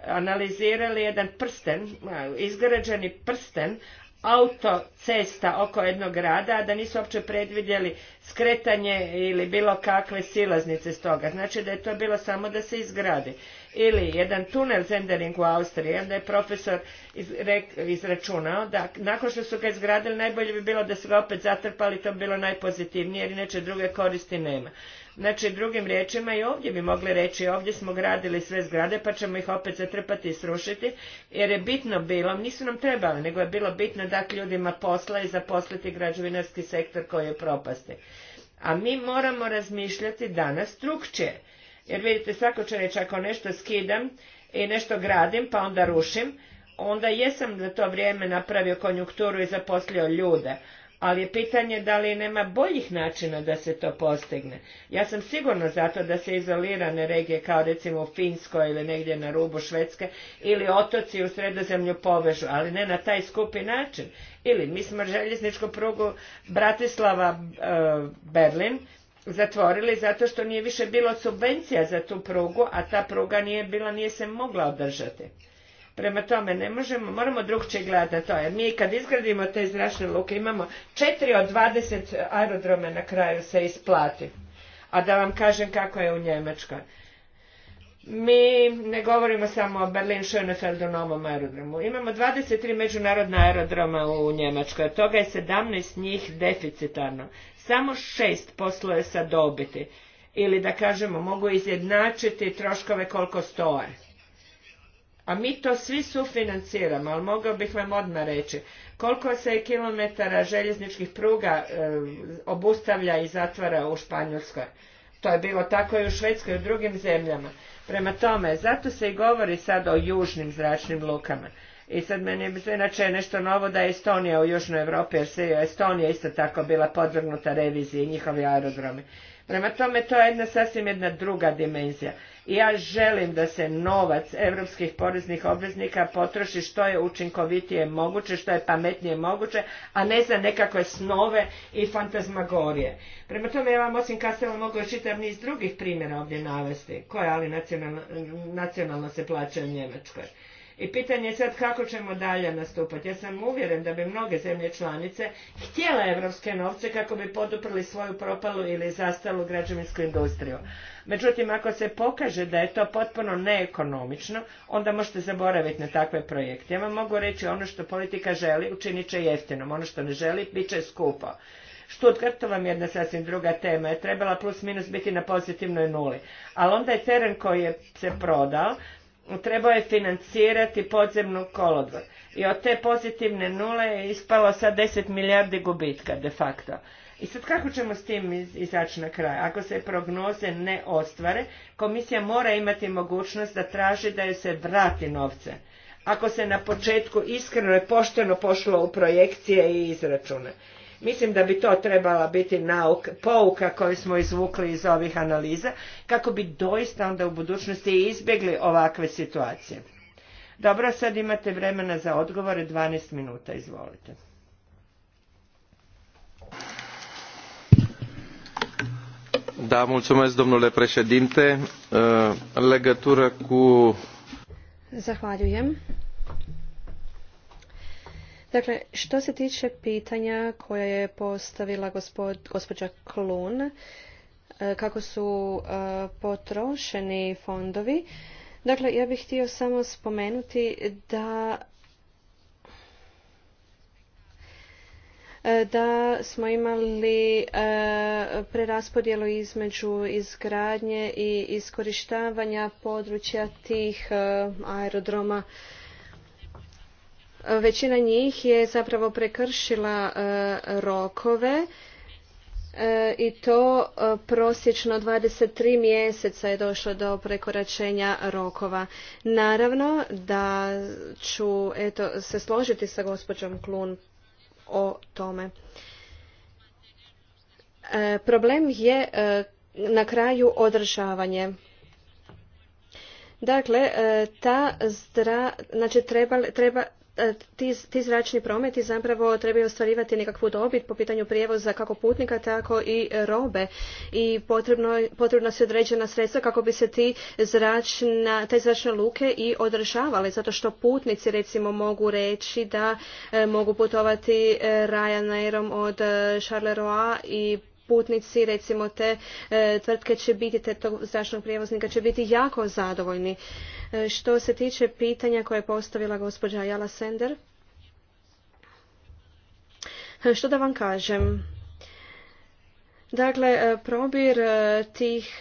analizirali jedan prsten, izgrađeni prsten autocesta oko jednog grada, a da nisu uopće predvidjeli skretanje ili bilo kakve silaznice stoga. Znači da je to bilo samo da se izgradi. Ili jedan tunel Zendering u Austriji, onda je profesor izračunao da nakon što su ga izgradili najbolje bi bilo da su ga opet zatrpali, to bi bilo najpozitivnije jer inače druge koristi nema. Znači, drugim riječima i ovdje bi mogli reći, ovdje smo gradili sve zgrade pa ćemo ih opet zatrpati i srušiti, jer je bitno bilo, nisu nam trebali, nego je bilo bitno dati ljudima posla i zaposliti građevinarski sektor koji je propasti. A mi moramo razmišljati danas strukčije, Jer vidite, svako će reći, ako nešto skidam i nešto gradim, pa onda rušim, onda jesam za to vrijeme napravio konjunkturu i zaposlio ljude, ali je pitanje da li nema boljih načina da se to postigne. Ja sam sigurno zato da se izolirane regije kao recimo u Finskoj ili negdje na rubu Švedske ili otoci u sredozemlju povežu, ali ne na taj skupi način. Ili mi smo željezničku prugu Bratislava-Berlin e, zatvorili zato što nije više bilo subvencija za tu prugu, a ta pruga nije bila, nije se mogla održati. Prema tome, ne možemo, moramo drugčije gledati na to, jer mi kad izgradimo te zračne luke imamo četiri od dvadeset aerodroma na kraju se isplati. A da vam kažem kako je u Njemačkoj. Mi ne govorimo samo o Berlin Schönefeldu novom aerodromu. Imamo tri međunarodna aerodroma u Njemačkoj, od toga je sedamnaest njih deficitarno. Samo šest posluje sa dobiti. Ili da kažemo, mogu izjednačiti troškove koliko stoje a mi to svi sufinanciramo, ali mogao bih vam odmah reći koliko se kilometara željezničkih pruga eh, obustavlja i zatvara u Španjolskoj. To je bilo tako i u Švedskoj i u drugim zemljama. Prema tome, zato se i govori sad o južnim zračnim lukama. I sad meni inače nešto novo da je Estonija u Južnoj Europi, jer se Estonija isto tako bila podvrgnuta reviziji njihovi aerodromi. Prema tome, to je jedna sasvim jedna druga dimenzija. Ja želim da se novac europskih poreznih obveznika potroši što je učinkovitije moguće, što je pametnije moguće, a ne za nekakve snove i fantazmagorije. Prema tome ja vam osim kasnije mogu čitav niz drugih primjera ovdje navesti, koje ali nacionalno, se plaća u Njemačkoj. I pitanje je sad kako ćemo dalje nastupati. Ja sam uvjeren da bi mnoge zemlje članice htjele europske novce kako bi poduprli svoju propalu ili zastalu građevinsku industriju. Međutim, ako se pokaže da je to potpuno neekonomično, onda možete zaboraviti na takve projekte. Ja vam mogu reći ono što politika želi, učinit će jeftinom. Ono što ne želi, bit će skupo. Stuttgart, to vam je jedna sasvim druga tema, je trebala plus minus biti na pozitivnoj nuli. Ali onda je teren koji je se prodao, trebao je financirati podzemnu kolodvor. I od te pozitivne nule je ispalo sad 10 milijardi gubitka de facto. I sad kako ćemo s tim izaći na kraj? Ako se prognoze ne ostvare, komisija mora imati mogućnost da traži da joj se vrati novce. Ako se na početku iskreno i pošteno pošlo u projekcije i izračune. Mislim da bi to trebala biti pouka koju smo izvukli iz ovih analiza, kako bi doista onda u budućnosti izbjegli ovakve situacije. Dobro, sad imate vremena za odgovore, 12 minuta, izvolite. Da, domnule președinte. În legătură Zahvaljujem. Dakle, što se tiče pitanja koje je postavila gospođa Klun, e, kako su e, potrošeni fondovi, dakle, ja bih htio samo spomenuti da da smo imali e, preraspodjelu između izgradnje i iskorištavanja područja tih e, aerodroma. Većina njih je zapravo prekršila e, rokove i to prosječno 23 mjeseca je došlo do prekoračenja rokova. Naravno da ću se složiti sa gospođom Klun o tome. E, problem je e, na kraju održavanje. Dakle, e, ta zdra, znači treba, treba, E, ti, ti zračni prometi zapravo trebaju ostvarivati nekakvu dobit po pitanju prijevoza kako putnika tako i robe i potrebno, potrebno su određena sredstva kako bi se ti zračna, te zračne luke i održavale zato što putnici recimo mogu reći da e, mogu putovati e, Ryanairom od Charleroi i putnici, recimo te e, tvrtke će biti, te tog zračnog prijevoznika će biti jako zadovoljni. E, što se tiče pitanja koje je postavila gospođa Jala Sender, što da vam kažem? Dakle, e, probir tih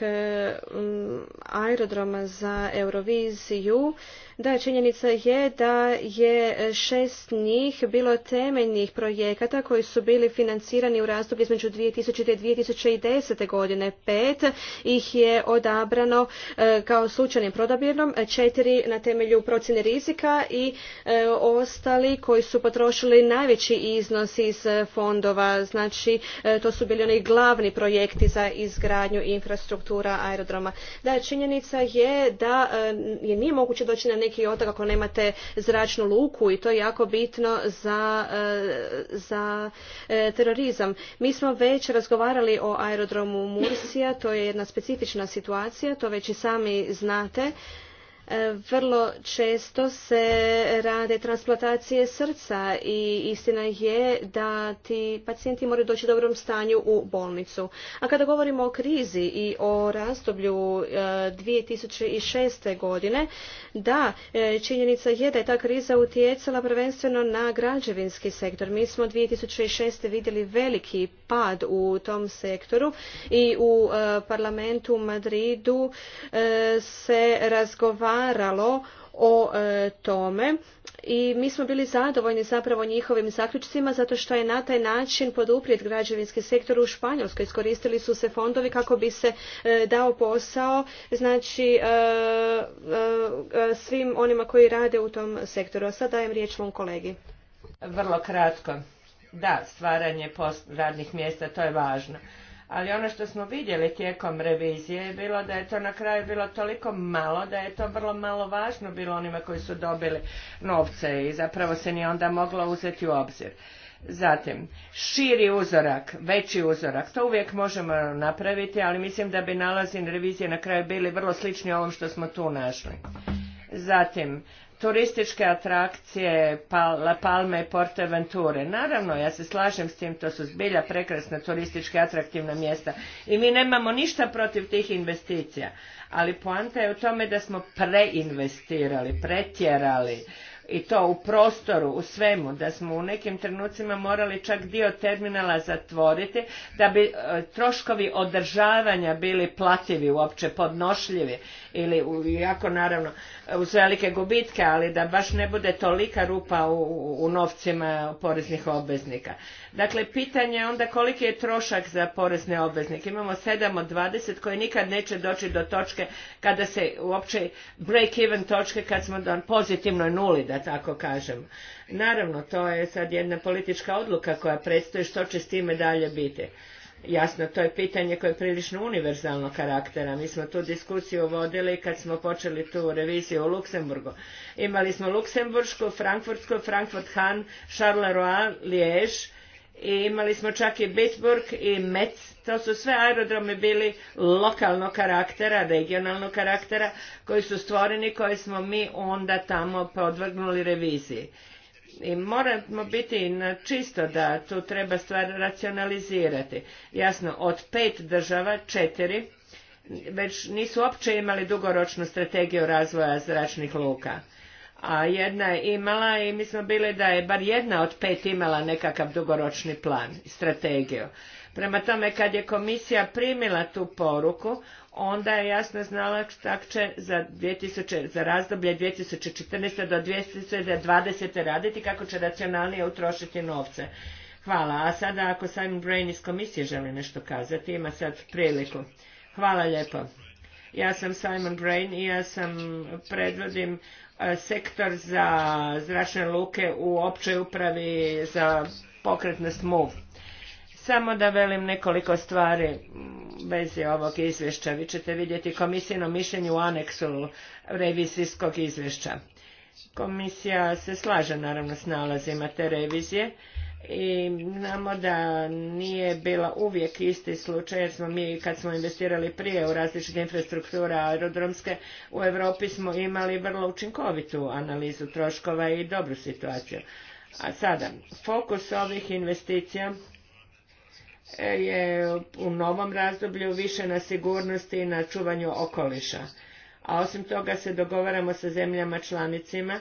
aerodroma za Euroviziju da, činjenica je da je šest njih bilo temeljnih projekata koji su bili financirani u razdoblju između 2000. i 2010. godine. Pet ih je odabrano e, kao slučajnim prodabirom, četiri na temelju procjene rizika i e, ostali koji su potrošili najveći iznos iz fondova. Znači, e, to su bili oni glavni projekti za izgradnju infrastruktura aerodroma. Da, činjenica je da nije moguće doći na neki otok ako nemate zračnu luku i to je jako bitno za, eh, eh, terorizam. Mi smo već razgovarali o aerodromu Mursija, to je jedna specifična situacija, to već i sami znate. E, vrlo često se rade transplantacije srca i istina je da ti pacijenti moraju doći u dobrom stanju u bolnicu. A kada govorimo o krizi i o razdoblju 2006. E, godine, da, e, činjenica je da je ta kriza utjecala prvenstveno na građevinski sektor. Mi smo 2006. vidjeli veliki pad u tom sektoru i u e, parlamentu u Madridu e, se razgovaralo o e, tome i mi smo bili zadovoljni zapravo njihovim zaključcima zato što je na taj način poduprijet građevinski sektor u Španjolskoj. Iskoristili su se fondovi kako bi se dao posao znači svim onima koji rade u tom sektoru. A sad dajem riječ mom kolegi. Vrlo kratko da, stvaranje radnih mjesta, to je važno. Ali ono što smo vidjeli tijekom revizije je bilo da je to na kraju bilo toliko malo, da je to vrlo malo važno bilo onima koji su dobili novce i zapravo se nije onda moglo uzeti u obzir. Zatim, širi uzorak, veći uzorak, to uvijek možemo napraviti, ali mislim da bi nalazi revizije na kraju bili vrlo slični ovom što smo tu našli. Zatim, turističke atrakcije La Palme i Porteventure. Naravno, ja se slažem s tim, to su zbilja prekrasna turistički atraktivna mjesta i mi nemamo ništa protiv tih investicija, ali poanta je u tome da smo preinvestirali, pretjerali i to u prostoru, u svemu, da smo u nekim trenucima morali čak dio terminala zatvoriti da bi e, troškovi održavanja bili plativi, uopće podnošljivi ili u, jako naravno uz velike gubitke, ali da baš ne bude tolika rupa u, novcima poreznih obveznika. Dakle, pitanje je onda koliki je trošak za porezne obveznike. Imamo sedam od dvadeset koji nikad neće doći do točke kada se uopće break-even točke kad smo na pozitivnoj nuli, da tako kažem. Naravno, to je sad jedna politička odluka koja predstoji što će s time dalje biti. Jasno, to je pitanje koje je prilično univerzalnog karaktera. Mi smo tu diskusiju vodili kad smo počeli tu reviziju u Luksemburgu. Imali smo Luksemburšku, Frankfurtsku, Frankfurt Han, Charleroi, Liege i imali smo čak i Bitburg i Metz. To su sve aerodromi bili lokalnog karaktera, regionalnog karaktera koji su stvoreni, koje smo mi onda tamo podvrgnuli reviziji. I moramo biti na čisto da tu treba stvar racionalizirati. Jasno, od pet država, četiri, već nisu uopće imali dugoročnu strategiju razvoja zračnih luka. A jedna je imala i mi smo bili da je bar jedna od pet imala nekakav dugoročni plan, strategiju. Prema tome, kad je komisija primila tu poruku, onda je jasno znala šta će za, 2000, za razdoblje 2014. do 2020. raditi, kako će racionalnije utrošiti novce. Hvala. A sada ako Simon Brain iz komisije želi nešto kazati, ima sad priliku. Hvala lijepo. Ja sam Simon Brain i ja sam predvodim e, sektor za zračne luke u općoj upravi za pokretnost MOVE. Samo da velim nekoliko stvari vezi ovog izvješća. Vi ćete vidjeti komisijno mišljenje u aneksu revizijskog izvješća. Komisija se slaže naravno s nalazima te revizije i znamo da nije bila uvijek isti slučaj jer smo mi kad smo investirali prije u različite infrastrukture aerodromske u Europi smo imali vrlo učinkovitu analizu troškova i dobru situaciju. A sada, fokus ovih investicija E, je u novom razdoblju više na sigurnosti i na čuvanju okoliša. A osim toga se dogovaramo sa zemljama članicima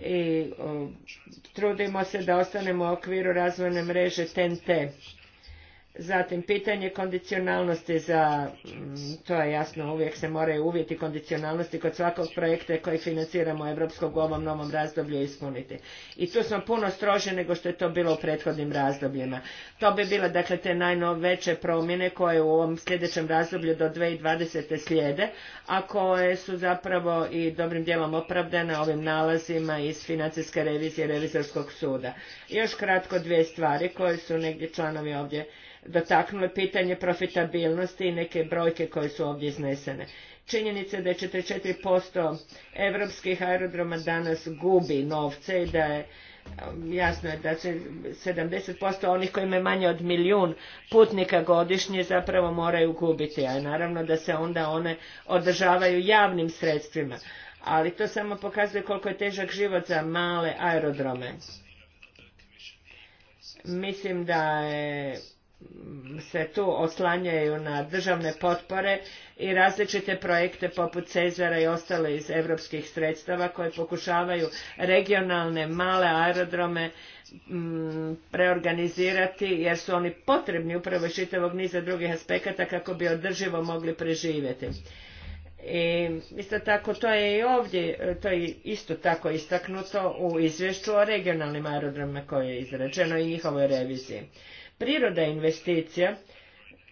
i um, trudimo se da ostanemo u okviru razvojne mreže TNT Zatim, pitanje kondicionalnosti za, mm, to je jasno, uvijek se moraju uvjeti kondicionalnosti kod svakog projekta koji financiramo Evropskog u ovom novom razdoblju ispuniti. I tu smo puno strože nego što je to bilo u prethodnim razdobljima. To bi bile, dakle, te najnoveće promjene koje u ovom sljedećem razdoblju do 2020. slijede, a koje su zapravo i dobrim dijelom opravdane ovim nalazima iz financijske revizije Revizorskog suda. Još kratko dvije stvari koje su negdje članovi ovdje dotaknule pitanje profitabilnosti i neke brojke koje su ovdje iznesene. Činjenica je da je 44% europskih aerodroma danas gubi novce i da je um, jasno je da sedamdeset 70% onih koji imaju manje od milijun putnika godišnje zapravo moraju gubiti, a naravno da se onda one održavaju javnim sredstvima. Ali to samo pokazuje koliko je težak život za male aerodrome. Mislim da je se tu oslanjaju na državne potpore i različite projekte poput Cezara i ostale iz europskih sredstava koje pokušavaju regionalne male aerodrome preorganizirati mm, jer su oni potrebni upravo iz čitavog niza drugih aspekata kako bi održivo mogli preživjeti. I isto tako to je i ovdje, to je isto tako istaknuto u izvješću o regionalnim aerodromima koje je izrađeno i njihovoj reviziji. Priroda investicija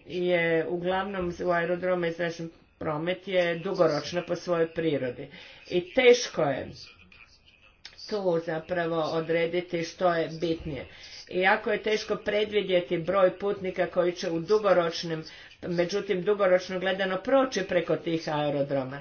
je uglavnom u aerodrome i zračnom promet je dugoročna po svojoj prirodi i teško je tu zapravo odrediti što je bitnije. Iako je teško predvidjeti broj putnika koji će u dugoročnim, međutim dugoročno gledano proći preko tih aerodroma.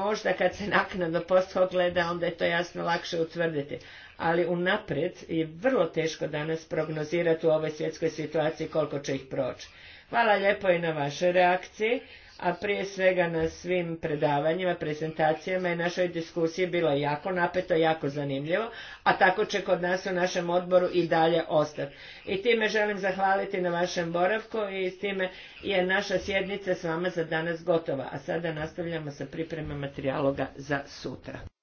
Možda kad se naknadno post gleda onda je to jasno lakše utvrditi ali unaprijed je vrlo teško danas prognozirati u ovoj svjetskoj situaciji koliko će ih proći. Hvala lijepo i na vašoj reakciji, a prije svega na svim predavanjima, prezentacijama i našoj diskusiji bilo je jako napeto, jako zanimljivo, a tako će kod nas u našem odboru i dalje ostati. I time želim zahvaliti na vašem boravku i s time je naša sjednica s vama za danas gotova, a sada nastavljamo sa pripremama trijaloga za sutra.